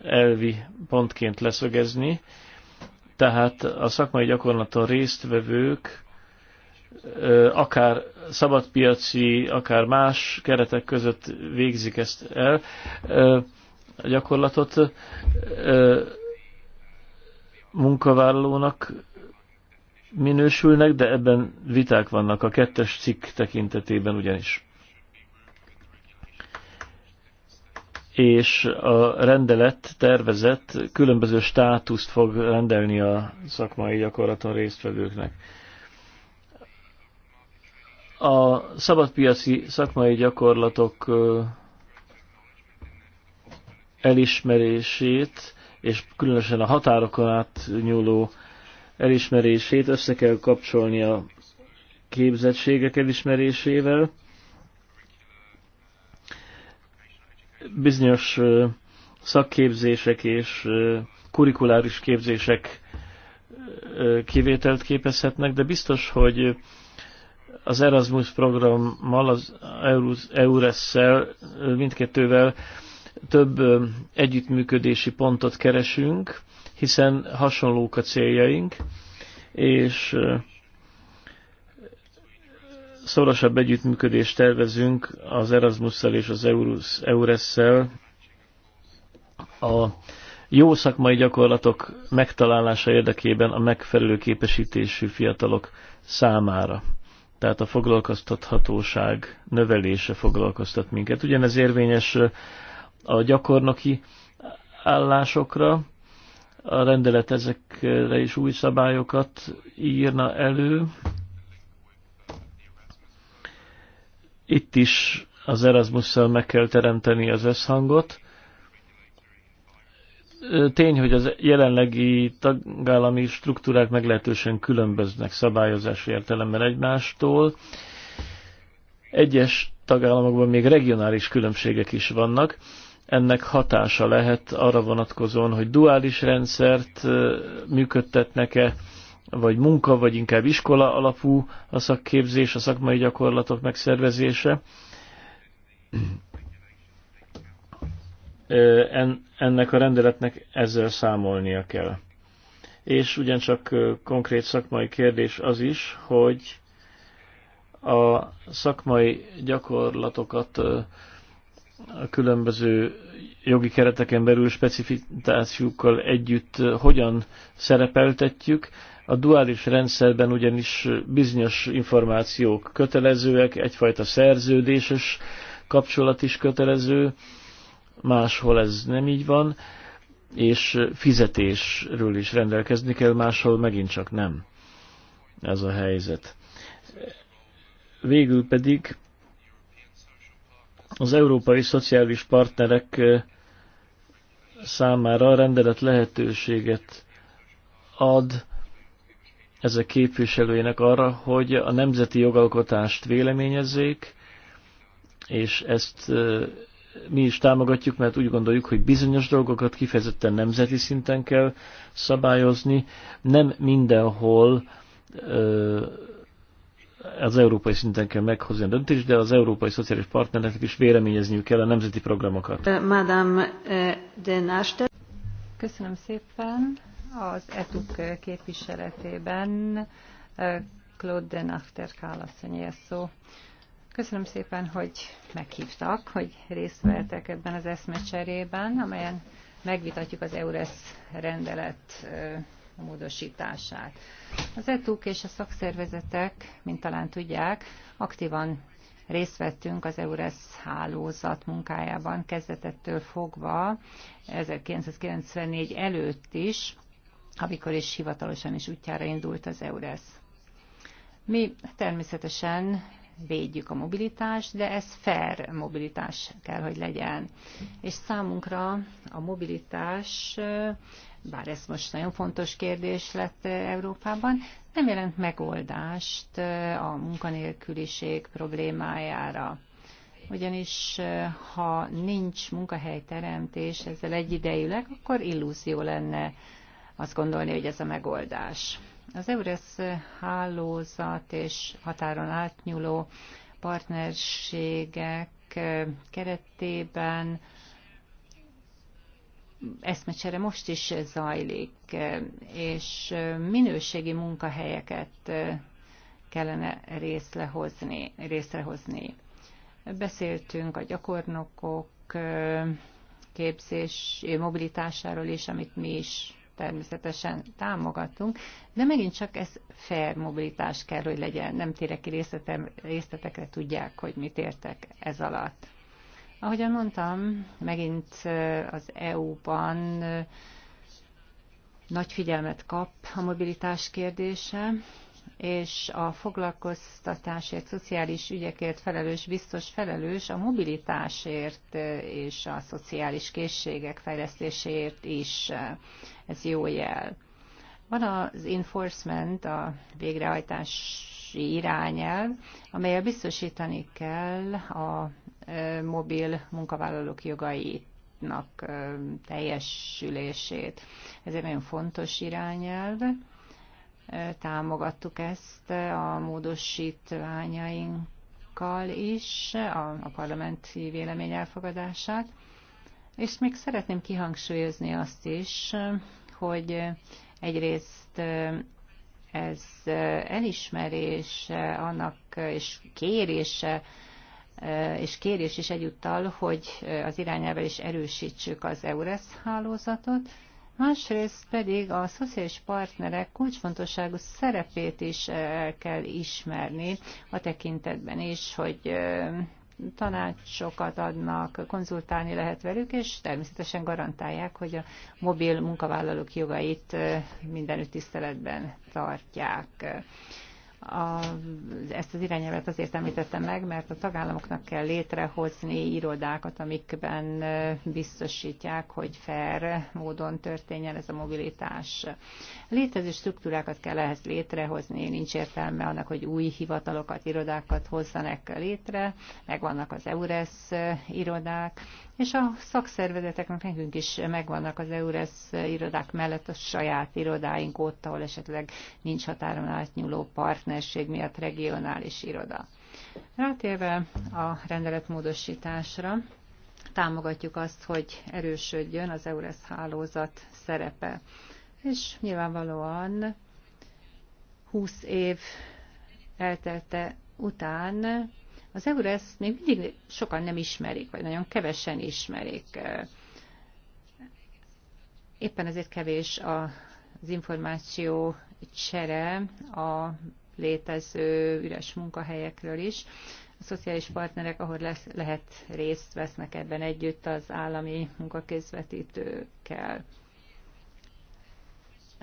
elvi pontként leszögezni. Tehát a szakmai gyakorlaton résztvevők akár szabadpiaci, akár más keretek között végzik ezt el a gyakorlatot, munkavállalónak minősülnek, de ebben viták vannak a kettes cikk tekintetében ugyanis. És a rendelet, tervezett különböző státuszt fog rendelni a szakmai gyakorlaton résztvevőknek a szabadpiaci szakmai gyakorlatok elismerését, és különösen a határokon nyúló elismerését össze kell kapcsolni a képzettségek elismerésével. Bizonyos szakképzések és kurikuláris képzések kivételt képezhetnek, de biztos, hogy az Erasmus programmal, az EURES-szel, mindkettővel több együttműködési pontot keresünk, hiszen hasonlók a céljaink, és szorosabb együttműködést tervezünk az Erasmusszel és az EURES-szel a jó szakmai gyakorlatok megtalálása érdekében a megfelelő képesítésű fiatalok számára tehát a foglalkoztathatóság növelése foglalkoztat minket. Ugyanez érvényes a gyakornoki állásokra, a rendelet ezekre is új szabályokat írna elő. Itt is az Erasmusszal meg kell teremteni az összhangot, tény, hogy az jelenlegi tagállami struktúrák meglehetősen különböznek szabályozási értelemben egymástól. Egyes tagállamokban még regionális különbségek is vannak. Ennek hatása lehet arra vonatkozóan, hogy duális rendszert működtetnek-e, vagy munka, vagy inkább iskola alapú a szakképzés, a szakmai gyakorlatok megszervezése ennek a rendeletnek ezzel számolnia kell. És ugyancsak konkrét szakmai kérdés az is, hogy a szakmai gyakorlatokat a különböző jogi kereteken belül specifikációkkal együtt hogyan szerepeltetjük. A duális rendszerben ugyanis bizonyos információk kötelezőek, egyfajta szerződéses kapcsolat is kötelező, máshol ez nem így van, és fizetésről is rendelkezni kell, máshol megint csak nem ez a helyzet. Végül pedig az európai szociális partnerek eh, számára a rendelet lehetőséget ad ezek képviselőjének arra, hogy a nemzeti jogalkotást véleményezzék, és ezt eh, mi is támogatjuk, mert úgy gondoljuk, hogy bizonyos dolgokat kifejezetten nemzeti szinten kell szabályozni, nem mindenhol az európai szinten kell meghozni a döntést, de az európai szociális partnereknek is véleményezniük kell a nemzeti programokat. Madame de Náster, Köszönöm szépen. Az ETUK képviseletében Claude de Nachter szó. Köszönöm szépen, hogy meghívtak, hogy részt vehetek ebben az eszmecserében, amelyen megvitatjuk az EURES rendelet módosítását. Az ETUK és a szakszervezetek, mint talán tudják, aktívan részt vettünk az EURES hálózat munkájában kezdetettől fogva, 1994 előtt is, amikor is hivatalosan is útjára indult az EURES. Mi természetesen védjük a mobilitást, de ez fair mobilitás kell, hogy legyen. És számunkra a mobilitás, bár ez most nagyon fontos kérdés lett Európában, nem jelent megoldást a munkanélküliség problémájára ugyanis ha nincs munkahelyteremtés ezzel egyidejűleg, akkor illúzió lenne azt gondolni, hogy ez a megoldás. Az EURES hálózat és határon átnyúló partnerségek keretében eszmecsere most is zajlik, és minőségi munkahelyeket kellene részlehozni, részrehozni. Beszéltünk a gyakornokok képzés mobilitásáról is, amit mi is természetesen támogatunk, de megint csak ez fair mobilitás kell, hogy legyen. Nem térek ki részletem, részletekre, tudják, hogy mit értek ez alatt. Ahogyan mondtam, megint az EU-ban nagy figyelmet kap a mobilitás kérdése, és a foglalkoztatásért, szociális ügyekért felelős, biztos felelős a mobilitásért és a szociális készségek fejlesztéséért is. Ez jó jel. Van az enforcement, a végrehajtási irányel, amelyel biztosítani kell a mobil munkavállalók jogait teljesülését. Ez egy nagyon fontos irányelv támogattuk ezt a módosítványainkkal is, a, a parlamenti vélemény elfogadását. És még szeretném kihangsúlyozni azt is, hogy egyrészt ez elismerése annak és kérése, és kérés is egyúttal, hogy az irányelvel is erősítsük az EURES hálózatot, másrészt pedig a szociális partnerek kulcsfontosságú szerepét is el kell ismerni a tekintetben is, hogy tanácsokat adnak, konzultálni lehet velük, és természetesen garantálják, hogy a mobil munkavállalók jogait mindenütt tiszteletben tartják a, ezt az irányelvet azért említettem meg, mert a tagállamoknak kell létrehozni irodákat, amikben biztosítják, hogy fair módon történjen ez a mobilitás. Létező struktúrákat kell ehhez létrehozni, nincs értelme annak, hogy új hivatalokat, irodákat hozzanak létre, meg vannak az EURES irodák, és a szakszervezeteknek nekünk is megvannak az EURES irodák mellett a saját irodáink ott, ahol esetleg nincs határon átnyúló partnerség miatt regionális iroda. Rátérve a rendelet módosításra, támogatjuk azt, hogy erősödjön az EURES hálózat szerepe. És nyilvánvalóan 20 év eltelte után az EURES még mindig sokan nem ismerik, vagy nagyon kevesen ismerik. Éppen ezért kevés az információ csere a létező üres munkahelyekről is. A szociális partnerek, ahol lesz, lehet részt vesznek ebben együtt az állami munkaközvetítőkkel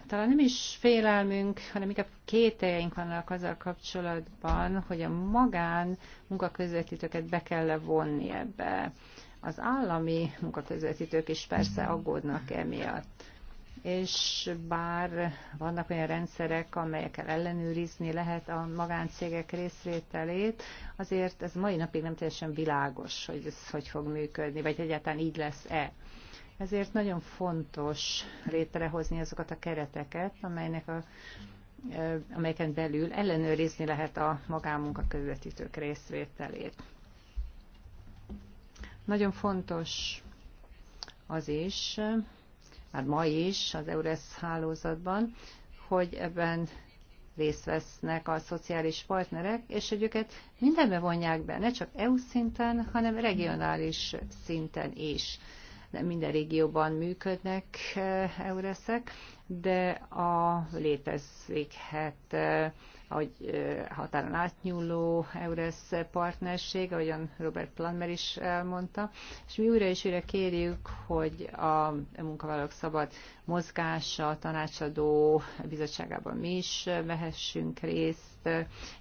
talán nem is félelmünk, hanem inkább kételjeink vannak azzal kapcsolatban, hogy a magán munkaközvetítőket be kell levonni vonni ebbe. Az állami munkaközvetítők is persze aggódnak emiatt. És bár vannak olyan rendszerek, amelyekkel ellenőrizni lehet a magáncégek részvételét, azért ez mai napig nem teljesen világos, hogy ez hogy fog működni, vagy egyáltalán így lesz-e. Ezért nagyon fontos létrehozni azokat a kereteket, amelynek a, amelyeken belül ellenőrizni lehet a magánmunka közvetítők részvételét. Nagyon fontos az is, már ma is az EURES hálózatban, hogy ebben részt vesznek a szociális partnerek, és hogy őket mindenbe vonják be, ne csak EU szinten, hanem regionális szinten is nem minden régióban működnek eh, Eureszek, de a létezékhet, eh, ahogy eh, határon átnyúló EURES partnerség, ahogyan Robert Planmer is elmondta, és mi újra és újra kérjük, hogy a munkavállalók szabad mozgása, a tanácsadó bizottságában mi is vehessünk részt.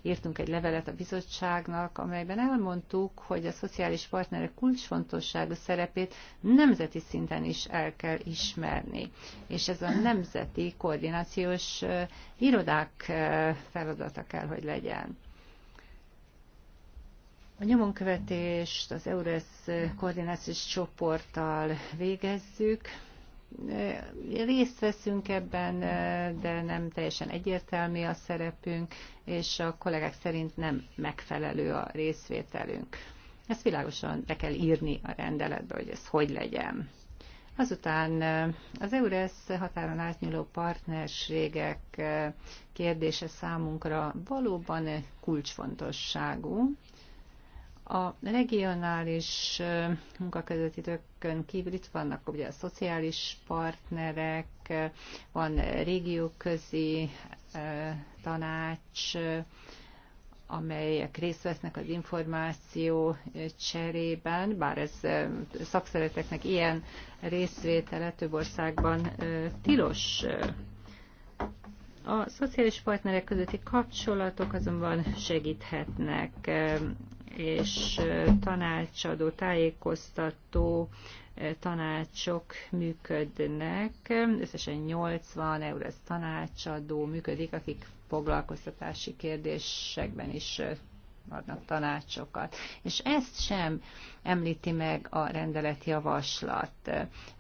Írtunk egy levelet a bizottságnak, amelyben elmondtuk, hogy a szociális partnerek kulcsfontosságú szerepét nemzeti szinten is el kell ismerni. És ez a nemzeti nemzeti koordinációs irodák feladata kell, hogy legyen. A nyomonkövetést az EURES koordinációs csoporttal végezzük. Részt veszünk ebben, de nem teljesen egyértelmű a szerepünk, és a kollégák szerint nem megfelelő a részvételünk. Ezt világosan be kell írni a rendeletbe, hogy ez hogy legyen. Azután az EURES határon átnyúló partnerségek kérdése számunkra valóban kulcsfontosságú. A regionális munkaközvetítőkön kívül itt vannak ugye a szociális partnerek, van régióközi tanács, amelyek részt vesznek az információ cserében, bár ez szakszereteknek ilyen részvétele több országban tilos. A szociális partnerek közötti kapcsolatok azonban segíthetnek, és tanácsadó, tájékoztató tanácsok működnek. Összesen 80 euró tanácsadó működik, akik foglalkoztatási kérdésekben is adnak tanácsokat. És ezt sem említi meg a rendeletjavaslat.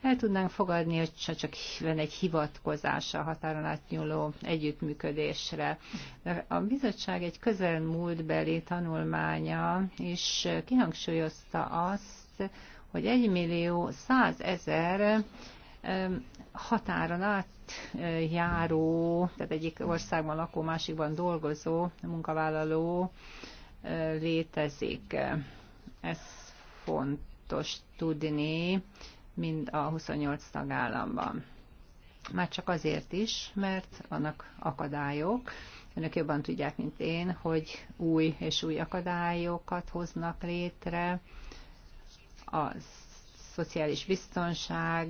El tudnánk fogadni, hogy csak van egy hivatkozás a határon átnyúló együttműködésre. De a bizottság egy közelmúltbeli tanulmánya is kihangsúlyozta azt, hogy 1 millió 100 ezer határon át járó, tehát egyik országban lakó, másikban dolgozó munkavállaló létezik. Ez fontos tudni mind a 28 tagállamban. Már csak azért is, mert vannak akadályok. Önök jobban tudják, mint én, hogy új és új akadályokat hoznak létre. Az szociális biztonság,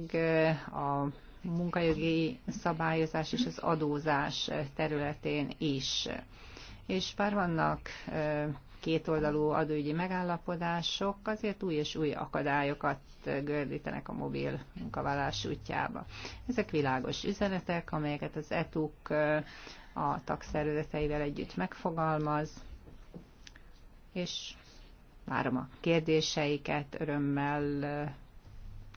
a munkajogi szabályozás és az adózás területén is. És bár vannak kétoldalú adóügyi megállapodások, azért új és új akadályokat gördítenek a mobil munkavállalás útjába. Ezek világos üzenetek, amelyeket az ETUK a tagszervezeteivel együtt megfogalmaz, és várom a kérdéseiket, örömmel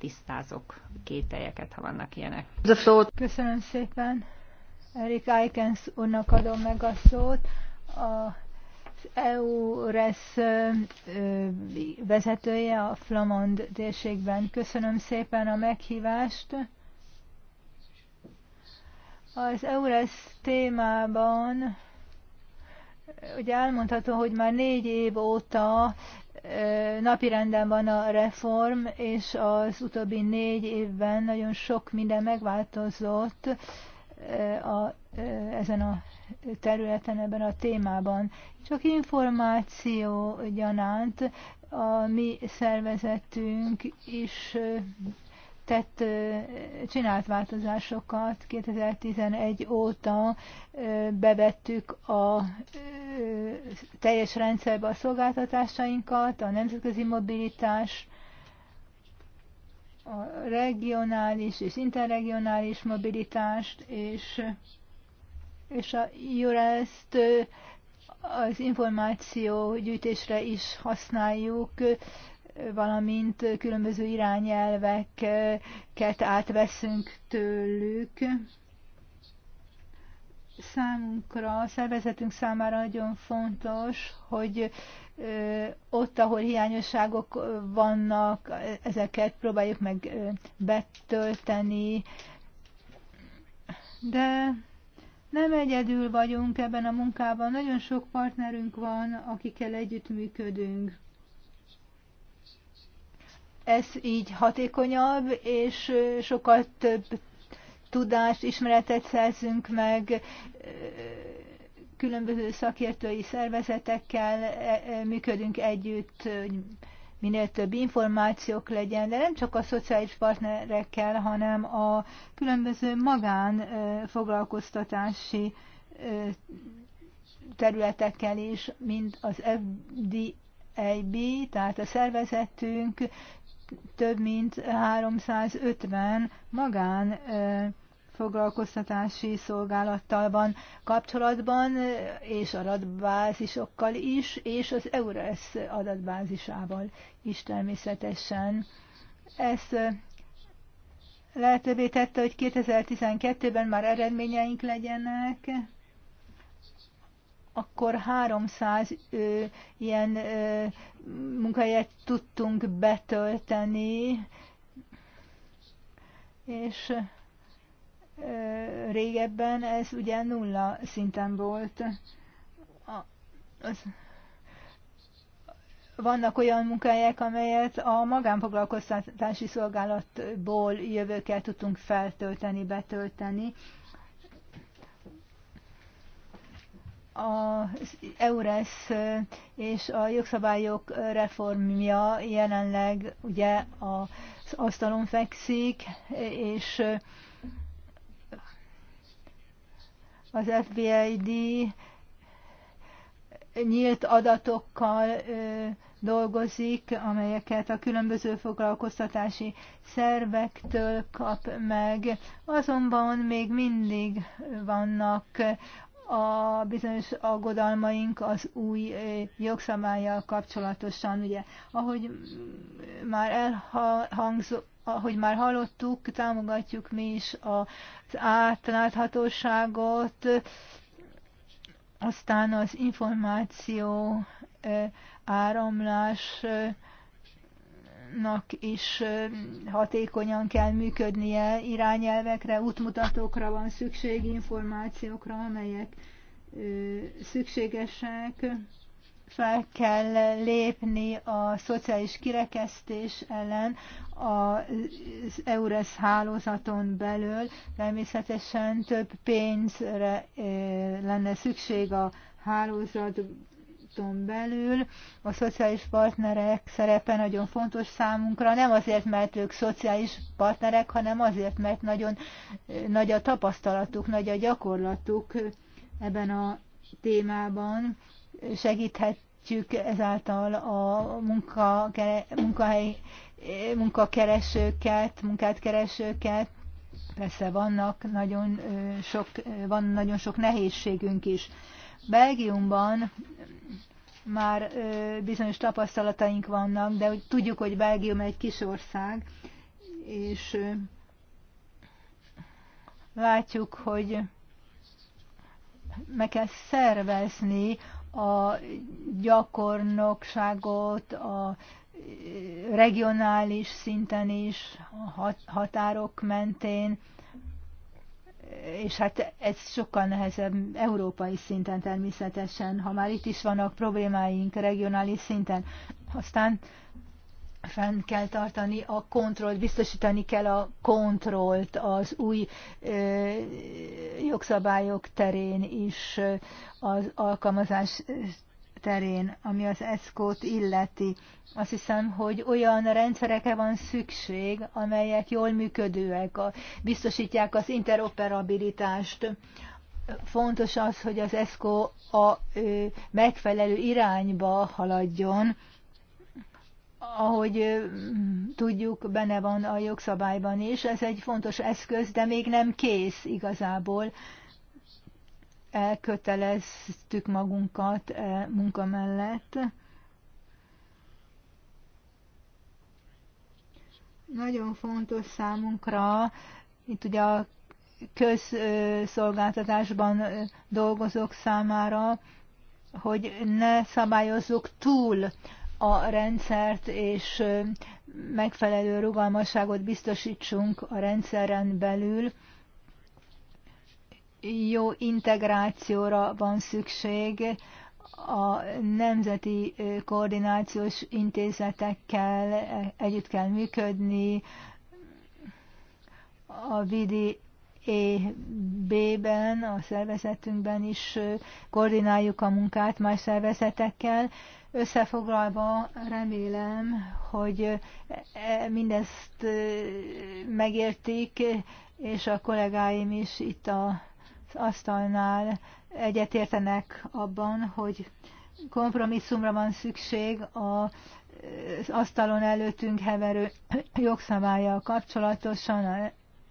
tisztázok kételyeket, ha vannak ilyenek. Köszönöm szépen. Erik Aikens úrnak adom meg a szót. A EURES vezetője a Flamand térségben. Köszönöm szépen a meghívást. Az EURES témában ugye elmondható, hogy már négy év óta napirenden van a reform, és az utóbbi négy évben nagyon sok minden megváltozott a, ezen a területen, ebben a témában. Csak információ gyanánt a mi szervezetünk is tett, csinált változásokat. 2011 óta bevettük a teljes rendszerbe a szolgáltatásainkat, a nemzetközi mobilitás, a regionális és interregionális mobilitást, és, és a Jurest az információgyűjtésre is használjuk, valamint különböző irányelveket átveszünk tőlük. Számunkra, a szervezetünk számára nagyon fontos, hogy ott, ahol hiányosságok vannak, ezeket próbáljuk meg betölteni, de nem egyedül vagyunk ebben a munkában, nagyon sok partnerünk van, akikkel együttműködünk ez így hatékonyabb, és sokkal több tudást, ismeretet szerzünk meg, különböző szakértői szervezetekkel e, e, működünk együtt, hogy minél több információk legyen, de nem csak a szociális partnerekkel, hanem a különböző magán foglalkoztatási területekkel is, mint az FDIB, tehát a szervezetünk több mint 350 magán foglalkoztatási szolgálattal van kapcsolatban, és adatbázisokkal is, és az EURES adatbázisával is természetesen. Ez lehetővé tette, hogy 2012-ben már eredményeink legyenek, akkor 300 ö, ilyen ö, munkahelyet tudtunk betölteni, és ö, régebben ez ugye nulla szinten volt. A, az, vannak olyan munkahelyek, amelyet a magánfoglalkoztatási szolgálatból jövőkkel tudtunk feltölteni, betölteni. Ö, az EURES eh, és a jogszabályok reformja jelenleg ugye az asztalon fekszik, és eh, az FBID nyílt adatokkal eh, dolgozik, amelyeket a különböző foglalkoztatási szervektől kap meg. Azonban még mindig vannak a bizonyos aggodalmaink az új jogszabályjal kapcsolatosan, ugye, ahogy már elhangzott, ahogy már hallottuk, támogatjuk mi is az átláthatóságot, aztán az információ áramlás nak is hatékonyan kell működnie, irányelvekre, útmutatókra van szükség, információkra, amelyek szükségesek. Fel kell lépni a szociális kirekesztés ellen az EURES hálózaton belül. Természetesen több pénzre lenne szükség a hálózat úton belül a szociális partnerek szerepe nagyon fontos számunkra, nem azért, mert ők szociális partnerek, hanem azért, mert nagyon eh, nagy a tapasztalatuk, nagy a gyakorlatuk ebben a témában. Segíthetjük ezáltal a munkahely, eh, munkakeresőket, munkát keresőket, persze vannak nagyon eh, sok, van nagyon sok nehézségünk is. Belgiumban már bizonyos tapasztalataink vannak, de hogy tudjuk, hogy Belgium egy kis ország, és látjuk, hogy meg kell szervezni a gyakornokságot a regionális szinten is, a határok mentén és hát ez sokkal nehezebb európai szinten természetesen, ha már itt is vannak problémáink regionális szinten. Aztán fenn kell tartani a kontrollt, biztosítani kell a kontrollt az új ö, jogszabályok terén is, az alkalmazás terén, ami az eszkót illeti. Azt hiszem, hogy olyan rendszerekre van szükség, amelyek jól működőek, a biztosítják az interoperabilitást. Fontos az, hogy az ESCO a megfelelő irányba haladjon. Ahogy tudjuk, benne van a jogszabályban is. Ez egy fontos eszköz, de még nem kész igazából elköteleztük magunkat e munka mellett. Nagyon fontos számunkra, itt ugye a közszolgáltatásban dolgozók számára, hogy ne szabályozzuk túl a rendszert, és megfelelő rugalmasságot biztosítsunk a rendszeren belül jó integrációra van szükség a nemzeti koordinációs intézetekkel e, együtt kell működni, a VDB-ben, e a szervezetünkben is koordináljuk a munkát más szervezetekkel. Összefoglalva remélem, hogy e, mindezt megértik, és a kollégáim is itt a asztalnál egyetértenek abban, hogy kompromisszumra van szükség a az asztalon előttünk heverő jogszabályjal kapcsolatosan,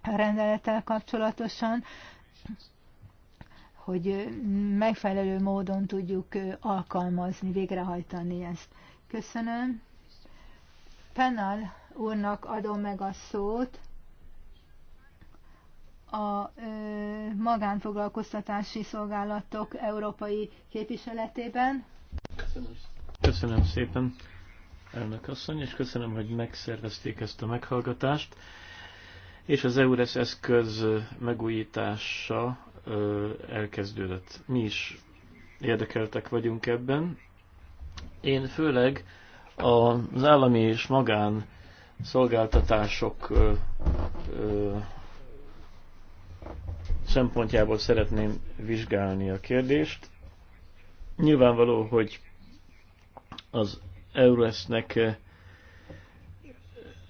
a rendelettel kapcsolatosan, hogy megfelelő módon tudjuk alkalmazni, végrehajtani ezt. Köszönöm. Penal úrnak adom meg a szót, a magánfoglalkoztatási szolgálatok európai képviseletében. Köszönöm. Köszönöm szépen, elnök asszony, és köszönöm, hogy megszervezték ezt a meghallgatást. És az EURES eszköz megújítása elkezdődött. Mi is érdekeltek vagyunk ebben. Én főleg az állami és magán szolgáltatások szempontjából szeretném vizsgálni a kérdést. Nyilvánvaló, hogy az EURES-nek eh,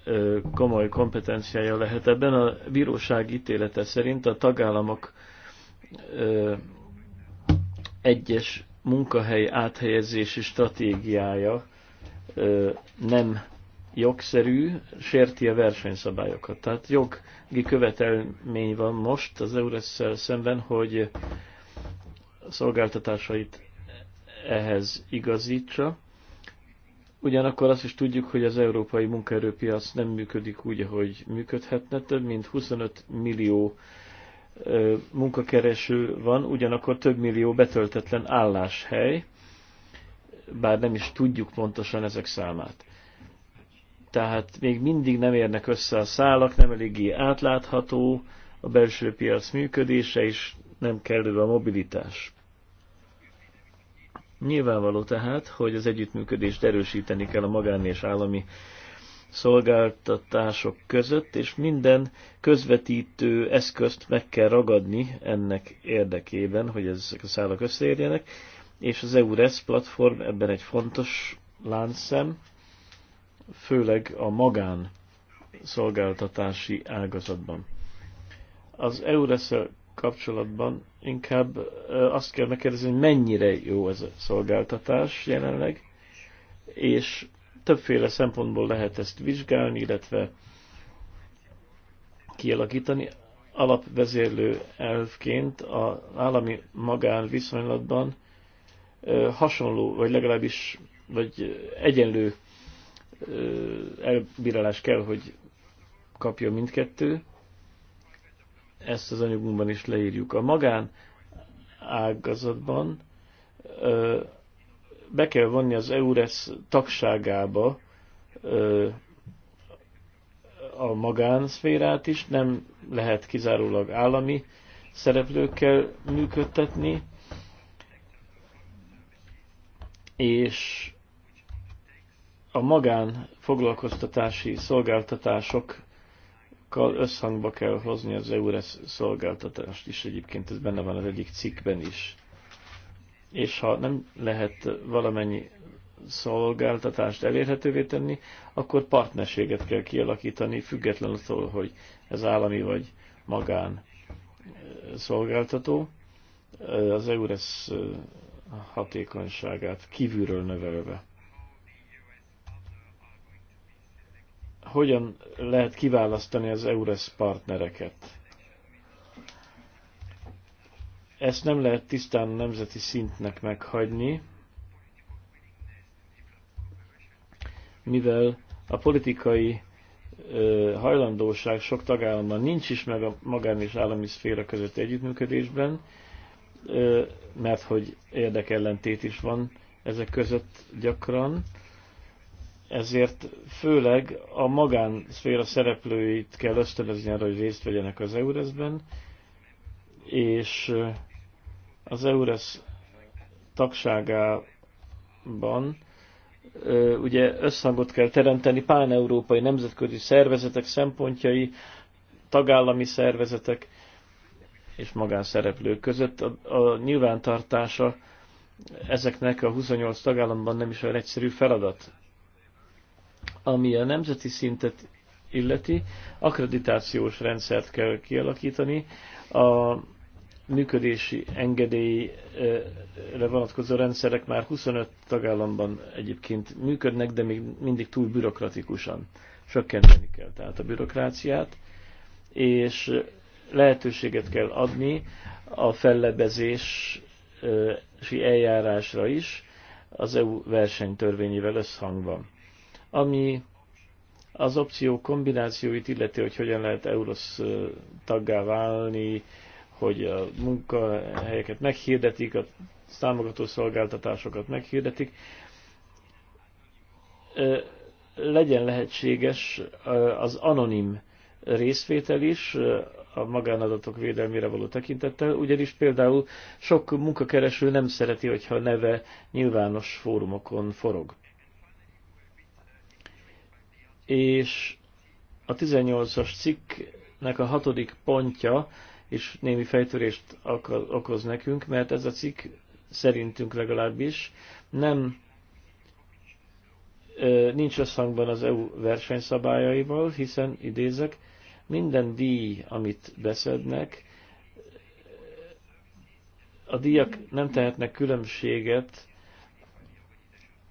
eh, komoly kompetenciája lehet ebben. A bíróság ítélete szerint a tagállamok eh, egyes munkahely áthelyezési stratégiája nem jogszerű, sérti a versenyszabályokat. Tehát jogi követelmény van most az eures szemben, hogy szolgáltatásait ehhez igazítsa. Ugyanakkor azt is tudjuk, hogy az európai munkaerőpiac nem működik úgy, ahogy működhetne. Több mint 25 millió munkakereső van, ugyanakkor több millió betöltetlen álláshely, bár nem is tudjuk pontosan ezek számát tehát még mindig nem érnek össze a szálak, nem eléggé átlátható a belső piac működése, és nem kellő a mobilitás. Nyilvánvaló tehát, hogy az együttműködést erősíteni kell a magán és állami szolgáltatások között, és minden közvetítő eszközt meg kell ragadni ennek érdekében, hogy ezek a szálak összeérjenek, és az EURES platform ebben egy fontos láncszem, főleg a magán szolgáltatási ágazatban. Az eu kapcsolatban inkább azt kell megkérdezni, hogy mennyire jó ez a szolgáltatás jelenleg, és többféle szempontból lehet ezt vizsgálni, illetve kialakítani. Alapvezérlő elvként az állami magán viszonylatban hasonló, vagy legalábbis vagy egyenlő elbírálás kell, hogy kapja mindkettő. Ezt az anyagunkban is leírjuk. A magán ágazatban be kell vonni az EURES tagságába a magánszférát is, nem lehet kizárólag állami szereplőkkel működtetni, és a magán foglalkoztatási szolgáltatásokkal összhangba kell hozni az EURES szolgáltatást is, egyébként ez benne van az egyik cikkben is. És ha nem lehet valamennyi szolgáltatást elérhetővé tenni, akkor partnerséget kell kialakítani, független attól, hogy ez állami vagy magán eh, szolgáltató. Eh, az EURES eh, hatékonyságát kívülről növelve. hogyan lehet kiválasztani az EURES partnereket. Ezt nem lehet tisztán nemzeti szintnek meghagyni, mivel a politikai ö, hajlandóság sok tagállamban nincs is meg a magán és állami szféra között együttműködésben, ö, mert hogy érdekellentét is van ezek között gyakran, ezért főleg a magánszféra szereplőit kell ösztönözni arra, hogy részt vegyenek az EURES-ben, és eh, az EURES tagságában eh, ugye összhangot kell teremteni pán-európai nemzetközi szervezetek szempontjai, tagállami szervezetek és magánszereplők között. A, a nyilvántartása ezeknek a 28 tagállamban nem is olyan egyszerű feladat ami a nemzeti szintet illeti, akkreditációs rendszert kell kialakítani, a működési engedélyre vonatkozó rendszerek már 25 tagállamban egyébként működnek, de még mindig túl bürokratikusan. Csökkenteni kell tehát a bürokráciát, és lehetőséget kell adni a fellebezési eljárásra is az EU versenytörvényével összhangban. Ami az opció kombinációit illeti, hogy hogyan lehet EUROSZ taggá válni, hogy a munkahelyeket meghirdetik, a támogató szolgáltatásokat meghirdetik, legyen lehetséges az anonim részvétel is a magánadatok védelmére való tekintettel, ugyanis például sok munkakereső nem szereti, hogyha neve nyilvános fórumokon forog és a 18-as cikknek a hatodik pontja is némi fejtörést okoz nekünk, mert ez a cikk szerintünk legalábbis nem nincs összhangban az EU versenyszabályaival, hiszen, idézek, minden díj, amit beszednek, a díjak nem tehetnek különbséget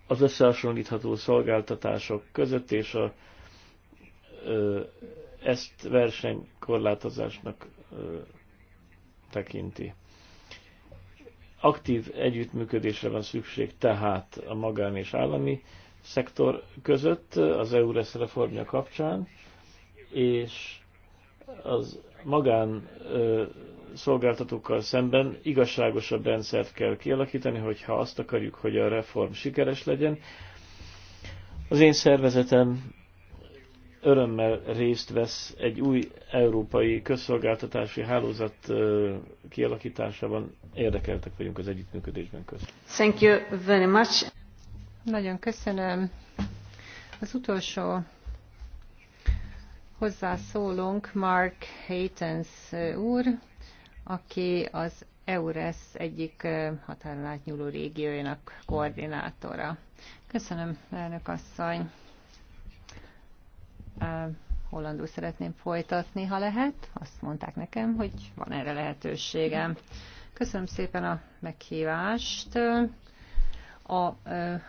az összehasonlítható szolgáltatások között és a ezt versenykorlátozásnak tekinti. Aktív együttműködésre van szükség tehát a magán és állami szektor között az EURES reformja kapcsán, és az magán szolgáltatókkal szemben igazságosabb rendszert kell kialakítani, hogyha azt akarjuk, hogy a reform sikeres legyen. Az én szervezetem örömmel részt vesz egy új európai közszolgáltatási hálózat kialakításában. Érdekeltek vagyunk az együttműködésben között. Thank you very much. Nagyon köszönöm. Az utolsó hozzászólónk Mark Haytens úr, aki az EURES egyik határon átnyúló régiójának koordinátora. Köszönöm, elnök asszony hollandul szeretném folytatni, ha lehet. Azt mondták nekem, hogy van erre lehetőségem. Köszönöm szépen a meghívást. A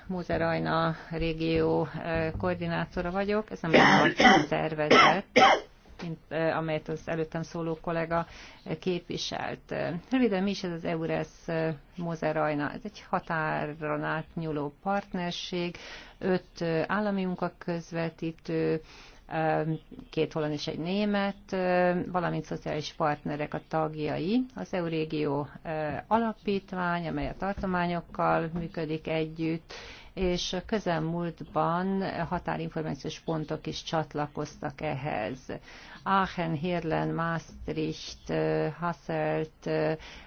Mózer Ajna régió koordinátora vagyok. Ez nem a szervezet, mint amelyet az előttem szóló kollega képviselt. Röviden mi is ez az EURES Mozerajna? Ez egy határon átnyúló partnerség, öt állami munkaközvetítő, két holland és egy német, valamint szociális partnerek a tagjai. Az Eurégió alapítvány, amely a tartományokkal működik együtt, és közelmúltban határinformációs pontok is csatlakoztak ehhez. Aachen, Hirlen, Maastricht, Hasselt,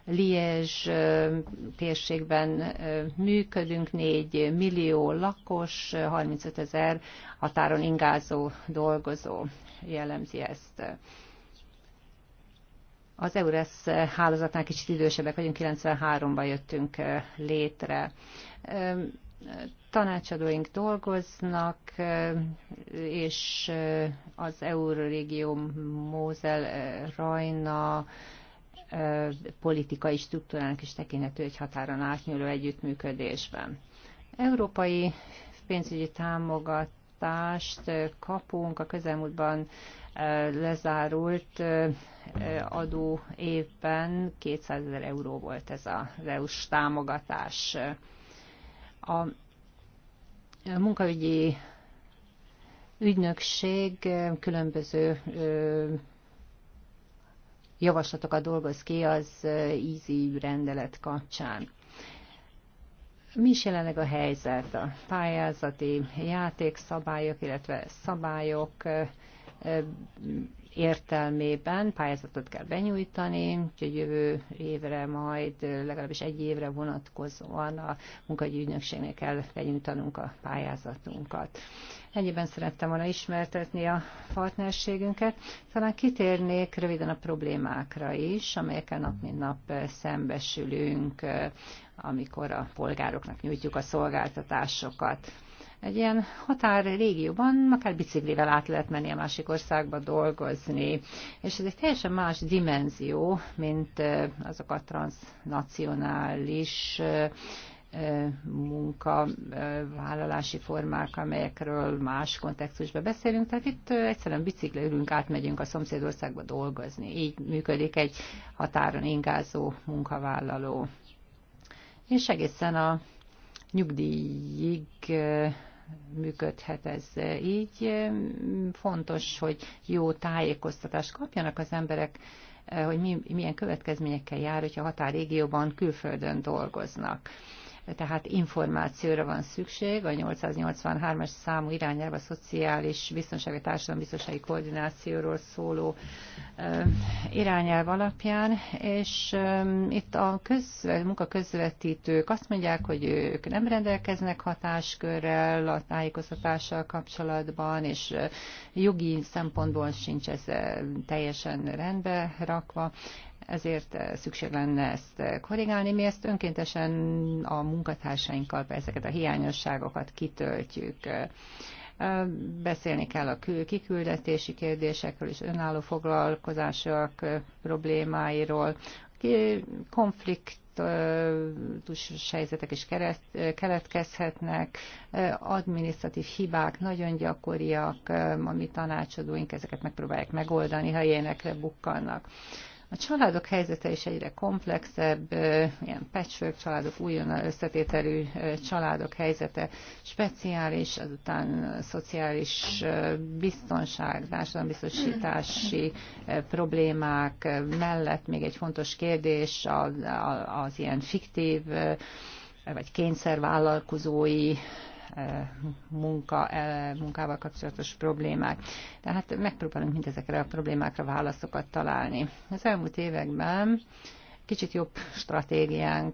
Liège térségben működünk, 4 millió lakos, 35 ezer határon ingázó dolgozó jellemzi ezt. Az EURES hálózatnál kicsit idősebbek vagyunk, 93-ban jöttünk létre tanácsadóink dolgoznak, és az Euróregió Mózel Rajna politikai struktúrának is tekinthető egy határon átnyúló együttműködésben. Európai pénzügyi támogatást kapunk a közelmúltban lezárult adó évben 200 ezer euró volt ez az EU-s támogatás. A munkaügyi ügynökség különböző javaslatokat dolgoz ki az ízi rendelet kapcsán. Mi is jelenleg a helyzet? A pályázati játékszabályok, illetve szabályok értelmében pályázatot kell benyújtani, úgyhogy jövő évre majd legalábbis egy évre vonatkozóan a munkahogyi ügynökségnek kell benyújtanunk a pályázatunkat. Ennyiben szerettem volna ismertetni a partnerségünket. Talán kitérnék röviden a problémákra is, amelyekkel nap mint nap szembesülünk, amikor a polgároknak nyújtjuk a szolgáltatásokat. Egy ilyen határ régióban akár biciklivel át lehet menni a másik országba dolgozni, és ez egy teljesen más dimenzió, mint azok a transnacionális munkavállalási formák, amelyekről más kontextusban beszélünk. Tehát itt egyszerűen biciklőrünk, átmegyünk a szomszédországba dolgozni. Így működik egy határon ingázó munkavállaló. És egészen a nyugdíjig működhet ez így. Fontos, hogy jó tájékoztatást kapjanak az emberek, hogy mi, milyen következményekkel jár, hogyha a határrégióban külföldön dolgoznak tehát információra van szükség, a 883-as számú irányelv a szociális biztonsági biztonsági koordinációról szóló irányelv alapján, és itt a közve, munkaközvetítők azt mondják, hogy ők nem rendelkeznek hatáskörrel a tájékoztatással kapcsolatban, és jogi szempontból sincs ez teljesen rendbe rakva, ezért eh, szükség lenne ezt eh, korrigálni. Mi ezt önkéntesen a munkatársainkkal ezeket a hiányosságokat kitöltjük. Eh, beszélni kell a kül kiküldetési kérdésekről és önálló foglalkozások problémáiról, konflikt konfliktus helyzetek is keletkezhetnek, adminisztratív hibák nagyon gyakoriak, ami tanácsadóink ezeket megpróbálják megoldani, ha ilyenekre bukkannak. A családok helyzete is egyre komplexebb, ilyen patchwork családok, újonnan összetételű családok helyzete speciális, azután szociális biztonság, társadalombiztosítási problémák mellett még egy fontos kérdés az, az ilyen fiktív vagy kényszervállalkozói Eh, munka, eh, munkával kapcsolatos problémák. Tehát megpróbálunk mindezekre a problémákra válaszokat találni. Az elmúlt években kicsit jobb stratégiánk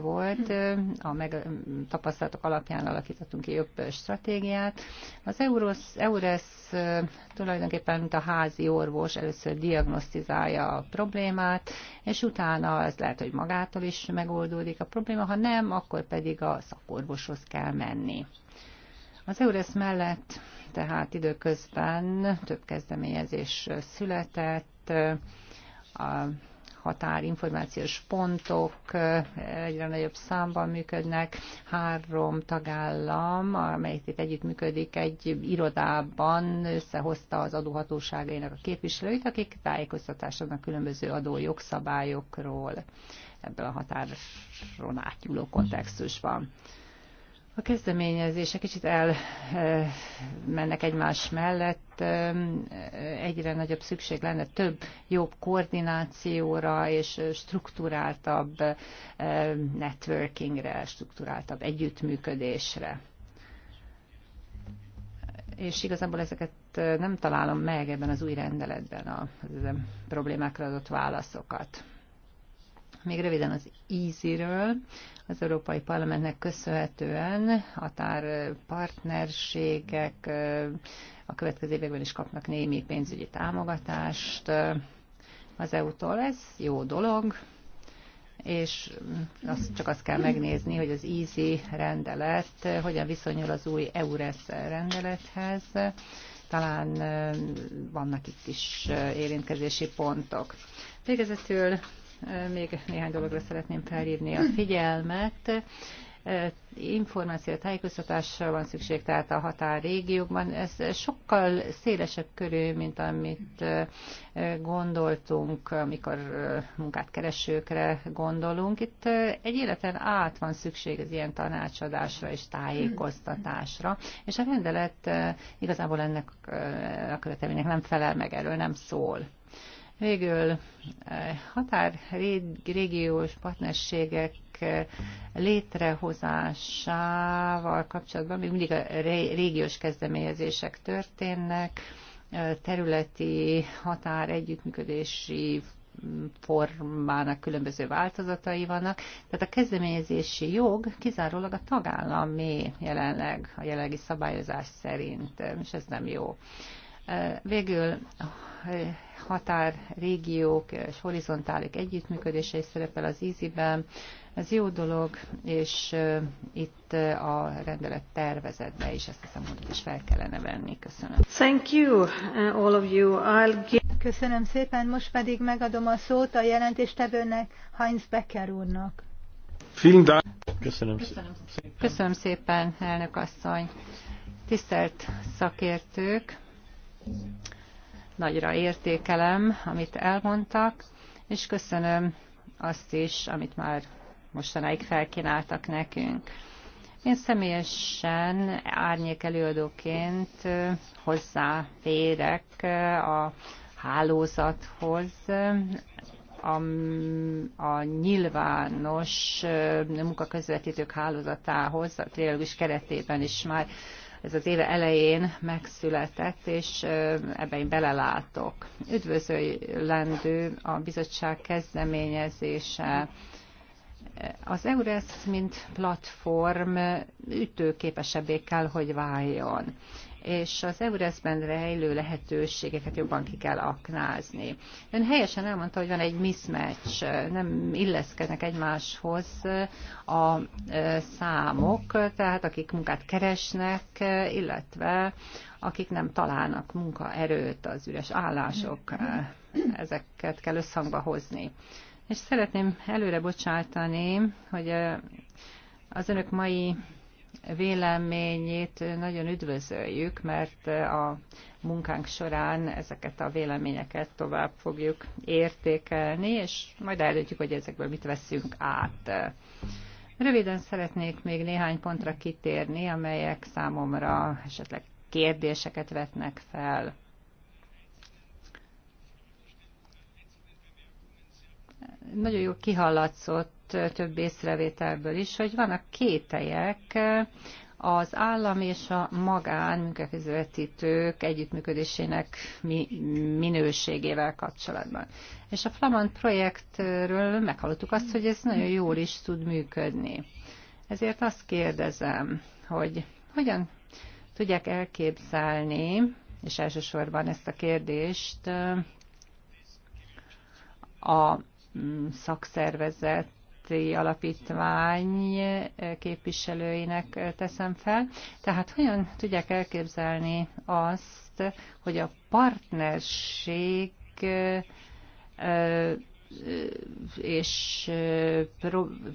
volt, a meg, tapasztalatok alapján alakítottunk ki jobb stratégiát. Az Euros, EURES tulajdonképpen mint a házi orvos először diagnosztizálja a problémát, és utána ez lehet, hogy magától is megoldódik a probléma, ha nem, akkor pedig a szakorvoshoz kell menni. Az EURES mellett tehát időközben több kezdeményezés született, a határ információs pontok egyre nagyobb számban működnek. Három tagállam, amely itt együttműködik, egy irodában összehozta az adóhatóságainak a képviselőit, akik tájékoztatást adnak különböző adó jogszabályokról ebből a határon átnyúló kontextusban. A kezdeményezések kicsit elmennek egymás mellett. Egyre nagyobb szükség lenne több jobb koordinációra és struktúráltabb networkingre, struktúráltabb együttműködésre. És igazából ezeket nem találom meg ebben az új rendeletben a, a problémákra adott válaszokat. Még röviden az EASY-ről. Az Európai Parlamentnek köszönhetően határpartnerségek a következő években is kapnak némi pénzügyi támogatást az EU-tól. Ez jó dolog, és azt, csak azt kell megnézni, hogy az EASY rendelet hogyan viszonyul az új EURES rendelethez. Talán vannak itt is érintkezési pontok. Végezetül még néhány dologra szeretném felhívni a figyelmet. Információ tájékoztatásra van szükség, tehát a határrégiókban. Ez sokkal szélesebb körű, mint amit gondoltunk, amikor munkát keresőkre gondolunk. Itt egy életen át van szükség az ilyen tanácsadásra és tájékoztatásra, és a rendelet igazából ennek a követelménynek nem felel meg, erről nem szól. Végül eh, határrégiós partnerségek eh, létrehozásával kapcsolatban még mindig a régiós kezdeményezések történnek, eh, területi határ együttműködési formának különböző változatai vannak. Tehát a kezdeményezési jog kizárólag a tagállamé jelenleg, a jelenlegi szabályozás szerint, és ez nem jó. Végül határrégiók és horizontális együttműködése is szerepel az íziben. Ez jó dolog, és itt a rendelet tervezetbe is ezt hiszem, hogy is fel kellene venni. Köszönöm. Thank you, uh, all of you. I'll give... Köszönöm szépen, most pedig megadom a szót a jelentéstevőnek, Heinz Becker úrnak. Köszönöm, Köszönöm szépen. Köszönöm szépen, elnök asszony. Tisztelt szakértők, Nagyra értékelem, amit elmondtak, és köszönöm azt is, amit már mostanáig felkínáltak nekünk. Én személyesen árnyék előadóként hozzáférek a hálózathoz, a, a nyilvános munkaközvetítők hálózatához, a trilógus keretében is már ez az éve elején megszületett, és ebben én belelátok. Üdvözöllendő a bizottság kezdeményezése. Az EURES, mint platform ütőképesebbé kell, hogy váljon és az Eureszben rejlő lehetőségeket jobban ki kell aknázni. Ön helyesen elmondta, hogy van egy mismatch, nem illeszkednek egymáshoz a e, számok, tehát akik munkát keresnek, e, illetve akik nem találnak munkaerőt, az üres állások, e, ezeket kell összhangba hozni. És szeretném előre bocsátani, hogy az önök mai véleményét nagyon üdvözöljük, mert a munkánk során ezeket a véleményeket tovább fogjuk értékelni, és majd eldöntjük, hogy ezekből mit veszünk át. Röviden szeretnék még néhány pontra kitérni, amelyek számomra esetleg kérdéseket vetnek fel. nagyon jó kihallatszott több észrevételből is, hogy vannak kételyek az állam és a magán munkaközvetítők együttműködésének mi, minőségével kapcsolatban. És a Flamand projektről meghallottuk azt, hogy ez nagyon jól is tud működni. Ezért azt kérdezem, hogy hogyan tudják elképzelni, és elsősorban ezt a kérdést a szakszervezet alapítvány képviselőinek teszem fel. Tehát hogyan tudják elképzelni azt, hogy a partnerség és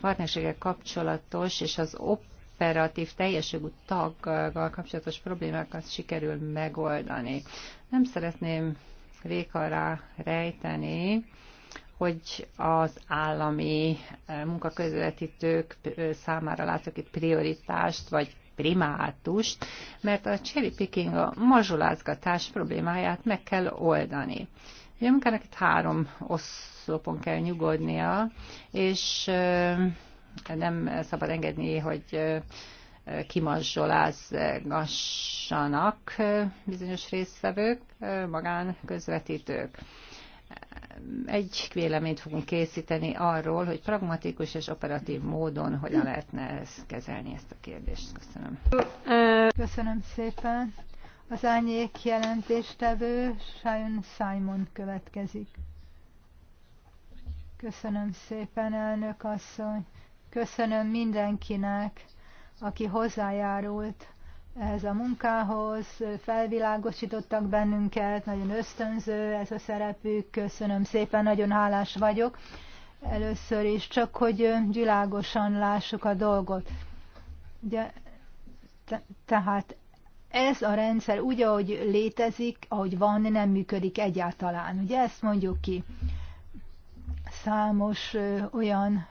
partnerségek kapcsolatos és az operatív teljeségű taggal kapcsolatos problémákat sikerül megoldani. Nem szeretném vék rá rejteni, hogy az állami eh, munkaközvetítők eh, számára látok itt prioritást, vagy primátust, mert a cherry picking, a mazsolázgatás problémáját meg kell oldani. Ugye a munkának itt három oszlopon kell nyugodnia, és eh, nem szabad engedni, hogy kimazsolázgassanak bizonyos résztvevők, magánközvetítők egy véleményt fogunk készíteni arról, hogy pragmatikus és operatív módon hogyan lehetne ezt kezelni ezt a kérdést. Köszönöm. Köszönöm szépen. Az ányék jelentéstevő Sajon Simon következik. Köszönöm szépen, elnök asszony. Köszönöm mindenkinek, aki hozzájárult ehhez a munkához, felvilágosítottak bennünket, nagyon ösztönző ez a szerepük, köszönöm szépen, nagyon hálás vagyok. Először is csak, hogy világosan lássuk a dolgot. Ugye, te, tehát ez a rendszer úgy, ahogy létezik, ahogy van, nem működik egyáltalán. Ugye ezt mondjuk ki. Számos ö, olyan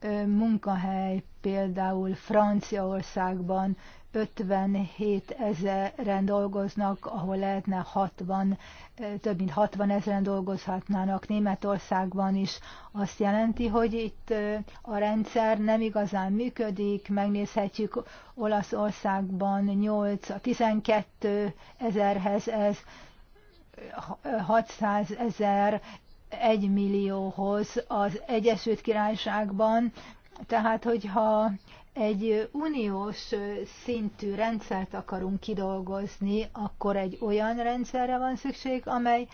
ö, munkahely például Franciaországban 57 ezeren dolgoznak, ahol lehetne 60, eh, több mint 60 ezeren dolgozhatnának Németországban is. Azt jelenti, hogy itt eh, a rendszer nem igazán működik, megnézhetjük Olaszországban 8, a 12 ezerhez ez 600 eh, ezer, 1 millióhoz az Egyesült Királyságban, tehát hogyha egy uniós szintű rendszert akarunk kidolgozni, akkor egy olyan rendszerre van szükség, amely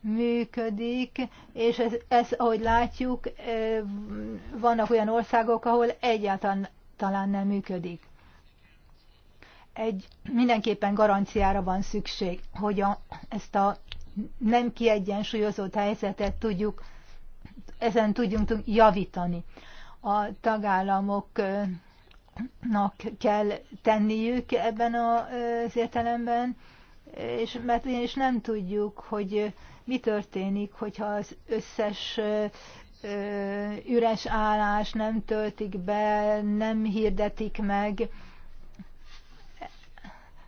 működik, és ez, ez ahogy látjuk, vannak olyan országok, ahol egyáltalán talán nem működik. Egy mindenképpen garanciára van szükség, hogy a, ezt a nem kiegyensúlyozott helyzetet tudjuk, ezen tudjunk javítani. A tagállamok kell tenniük ebben az értelemben, és mert és nem tudjuk, hogy mi történik, hogyha az összes üres állás nem töltik be, nem hirdetik meg.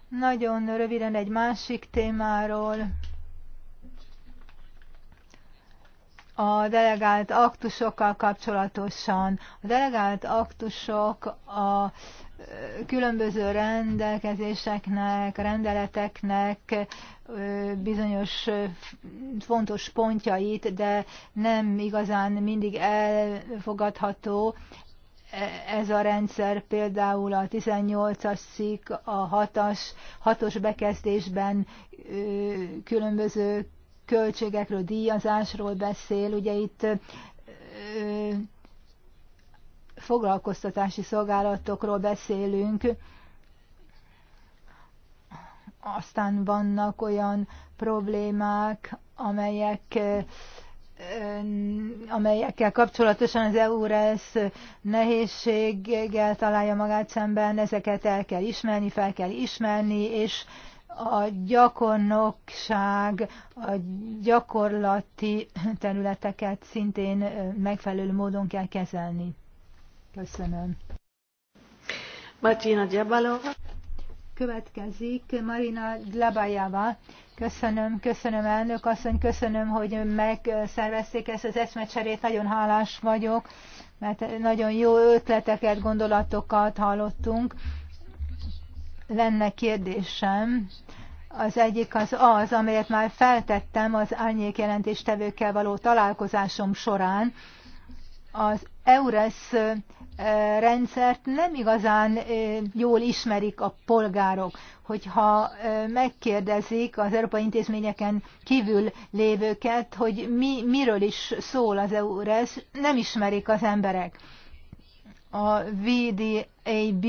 Nagyon röviden egy másik témáról. a delegált aktusokkal kapcsolatosan. A delegált aktusok a különböző rendelkezéseknek, rendeleteknek bizonyos fontos pontjait, de nem igazán mindig elfogadható e, ez a rendszer például a 18-as szik, a 6-as, 6-os bekezdésben különböző költségekről, díjazásról beszél, ugye itt foglalkoztatási szolgálatokról beszélünk, aztán vannak olyan problémák, amelyek amelyekkel kapcsolatosan az EURES nehézséggel találja magát szemben, ezeket el kell ismerni, fel kell ismerni, és a gyakornokság, a gyakorlati területeket szintén megfelelő módon kell kezelni. Köszönöm. Martina Gyabalova. Következik Marina Dlabajava. Köszönöm, köszönöm elnök asszony, köszönöm, hogy megszervezték ezt az eszmecserét, nagyon hálás vagyok, mert nagyon jó ötleteket, gondolatokat hallottunk lenne kérdésem. Az egyik az az, amelyet már feltettem az árnyék jelentéstevőkkel való találkozásom során. Az EURES rendszert nem igazán jól ismerik a polgárok. Hogyha megkérdezik az európai intézményeken kívül lévőket, hogy mi, miről is szól az EURES, nem ismerik az emberek a VDAB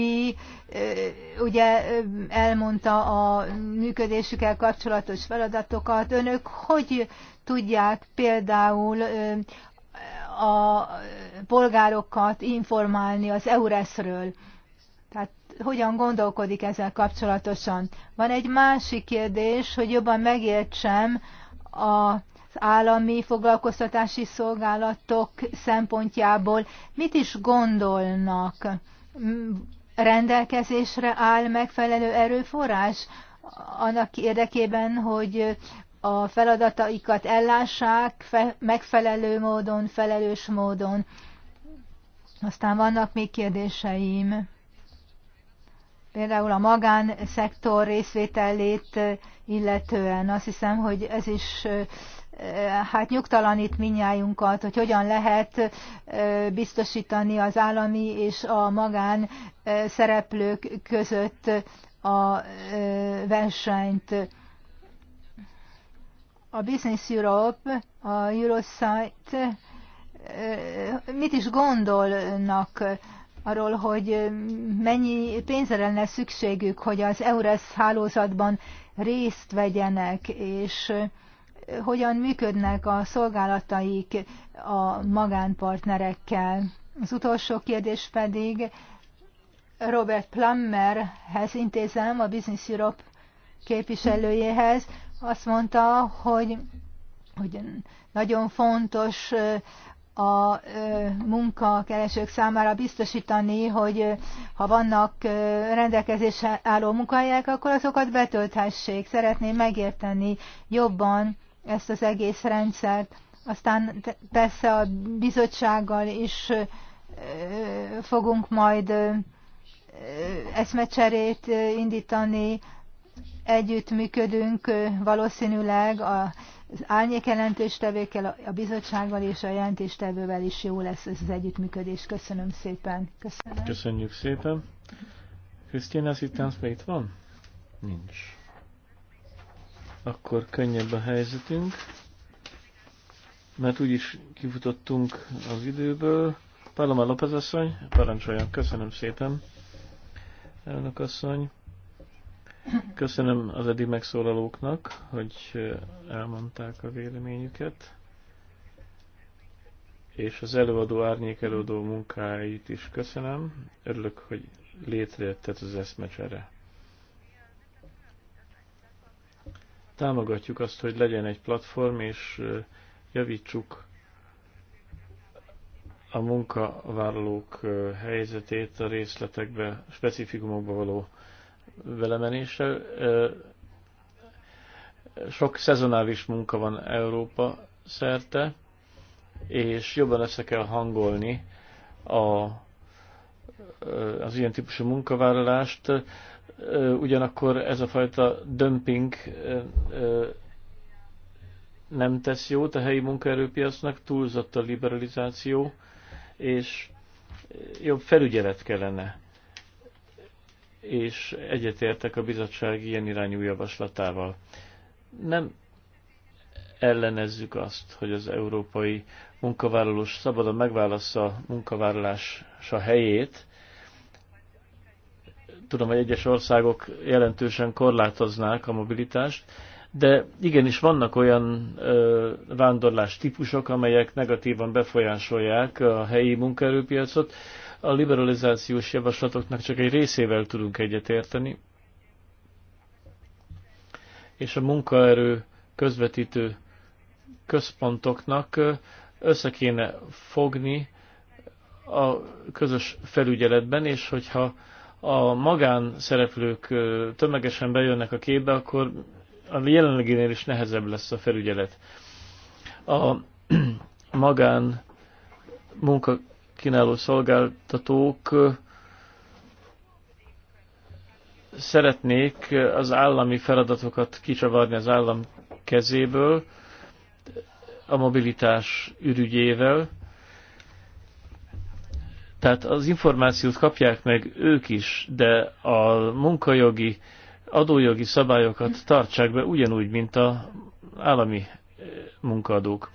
ugye elmondta a működésükkel kapcsolatos feladatokat. Önök hogy tudják például a polgárokat informálni az EURES-ről? Tehát hogyan gondolkodik ezzel kapcsolatosan? Van egy másik kérdés, hogy jobban megértsem a állami foglalkoztatási szolgálatok szempontjából mit is gondolnak? Rendelkezésre áll megfelelő erőforrás annak érdekében, hogy a feladataikat ellássák fe, megfelelő módon, felelős módon. Aztán vannak még kérdéseim. Például a magánszektor részvételét illetően azt hiszem, hogy ez is hát nyugtalanít minnyájunkat, hogy hogyan lehet biztosítani az állami és a magán szereplők között a versenyt. A Business Europe, a Eurosite mit is gondolnak arról, hogy mennyi pénzre lenne szükségük, hogy az EURES hálózatban részt vegyenek, és hogyan működnek a szolgálataik a magánpartnerekkel. Az utolsó kérdés pedig Robert Plummerhez intézem, a Business Europe képviselőjéhez. Azt mondta, hogy, hogy nagyon fontos a munkakeresők számára biztosítani, hogy ha vannak rendelkezésre álló munkahelyek, akkor azokat betölthessék. Szeretném megérteni jobban ezt az egész rendszert. Aztán persze a bizottsággal is fogunk majd eszmecserét indítani, együttműködünk valószínűleg az árnyékjelentéstevékkel, a bizottsággal és a jelentéstevővel is jó lesz ez az együttműködés. Köszönöm szépen. Köszönöm. Köszönjük szépen. Krisztina, az itt van? Nincs akkor könnyebb a helyzetünk, mert úgyis kifutottunk az időből. Paloma López asszony, parancsoljon, köszönöm szépen, elnök asszony. Köszönöm az eddig megszólalóknak, hogy elmondták a véleményüket, és az előadó árnyék előadó munkáit is köszönöm. Örülök, hogy létrejöttet az eszmecsere. támogatjuk azt, hogy legyen egy platform, és javítsuk a munkavállalók helyzetét a részletekbe, specifikumokba való belemenéssel. Sok szezonális munka van Európa szerte, és jobban össze kell hangolni a, az ilyen típusú munkavállalást ugyanakkor ez a fajta dömping nem tesz jót a helyi munkaerőpiacnak, túlzott a liberalizáció, és jobb felügyelet kellene. És egyetértek a bizottság ilyen irányú javaslatával. Nem ellenezzük azt, hogy az európai munkavállalós szabadon megválassza munkavállalása helyét, tudom, hogy egyes országok jelentősen korlátoznák a mobilitást, de igenis vannak olyan ö, vándorlás típusok, amelyek negatívan befolyásolják a helyi munkaerőpiacot. A liberalizációs javaslatoknak csak egy részével tudunk egyetérteni, és a munkaerő közvetítő központoknak össze kéne fogni a közös felügyeletben, és hogyha a magánszereplők tömegesen bejönnek a képbe, akkor a jelenleginél is nehezebb lesz a felügyelet. A magán munkakínáló szolgáltatók szeretnék az állami feladatokat kicsavarni az állam kezéből a mobilitás ürügyével, tehát az információt kapják meg ők is, de a munkajogi, adójogi szabályokat tartsák be ugyanúgy, mint a állami eh, munkaadók.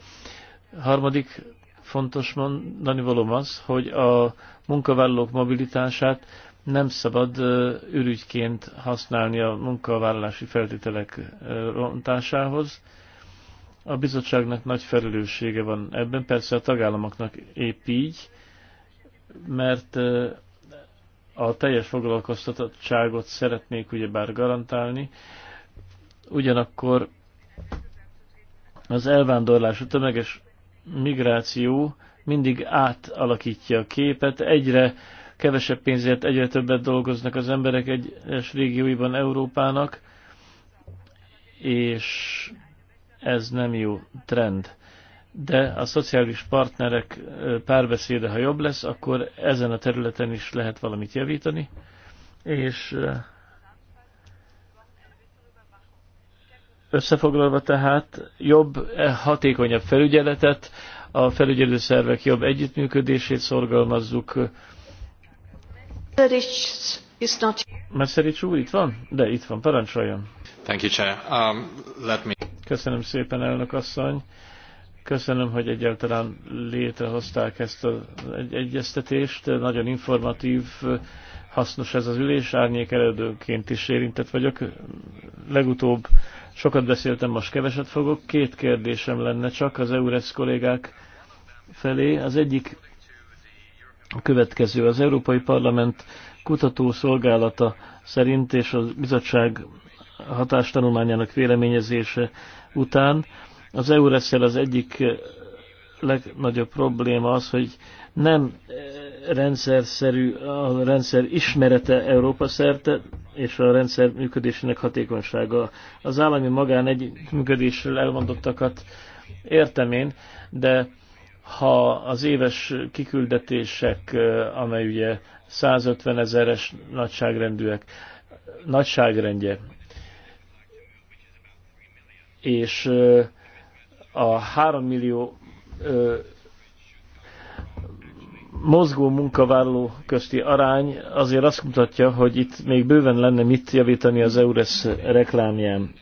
Harmadik fontos mondani valóm az, hogy a munkavállalók mobilitását nem szabad eh, ürügyként használni a munkavállalási feltételek eh, rontásához. A bizottságnak nagy felelőssége van ebben, persze a tagállamoknak épp így, mert a teljes foglalkoztatottságot szeretnék ugyebár garantálni, ugyanakkor az elvándorlás, a tömeges migráció mindig átalakítja a képet, egyre kevesebb pénzért egyre többet dolgoznak az emberek egyes régióiban Európának, és ez nem jó trend de a szociális partnerek párbeszéde, ha jobb lesz, akkor ezen a területen is lehet valamit javítani, és összefoglalva tehát jobb, e, hatékonyabb felügyeletet, a felügyelő szervek jobb együttműködését szorgalmazzuk. Meszerics úr itt van? De itt van, parancsoljon. Thank you, Chair. Um, let me... Köszönöm szépen, elnök asszony Köszönöm, hogy egyáltalán létrehozták ezt az egy egyeztetést. Nagyon informatív, hasznos ez az ülés. Árnyék előadóként is érintett vagyok. Legutóbb sokat beszéltem, most keveset fogok. Két kérdésem lenne csak az EURES kollégák felé. Az egyik a következő. Az Európai Parlament kutatószolgálata szerint és a bizottság hatástanulmányának véleményezése után az EU az egyik eh, legnagyobb probléma az, hogy nem eh, rendszerszerű a rendszer ismerete Európa szerte, és a rendszer működésének hatékonysága. Az állami magán működésről elmondottakat értem én, de ha az éves kiküldetések, eh, amely ugye 150 ezeres nagyságrendűek, nagyságrendje, és a 3 millió ö, mozgó munkavállaló közti arány azért azt mutatja, hogy itt még bőven lenne mit javítani az EURES reklámján.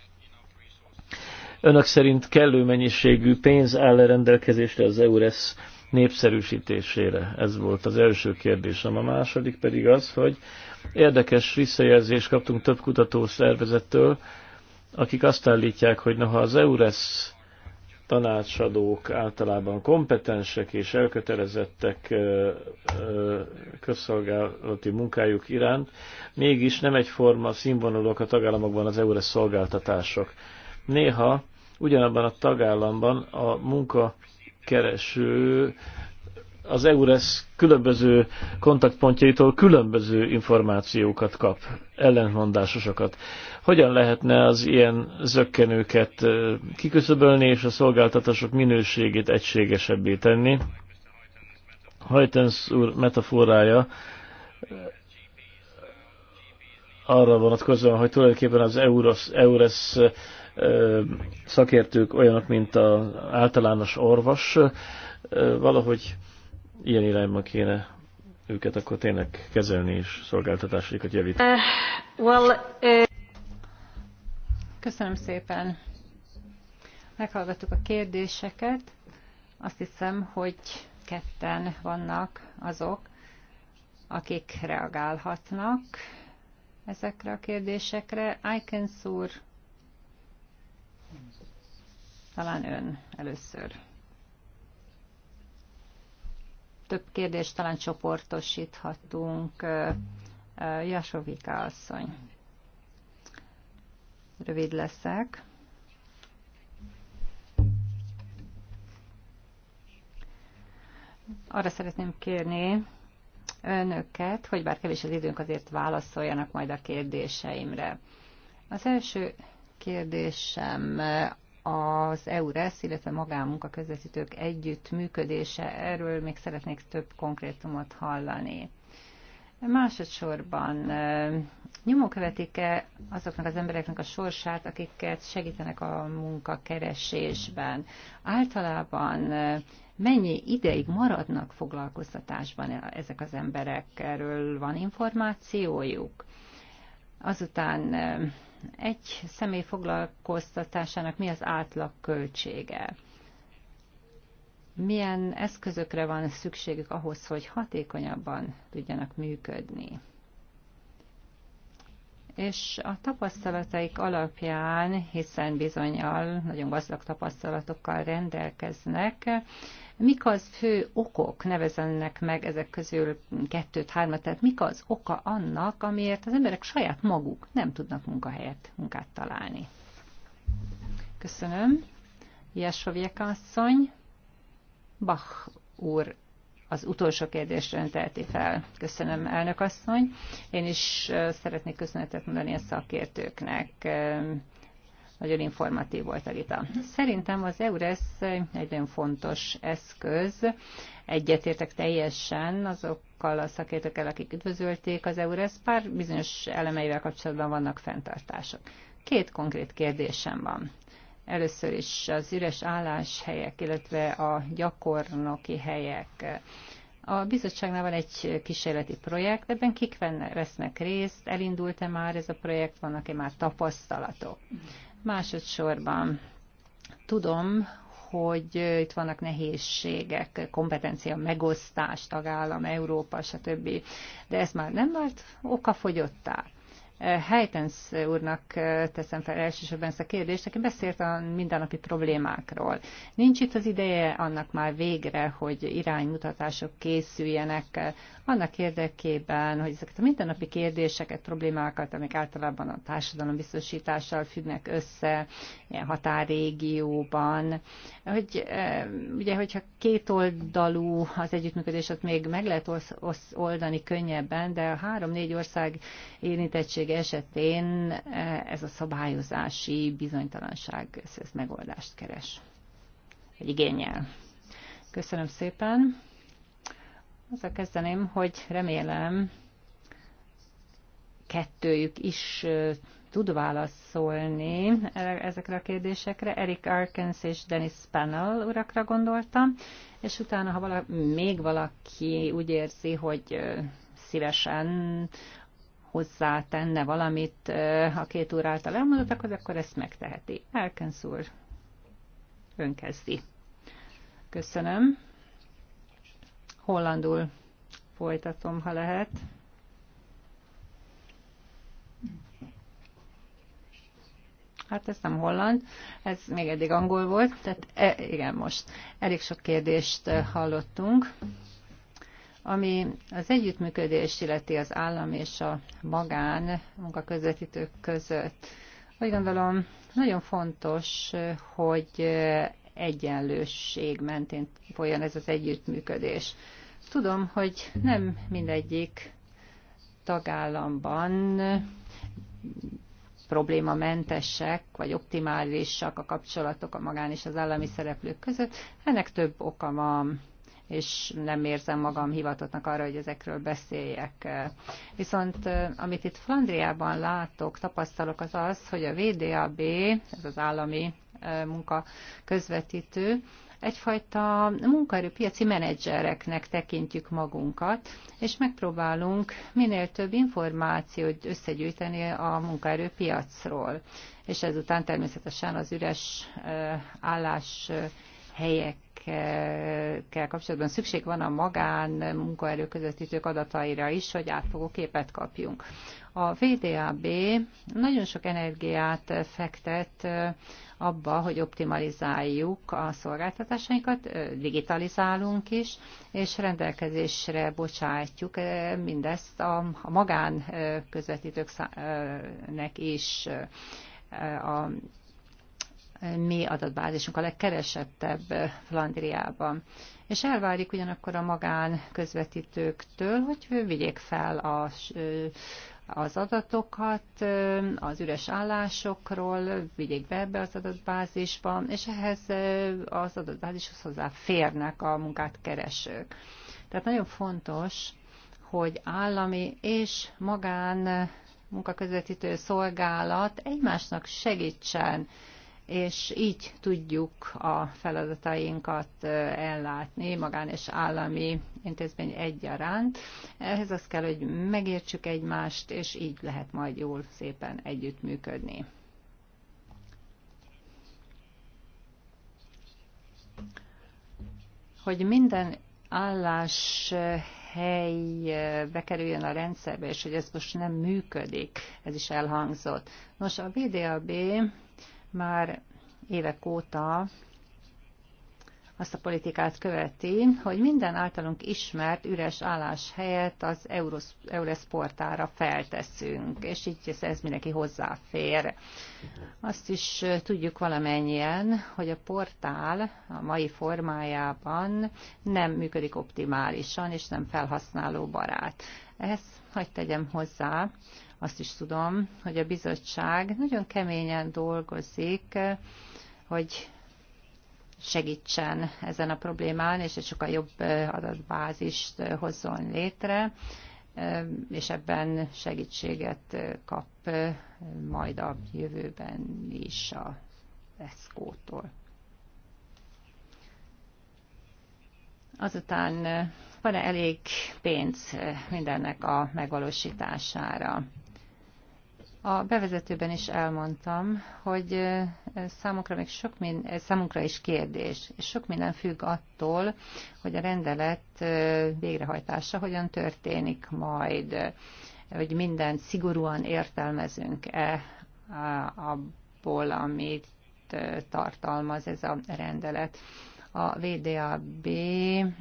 Önök szerint kellő mennyiségű pénz áll -e rendelkezésre az EURES népszerűsítésére? Ez volt az első kérdésem. A második pedig az, hogy érdekes visszajelzést kaptunk több kutató szervezettől, akik azt állítják, hogy noha az EURES tanácsadók általában kompetensek és elkötelezettek közszolgálati munkájuk iránt, mégis nem egyforma színvonulók a tagállamokban az EURES szolgáltatások. Néha ugyanabban a tagállamban a munkakereső az EURES különböző kontaktpontjaitól különböző információkat kap, ellentmondásosokat. Hogyan lehetne az ilyen zöggenőket kiküszöbölni és a szolgáltatások minőségét egységesebbé tenni? Hajtens úr metaforája arra vonatkozóan, hogy tulajdonképpen az EURES, EURES szakértők olyanok, mint az általános orvos, valahogy ilyen irányban kéne őket akkor tényleg kezelni és szolgáltatásaikat javítani. Uh, well, uh... Köszönöm szépen. Meghallgattuk a kérdéseket. Azt hiszem, hogy ketten vannak azok, akik reagálhatnak ezekre a kérdésekre. Aikens úr, talán ön először több kérdést talán csoportosíthatunk. Jasovika asszony. Rövid leszek. Arra szeretném kérni önöket, hogy bár kevés az időnk, azért válaszoljanak majd a kérdéseimre. Az első kérdésem az EURES, illetve a közvetítők együttműködése, erről még szeretnék több konkrétumot hallani. Másodszorban nyomon követik-e azoknak az embereknek a sorsát, akiket segítenek a munkakeresésben? Általában mennyi ideig maradnak foglalkoztatásban ezek az emberek? Erről van információjuk? Azután egy személy foglalkoztatásának mi az átlag költsége? Milyen eszközökre van szükségük ahhoz, hogy hatékonyabban tudjanak működni? és a tapasztalataik alapján, hiszen bizonyal nagyon gazdag tapasztalatokkal rendelkeznek, mik az fő okok, nevezennek meg ezek közül kettőt, hármat, tehát mik az oka annak, amiért az emberek saját maguk nem tudnak munkahelyet, munkát találni. Köszönöm. Jesoviek asszony, Bach úr az utolsó kérdést ön teheti fel. Köszönöm, elnök asszony. Én is szeretnék köszönetet mondani a szakértőknek. Nagyon informatív volt a vita. Szerintem az EURES egy nagyon fontos eszköz. Egyetértek teljesen azokkal a szakértőkkel, akik üdvözölték az EURES, pár bizonyos elemeivel kapcsolatban vannak fenntartások. Két konkrét kérdésem van. Először is az üres álláshelyek, illetve a gyakornoki helyek. A bizottságnál van egy kísérleti projekt, ebben kik vesznek részt, elindult-e már ez a projekt, vannak-e már tapasztalatok. Másodszorban tudom, hogy itt vannak nehézségek, kompetencia megosztás, tagállam, Európa, stb. De ez már nem volt okafogyottá. Heitens úrnak eh, teszem fel elsősorban ezt a kérdést, aki beszélt a mindennapi problémákról. Nincs itt az ideje annak már végre, hogy iránymutatások készüljenek eh, annak érdekében, hogy ezeket a mindennapi kérdéseket, problémákat, amik általában a társadalom biztosítással függnek össze, ilyen határrégióban, hogy eh, ugye, hogyha kétoldalú az együttműködés, ott még meg lehet oldani könnyebben, de a három-négy ország érintettsége esetén eh, ez a szabályozási bizonytalanság ez megoldást keres. Egy igényel. Köszönöm szépen. Azzal kezdeném, hogy remélem kettőjük is eh, tud válaszolni e-, ezekre a kérdésekre. Eric Arkens és Dennis Pannell urakra gondoltam, és utána, ha vala, még valaki úgy érzi, hogy eh, szívesen hozzátenne valamit a két úr által elmondottakhoz, akkor ezt megteheti. Elkensz úr, ön kezdi. Köszönöm. Hollandul folytatom, ha lehet. Hát ez nem holland, ez még eddig angol volt, tehát e, igen, most elég sok kérdést hallottunk. Ami az együttműködés illeti az állam és a magán munkaközvetítők között, úgy gondolom, nagyon fontos, hogy egyenlőség mentén folyjon ez az együttműködés. Tudom, hogy nem mindegyik tagállamban problémamentesek, vagy optimálisak a kapcsolatok a magán és az állami szereplők között. Ennek több oka van és nem érzem magam hivatottnak arra, hogy ezekről beszéljek. Viszont amit itt Flandriában látok, tapasztalok az az, hogy a VDAB, ez az állami munka közvetítő, egyfajta munkaerőpiaci menedzsereknek tekintjük magunkat, és megpróbálunk minél több információt összegyűjteni a munkaerőpiacról. És ezután természetesen az üres állás helyek kell kapcsolatban szükség van a magán munkaerő közvetítők adataira is, hogy átfogó képet kapjunk. A VDAB nagyon sok energiát fektet abba, hogy optimalizáljuk a szolgáltatásainkat, digitalizálunk is, és rendelkezésre bocsátjuk mindezt a magán közvetítőknek is a mi adatbázisunk a legkeresettebb Flandriában. És elvárjuk ugyanakkor a magán közvetítőktől, hogy vigyék fel a, az adatokat az üres állásokról, vigyék be ebbe az adatbázisba, és ehhez az adatbázishoz hozzáférnek a munkát keresők. Tehát nagyon fontos, hogy állami és magán munkaközvetítő szolgálat egymásnak segítsen és így tudjuk a feladatainkat ellátni, magán és állami intézmény egyaránt. Ehhez az kell, hogy megértsük egymást, és így lehet majd jól szépen együttműködni. Hogy minden állás hely bekerüljön a rendszerbe, és hogy ez most nem működik, ez is elhangzott. Nos, a VDAB már évek óta azt a politikát követi, hogy minden általunk ismert üres állás helyett az Eurosportára felteszünk, és így ez, ez mindenki hozzáfér. Azt is tudjuk valamennyien, hogy a portál a mai formájában nem működik optimálisan, és nem felhasználó barát. Ehhez hagyd tegyem hozzá, azt is tudom, hogy a bizottság nagyon keményen dolgozik, hogy segítsen ezen a problémán, és egy sokkal jobb adatbázist hozzon létre, és ebben segítséget kap majd a jövőben is a ESZKÓ-tól. Azután van-e elég pénz mindennek a megvalósítására? A bevezetőben is elmondtam, hogy számunkra, még sok min, számunkra is kérdés, és sok minden függ attól, hogy a rendelet végrehajtása hogyan történik majd, hogy mindent szigorúan értelmezünk-e abból, amit tartalmaz ez a rendelet. A VDAB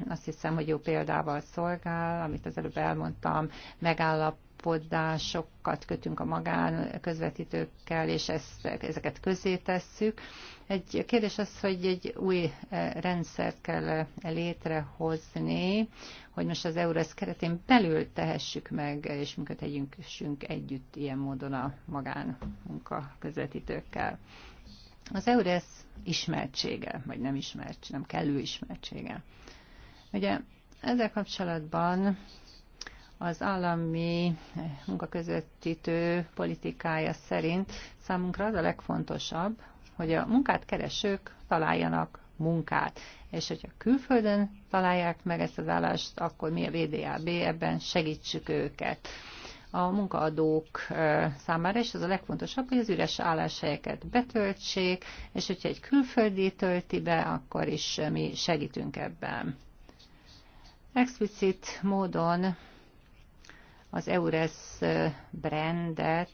azt hiszem, hogy jó példával szolgál, amit az előbb elmondtam, megállap megállapodásokat kötünk a magán közvetítőkkel, és ezt, ezeket közé tesszük. Egy kérdés az, hogy egy új eh, rendszert kell eh, létrehozni, hogy most az EURES keretén belül tehessük meg, és működhessünk együtt ilyen módon a magán munka közvetítőkkel. Az EURES ismertsége, vagy nem ismert, nem kellő ismertsége. Ugye ezzel kapcsolatban az állami munkaközöttítő politikája szerint számunkra az a legfontosabb, hogy a munkát keresők találjanak munkát. És hogyha külföldön találják meg ezt az állást, akkor mi a VDAB ebben segítsük őket. A munkaadók számára is az a legfontosabb, hogy az üres álláshelyeket betöltsék, és hogyha egy külföldi tölti be, akkor is mi segítünk ebben. Explicit módon az EURES brandet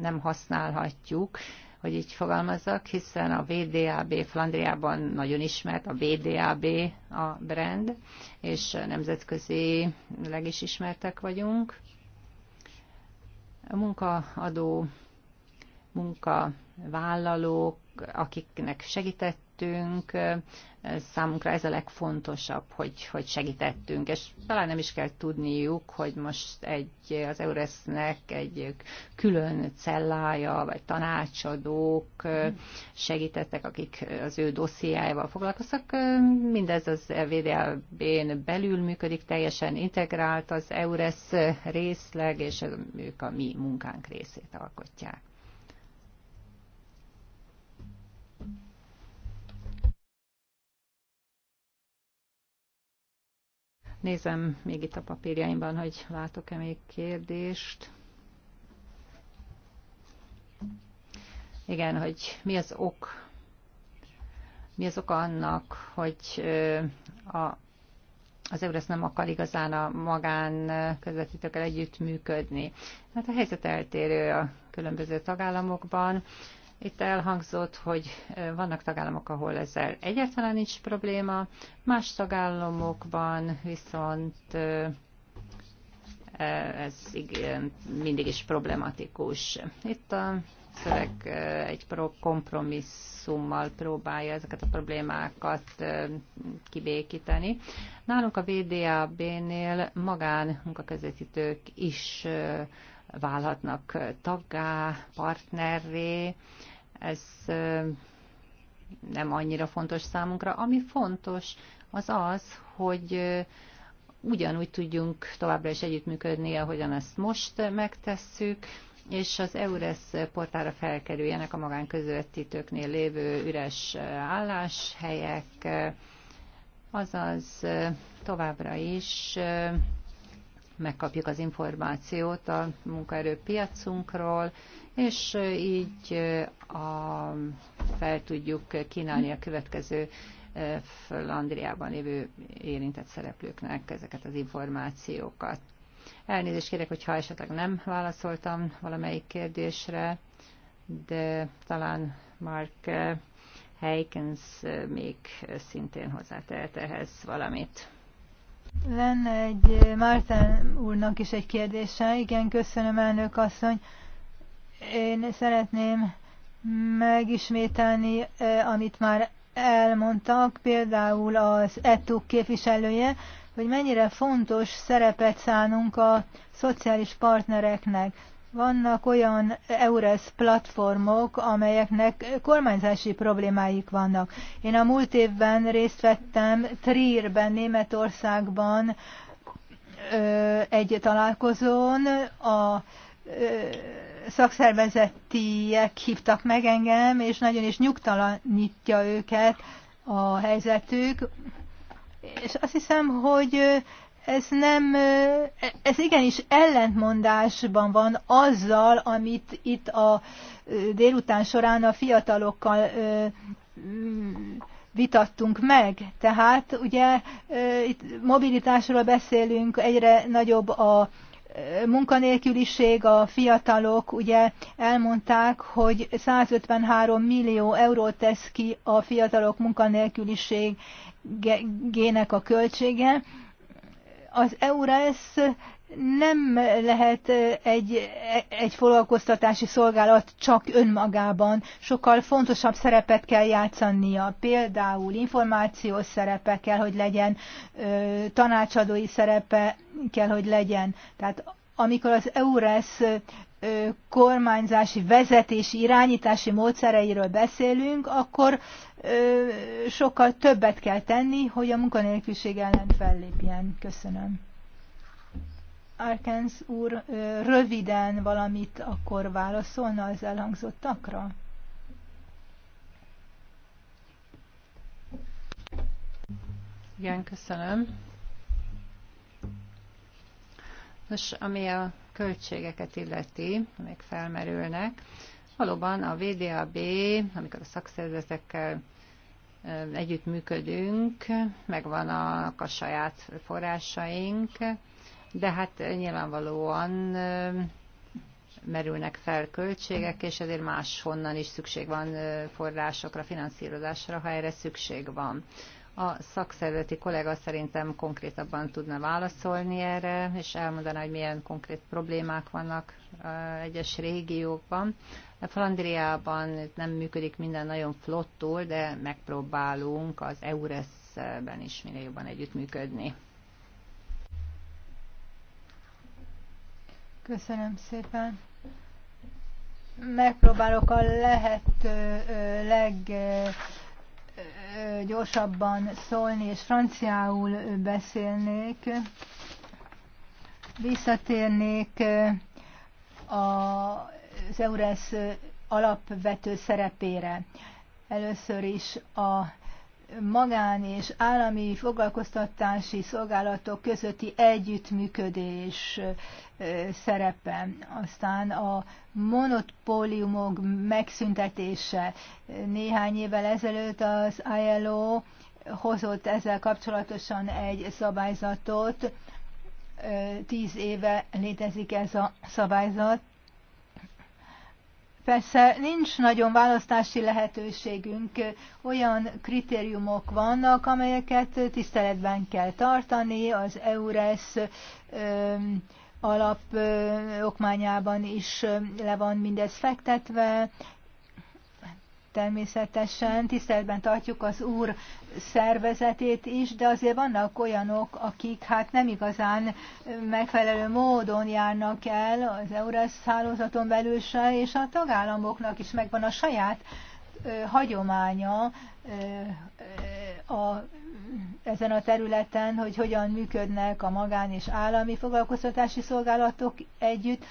nem használhatjuk, hogy így fogalmazzak, hiszen a VDAB Flandriában nagyon ismert, a VDAB a brand, és nemzetközi leg is ismertek vagyunk. A munkaadó munkavállalók, akiknek segített segítettünk, számunkra ez a legfontosabb, hogy, hogy segítettünk, és talán nem is kell tudniuk, hogy most egy, az Euresznek egy külön cellája, vagy tanácsadók segítettek, akik az ő dossziájával foglalkoztak. Mindez az e VDLB-n belül működik, teljesen integrált az Eures részleg, és ők a mi munkánk részét alkotják. Nézem még itt a papírjaimban, hogy látok-e még kérdést. Igen, hogy mi az ok, mi az ok annak, hogy a, az EURESZ nem akar igazán a magán közvetítőkkel együttműködni. Hát a helyzet eltérő a különböző tagállamokban. Itt elhangzott, hogy vannak tagállamok, ahol ezzel egyáltalán nincs probléma, más tagállamokban viszont ez mindig is problematikus. Itt a szöveg egy kompromisszummal próbálja ezeket a problémákat kibékíteni. Nálunk a VDAB-nél magán munkaközvetítők is válhatnak taggá, partnerré. Ez nem annyira fontos számunkra. Ami fontos, az az, hogy ugyanúgy tudjunk továbbra is együttműködni, ahogyan ezt most megtesszük, és az EURES portára felkerüljenek a magánközvetítőknél lévő üres álláshelyek, azaz továbbra is megkapjuk az információt a munkaerőpiacunkról, és így a, fel tudjuk kínálni a következő Flandriában lévő érintett szereplőknek ezeket az információkat. Elnézést kérek, hogyha esetleg nem válaszoltam valamelyik kérdésre, de talán Mark Heikens még szintén hozzátehet ehhez valamit. Lenne egy eh, Márten úrnak is egy kérdése. Igen, köszönöm, elnök asszony. Én szeretném megismételni, eh, amit már elmondtak, például az ETUK képviselője, hogy mennyire fontos szerepet szánunk a szociális partnereknek. Vannak olyan EURES platformok, amelyeknek kormányzási problémáik vannak. Én a múlt évben részt vettem Trierben, Németországban egy találkozón. A szakszervezetiek hívtak meg engem, és nagyon is nyugtalanítja őket a helyzetük. És azt hiszem, hogy ez nem, ez igenis ellentmondásban van azzal, amit itt a délután során a fiatalokkal vitattunk meg. Tehát ugye itt mobilitásról beszélünk, egyre nagyobb a munkanélküliség, a fiatalok ugye elmondták, hogy 153 millió eurót tesz ki a fiatalok munkanélküliségének a költsége, az EURES nem lehet egy, egy foglalkoztatási szolgálat csak önmagában. Sokkal fontosabb szerepet kell játszania. Például információs szerepe kell, hogy legyen, tanácsadói szerepe kell, hogy legyen. Tehát amikor az EURES kormányzási, vezetési, irányítási módszereiről beszélünk, akkor sokkal többet kell tenni, hogy a munkanélküliség ellen fellépjen. Köszönöm. Arkens úr röviden valamit akkor válaszolna az elhangzottakra? Igen, köszönöm. Nos, ami a költségeket illeti, amik felmerülnek, Valóban a VDAB, amikor a szakszervezetekkel együttműködünk, a, a saját forrásaink, de hát nyilvánvalóan merülnek fel költségek, és ezért máshonnan is szükség van forrásokra, finanszírozásra, ha erre szükség van. A szakszervezeti kollega szerintem konkrétabban tudna válaszolni erre, és elmondaná, hogy milyen konkrét problémák vannak egyes régiókban. Flandriában nem működik minden nagyon flottul, de megpróbálunk az EURES-ben is minél jobban együttműködni. Köszönöm szépen. Megpróbálok a lehető leggyorsabban szólni, és franciául beszélnék. Visszatérnék a az EURES alapvető szerepére. Először is a magán és állami foglalkoztatási szolgálatok közötti együttműködés szerepe, aztán a monopóliumok megszüntetése. Néhány évvel ezelőtt az ILO hozott ezzel kapcsolatosan egy szabályzatot, tíz éve létezik ez a szabályzat, Persze nincs nagyon választási lehetőségünk, olyan kritériumok vannak, amelyeket tiszteletben kell tartani, az EURES alapokmányában is le van mindez fektetve, Természetesen tiszteletben tartjuk az úr szervezetét is, de azért vannak olyanok, akik hát nem igazán megfelelő módon járnak el az EURES hálózaton belül se, és a tagállamoknak is megvan a saját ö, hagyománya ö, a, ezen a területen, hogy hogyan működnek a magán és állami foglalkoztatási szolgálatok együtt.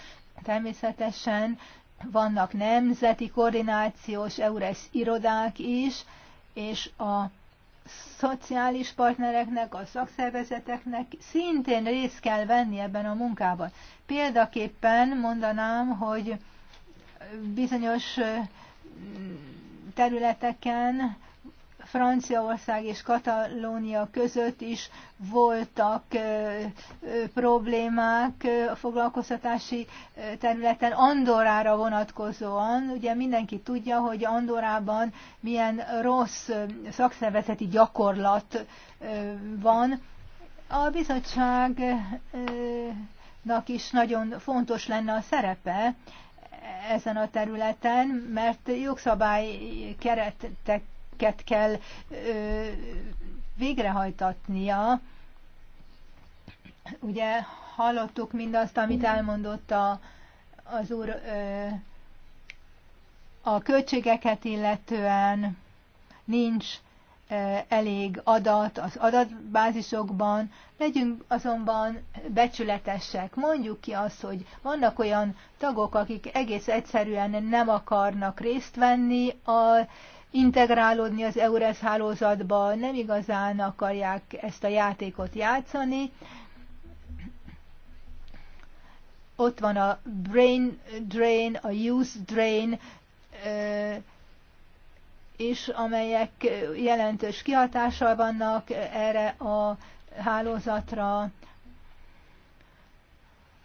Természetesen vannak nemzeti koordinációs EURES irodák is, és a szociális partnereknek, a szakszervezeteknek szintén részt kell venni ebben a munkában. Példaképpen mondanám, hogy bizonyos területeken Franciaország és Katalónia között is voltak problémák a foglalkoztatási területen Andorára vonatkozóan. Ugye mindenki tudja, hogy Andorában milyen rossz szakszervezeti gyakorlat van. A bizottságnak is nagyon fontos lenne a szerepe, ezen a területen, mert jogszabály keretek amiket kell végrehajtatnia. Ugye hallottuk mindazt, amit elmondott a, az úr a költségeket illetően, nincs elég adat az adatbázisokban, legyünk azonban becsületesek. Mondjuk ki azt, hogy vannak olyan tagok, akik egész egyszerűen nem akarnak részt venni a integrálódni az EURES hálózatba, nem igazán akarják ezt a játékot játszani. Ott van a brain drain, a youth drain, és amelyek jelentős kihatással vannak erre a hálózatra.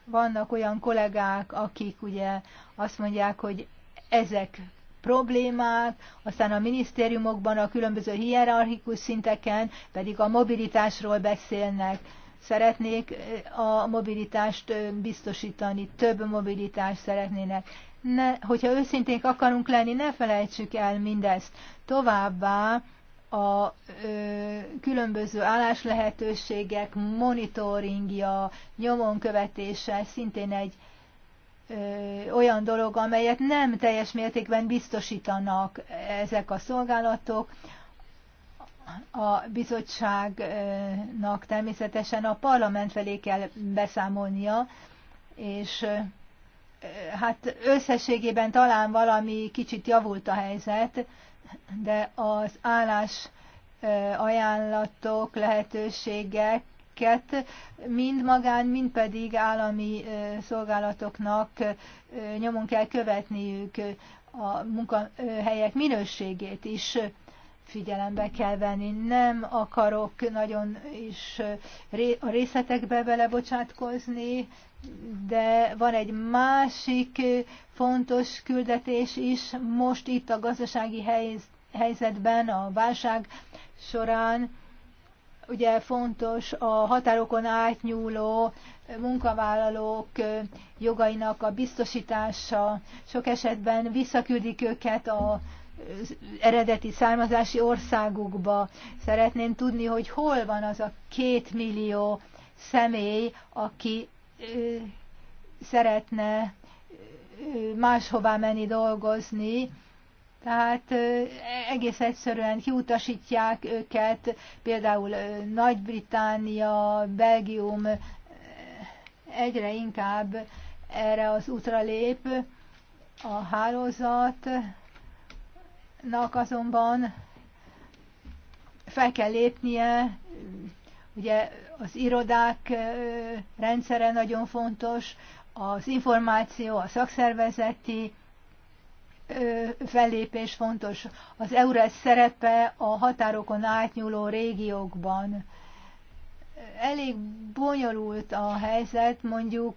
Vannak olyan kollégák, akik ugye azt mondják, hogy ezek problémák, aztán a minisztériumokban, a különböző hierarchikus szinteken pedig a mobilitásról beszélnek. Szeretnék eh, a mobilitást eh, biztosítani, több mobilitást szeretnének. Ne, hogyha őszintén akarunk lenni, ne felejtsük el mindezt. Továbbá a ö, eh, különböző álláslehetőségek monitoringja, nyomon követése szintén egy olyan dolog, amelyet nem teljes mértékben biztosítanak ezek a szolgálatok. A bizottságnak természetesen a parlament felé kell beszámolnia, és hát összességében talán valami kicsit javult a helyzet, de az állás ajánlatok, lehetőségek ezeket mind magán, mind pedig állami szolgálatoknak nyomon kell követniük a munkahelyek minőségét is figyelembe kell venni. Nem akarok nagyon is a részletekbe belebocsátkozni, de van egy másik fontos küldetés is most itt a gazdasági helyzetben, a válság során ugye fontos a határokon átnyúló munkavállalók jogainak a biztosítása. Sok esetben visszaküldik őket a eredeti származási országukba. Szeretném tudni, hogy hol van az a két millió személy, aki szeretne máshová menni dolgozni, tehát egész egyszerűen kiutasítják őket, például nagy británia Belgium egyre inkább erre az útra lép. A hálózatnak azonban fel kell lépnie, ugye az irodák rendszere nagyon fontos, az információ, a szakszervezeti fellépés fontos. Az EURES szerepe a határokon átnyúló régiókban. Elég bonyolult a helyzet, mondjuk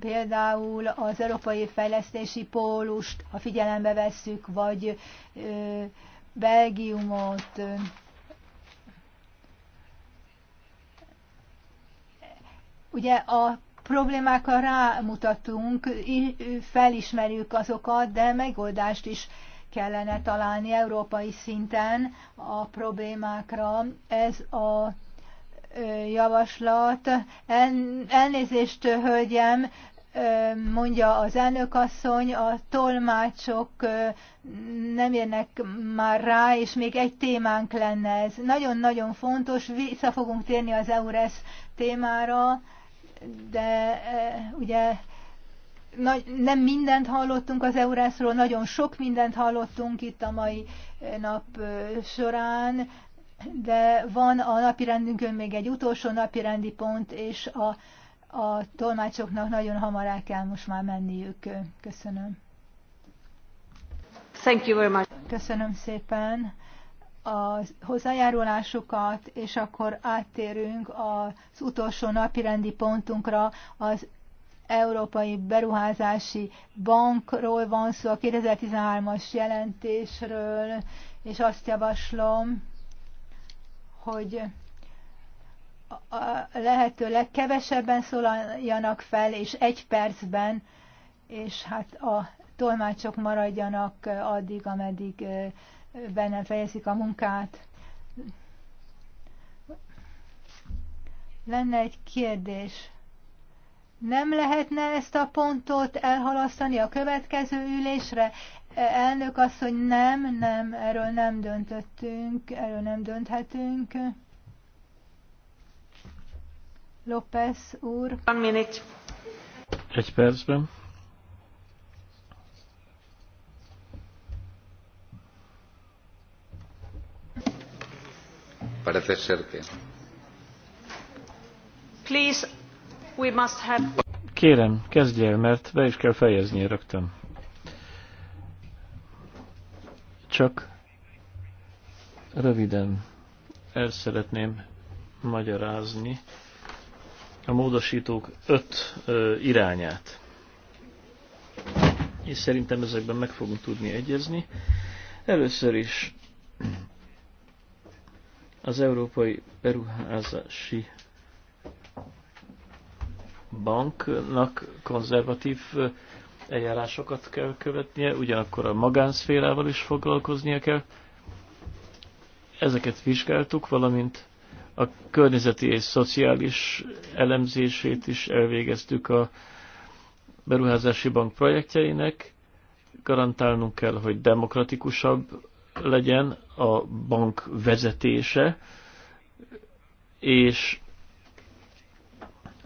például az európai fejlesztési pólust, ha figyelembe vesszük, vagy Belgiumot, ugye a problémákra rámutatunk, felismerjük azokat, de megoldást is kellene találni európai szinten a problémákra. Ez a javaslat. Elnézést, hölgyem, mondja az elnökasszony, a tolmácsok nem érnek már rá, és még egy témánk lenne ez. Nagyon-nagyon fontos, vissza fogunk térni az EURES témára, de e, ugye nagy, nem mindent hallottunk az Eurászról, nagyon sok mindent hallottunk itt a mai e, nap e, során, de van a napirendünkön még egy utolsó napirendi pont, és a, a tolmácsoknak nagyon hamar el kell most már menniük. Köszönöm. Thank you very much. Köszönöm szépen a hozzájárulásokat és akkor áttérünk az utolsó napirendi pontunkra, az Európai Beruházási Bankról van szó, a 2013-as jelentésről, és azt javaslom, hogy a lehető legkevesebben szólaljanak fel, és egy percben, és hát a tolmácsok maradjanak addig, ameddig bennem fejezik a munkát. Lenne egy kérdés. Nem lehetne ezt a pontot elhalasztani a következő ülésre? Elnök azt, hogy nem, nem, erről nem döntöttünk, erről nem dönthetünk. López úr. One minute. Egy percben. parece ser que... Please, we must have... Kérem, kezdj el, mert be is kell fejezni rögtön. Csak röviden el szeretném magyarázni a módosítók öt ö, irányát. És szerintem ezekben meg fogunk tudni egyezni. Először is az Európai Beruházási Banknak konzervatív eljárásokat kell követnie, ugyanakkor a magánszférával is foglalkoznia kell. Ezeket vizsgáltuk, valamint a környezeti és szociális elemzését is elvégeztük a beruházási bank projektjeinek. Garantálnunk kell, hogy demokratikusabb legyen a bank vezetése, és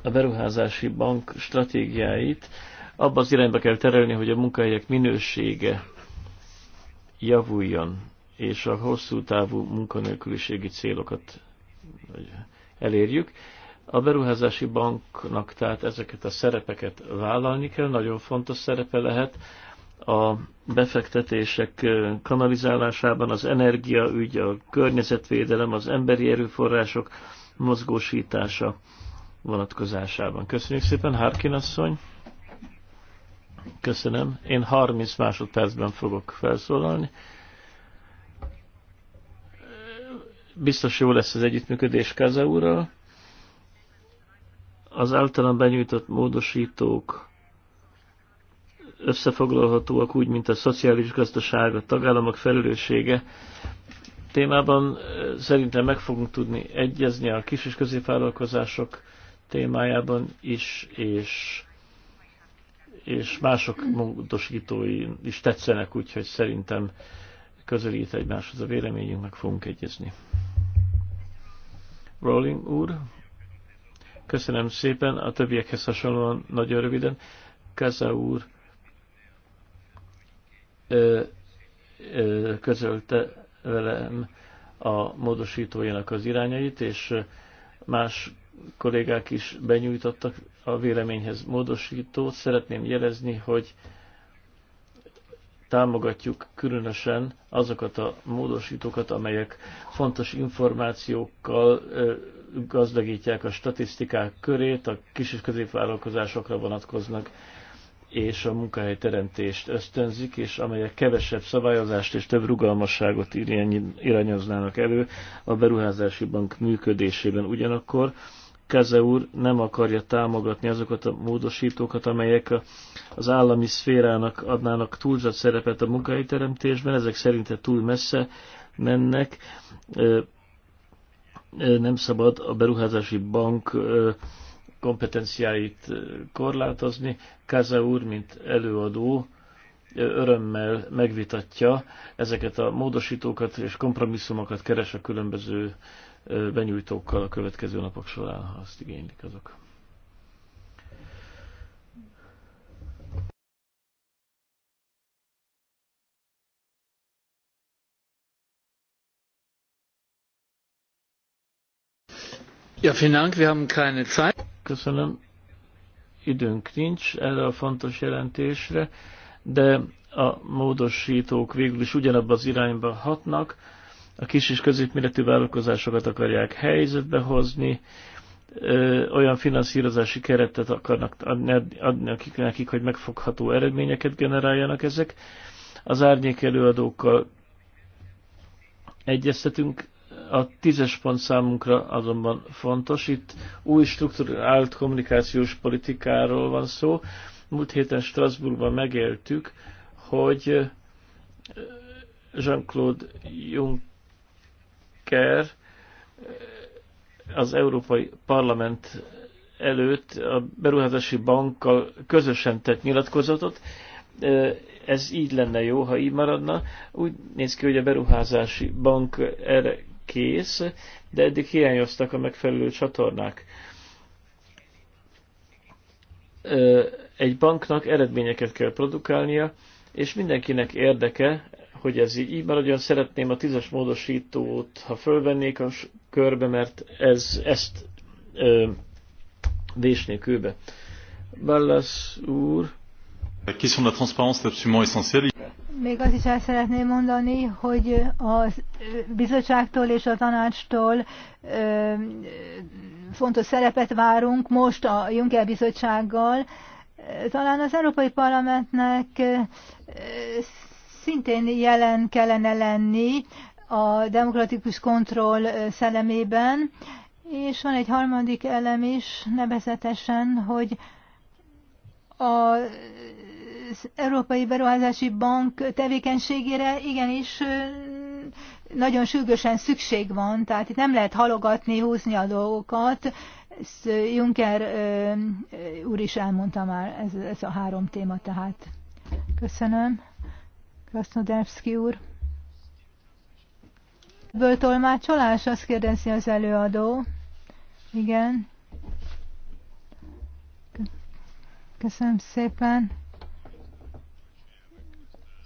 a beruházási bank stratégiáit abba az irányba kell terelni, hogy a munkahelyek minősége javuljon, és a hosszú távú munkanélküliségi célokat elérjük. A beruházási banknak tehát ezeket a szerepeket vállalni kell, nagyon fontos szerepe lehet a befektetések kanalizálásában, az energiaügy, a környezetvédelem, az emberi erőforrások mozgósítása vonatkozásában. Köszönjük szépen, Harkin asszony! Köszönöm. Én 30 másodpercben fogok felszólalni. Biztos jó lesz az együttműködés Kaza úrral. Az általam benyújtott módosítók összefoglalhatóak úgy, mint a szociális gazdaság, a tagállamok felelőssége témában. Szerintem meg fogunk tudni egyezni a kis és középvállalkozások témájában is, és, és mások módosítói is tetszenek, úgyhogy szerintem közelít egymáshoz a véleményünk, meg fogunk egyezni. Rowling úr, köszönöm szépen, a többiekhez hasonlóan nagyon röviden. Kaza úr ö, ö, közölte velem a módosítójának az irányait, és más kollégák is benyújtottak a véleményhez módosítót. Szeretném jelezni, hogy támogatjuk különösen azokat a módosítókat, amelyek fontos információkkal gazdagítják a statisztikák körét, a kis és középvállalkozásokra vonatkoznak és a munkahelyteremtést ösztönzik, és amelyek kevesebb szabályozást és több rugalmasságot irányoznának elő a beruházási bank működésében. Ugyanakkor Keze úr nem akarja támogatni azokat a módosítókat, amelyek az állami szférának adnának túlzott szerepet a munkahelyteremtésben, ezek szerinte túl messze mennek, nem szabad a beruházási bank kompetenciáit eh, korlátozni. Kaza úr, mint előadó, eh, örömmel megvitatja ezeket a módosítókat és kompromisszumokat keres a különböző eh, benyújtókkal a következő napok során, ha azt igénylik azok. Ja, vielen Dank. Wir haben keine Zeit. Köszönöm. Időnk nincs erre a fontos jelentésre, de a módosítók végül is ugyanabba az irányba hatnak. A kis és középméretű vállalkozásokat akarják helyzetbe hozni, ö, olyan finanszírozási keretet akarnak adni, adni akik, nekik, hogy megfogható eredményeket generáljanak ezek. Az árnyék előadókkal egyeztetünk a tízes pont számunkra azonban fontos. Itt új strukturált kommunikációs politikáról van szó. Múlt héten Strasbourgban megéltük, hogy Jean-Claude Juncker az Európai Parlament előtt a beruházási bankkal közösen tett nyilatkozatot. Ez így lenne jó, ha így maradna. Úgy néz ki, hogy a beruházási bank erre kész, de eddig hiányoztak a megfelelő csatornák. Egy banknak eredményeket kell produkálnia, és mindenkinek érdeke, hogy ez így maradjon. Szeretném a tízes módosítót, ha fölvennék a körbe, mert ez ezt ö, vésnék őbe. Ballas úr. A question de la transparence est absolument essentielle még azt is el szeretném mondani, hogy a bizottságtól és a tanácstól fontos szerepet várunk most a Juncker bizottsággal. Talán az Európai Parlamentnek szintén jelen kellene lenni a demokratikus kontroll szellemében, és van egy harmadik elem is, nevezetesen, hogy a Európai Beruházási Bank tevékenységére igenis nagyon sürgősen szükség van, tehát itt nem lehet halogatni, húzni a dolgokat. Ezt Juncker úr is elmondta már, ez, ez a három téma tehát. Köszönöm. Krasznodevszki úr. Ebből tolmácsolás? Azt kérdezi az előadó. Igen. Köszönöm szépen.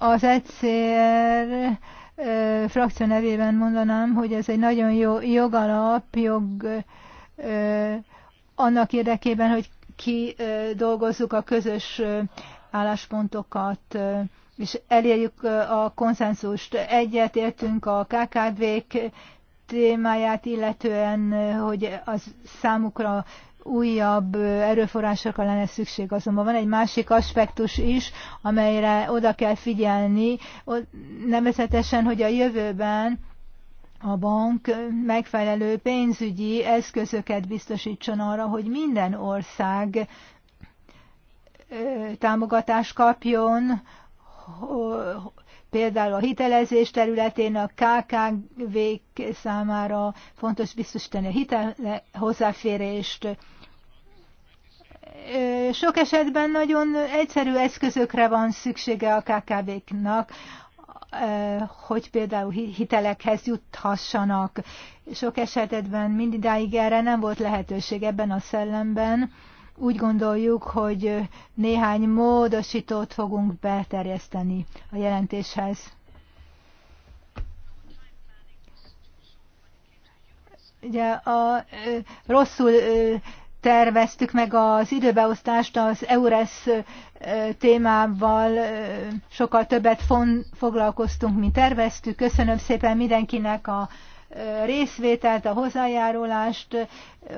Az egyszer frakció nevében mondanám, hogy ez egy nagyon jó jogalap, jog ö, annak érdekében, hogy ki ö, dolgozzuk a közös ö, álláspontokat, ö, és elérjük ö, a konszenzust. Egyet értünk a KKV-k témáját illetően, hogy az számukra újabb erőforrásokra lenne szükség. Azonban van egy másik aspektus is, amelyre oda kell figyelni, nevezetesen, hogy a jövőben a bank megfelelő pénzügyi eszközöket biztosítson arra, hogy minden ország támogatást kapjon, például a hitelezés területén a kkv számára fontos biztosítani a hitel hozzáférést. Sok esetben nagyon egyszerű eszközökre van szüksége a KKV-knak, hogy például hitelekhez juthassanak. Sok esetben mindidáig erre nem volt lehetőség ebben a szellemben úgy gondoljuk, hogy néhány módosítót fogunk beterjeszteni a jelentéshez. Ugye a, rosszul terveztük meg az időbeosztást az EURES témával, sokkal többet foglalkoztunk, mint terveztük. Köszönöm szépen mindenkinek a részvételt, a hozzájárulást.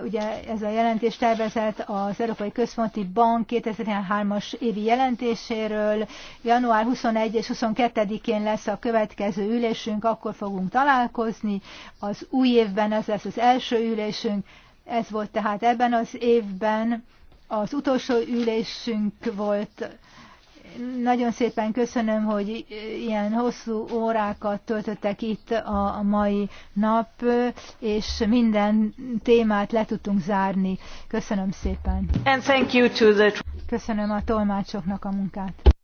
Ugye ez a jelentés tervezett az Európai Központi Bank 2013-as évi jelentéséről. Január 21 és 22-én lesz a következő ülésünk, akkor fogunk találkozni. Az új évben ez lesz az első ülésünk. Ez volt tehát ebben az évben. Az utolsó ülésünk volt nagyon szépen köszönöm, hogy ilyen hosszú órákat töltöttek itt a mai nap, és minden témát le tudtunk zárni. Köszönöm szépen. And thank you to the... Köszönöm a tolmácsoknak a munkát.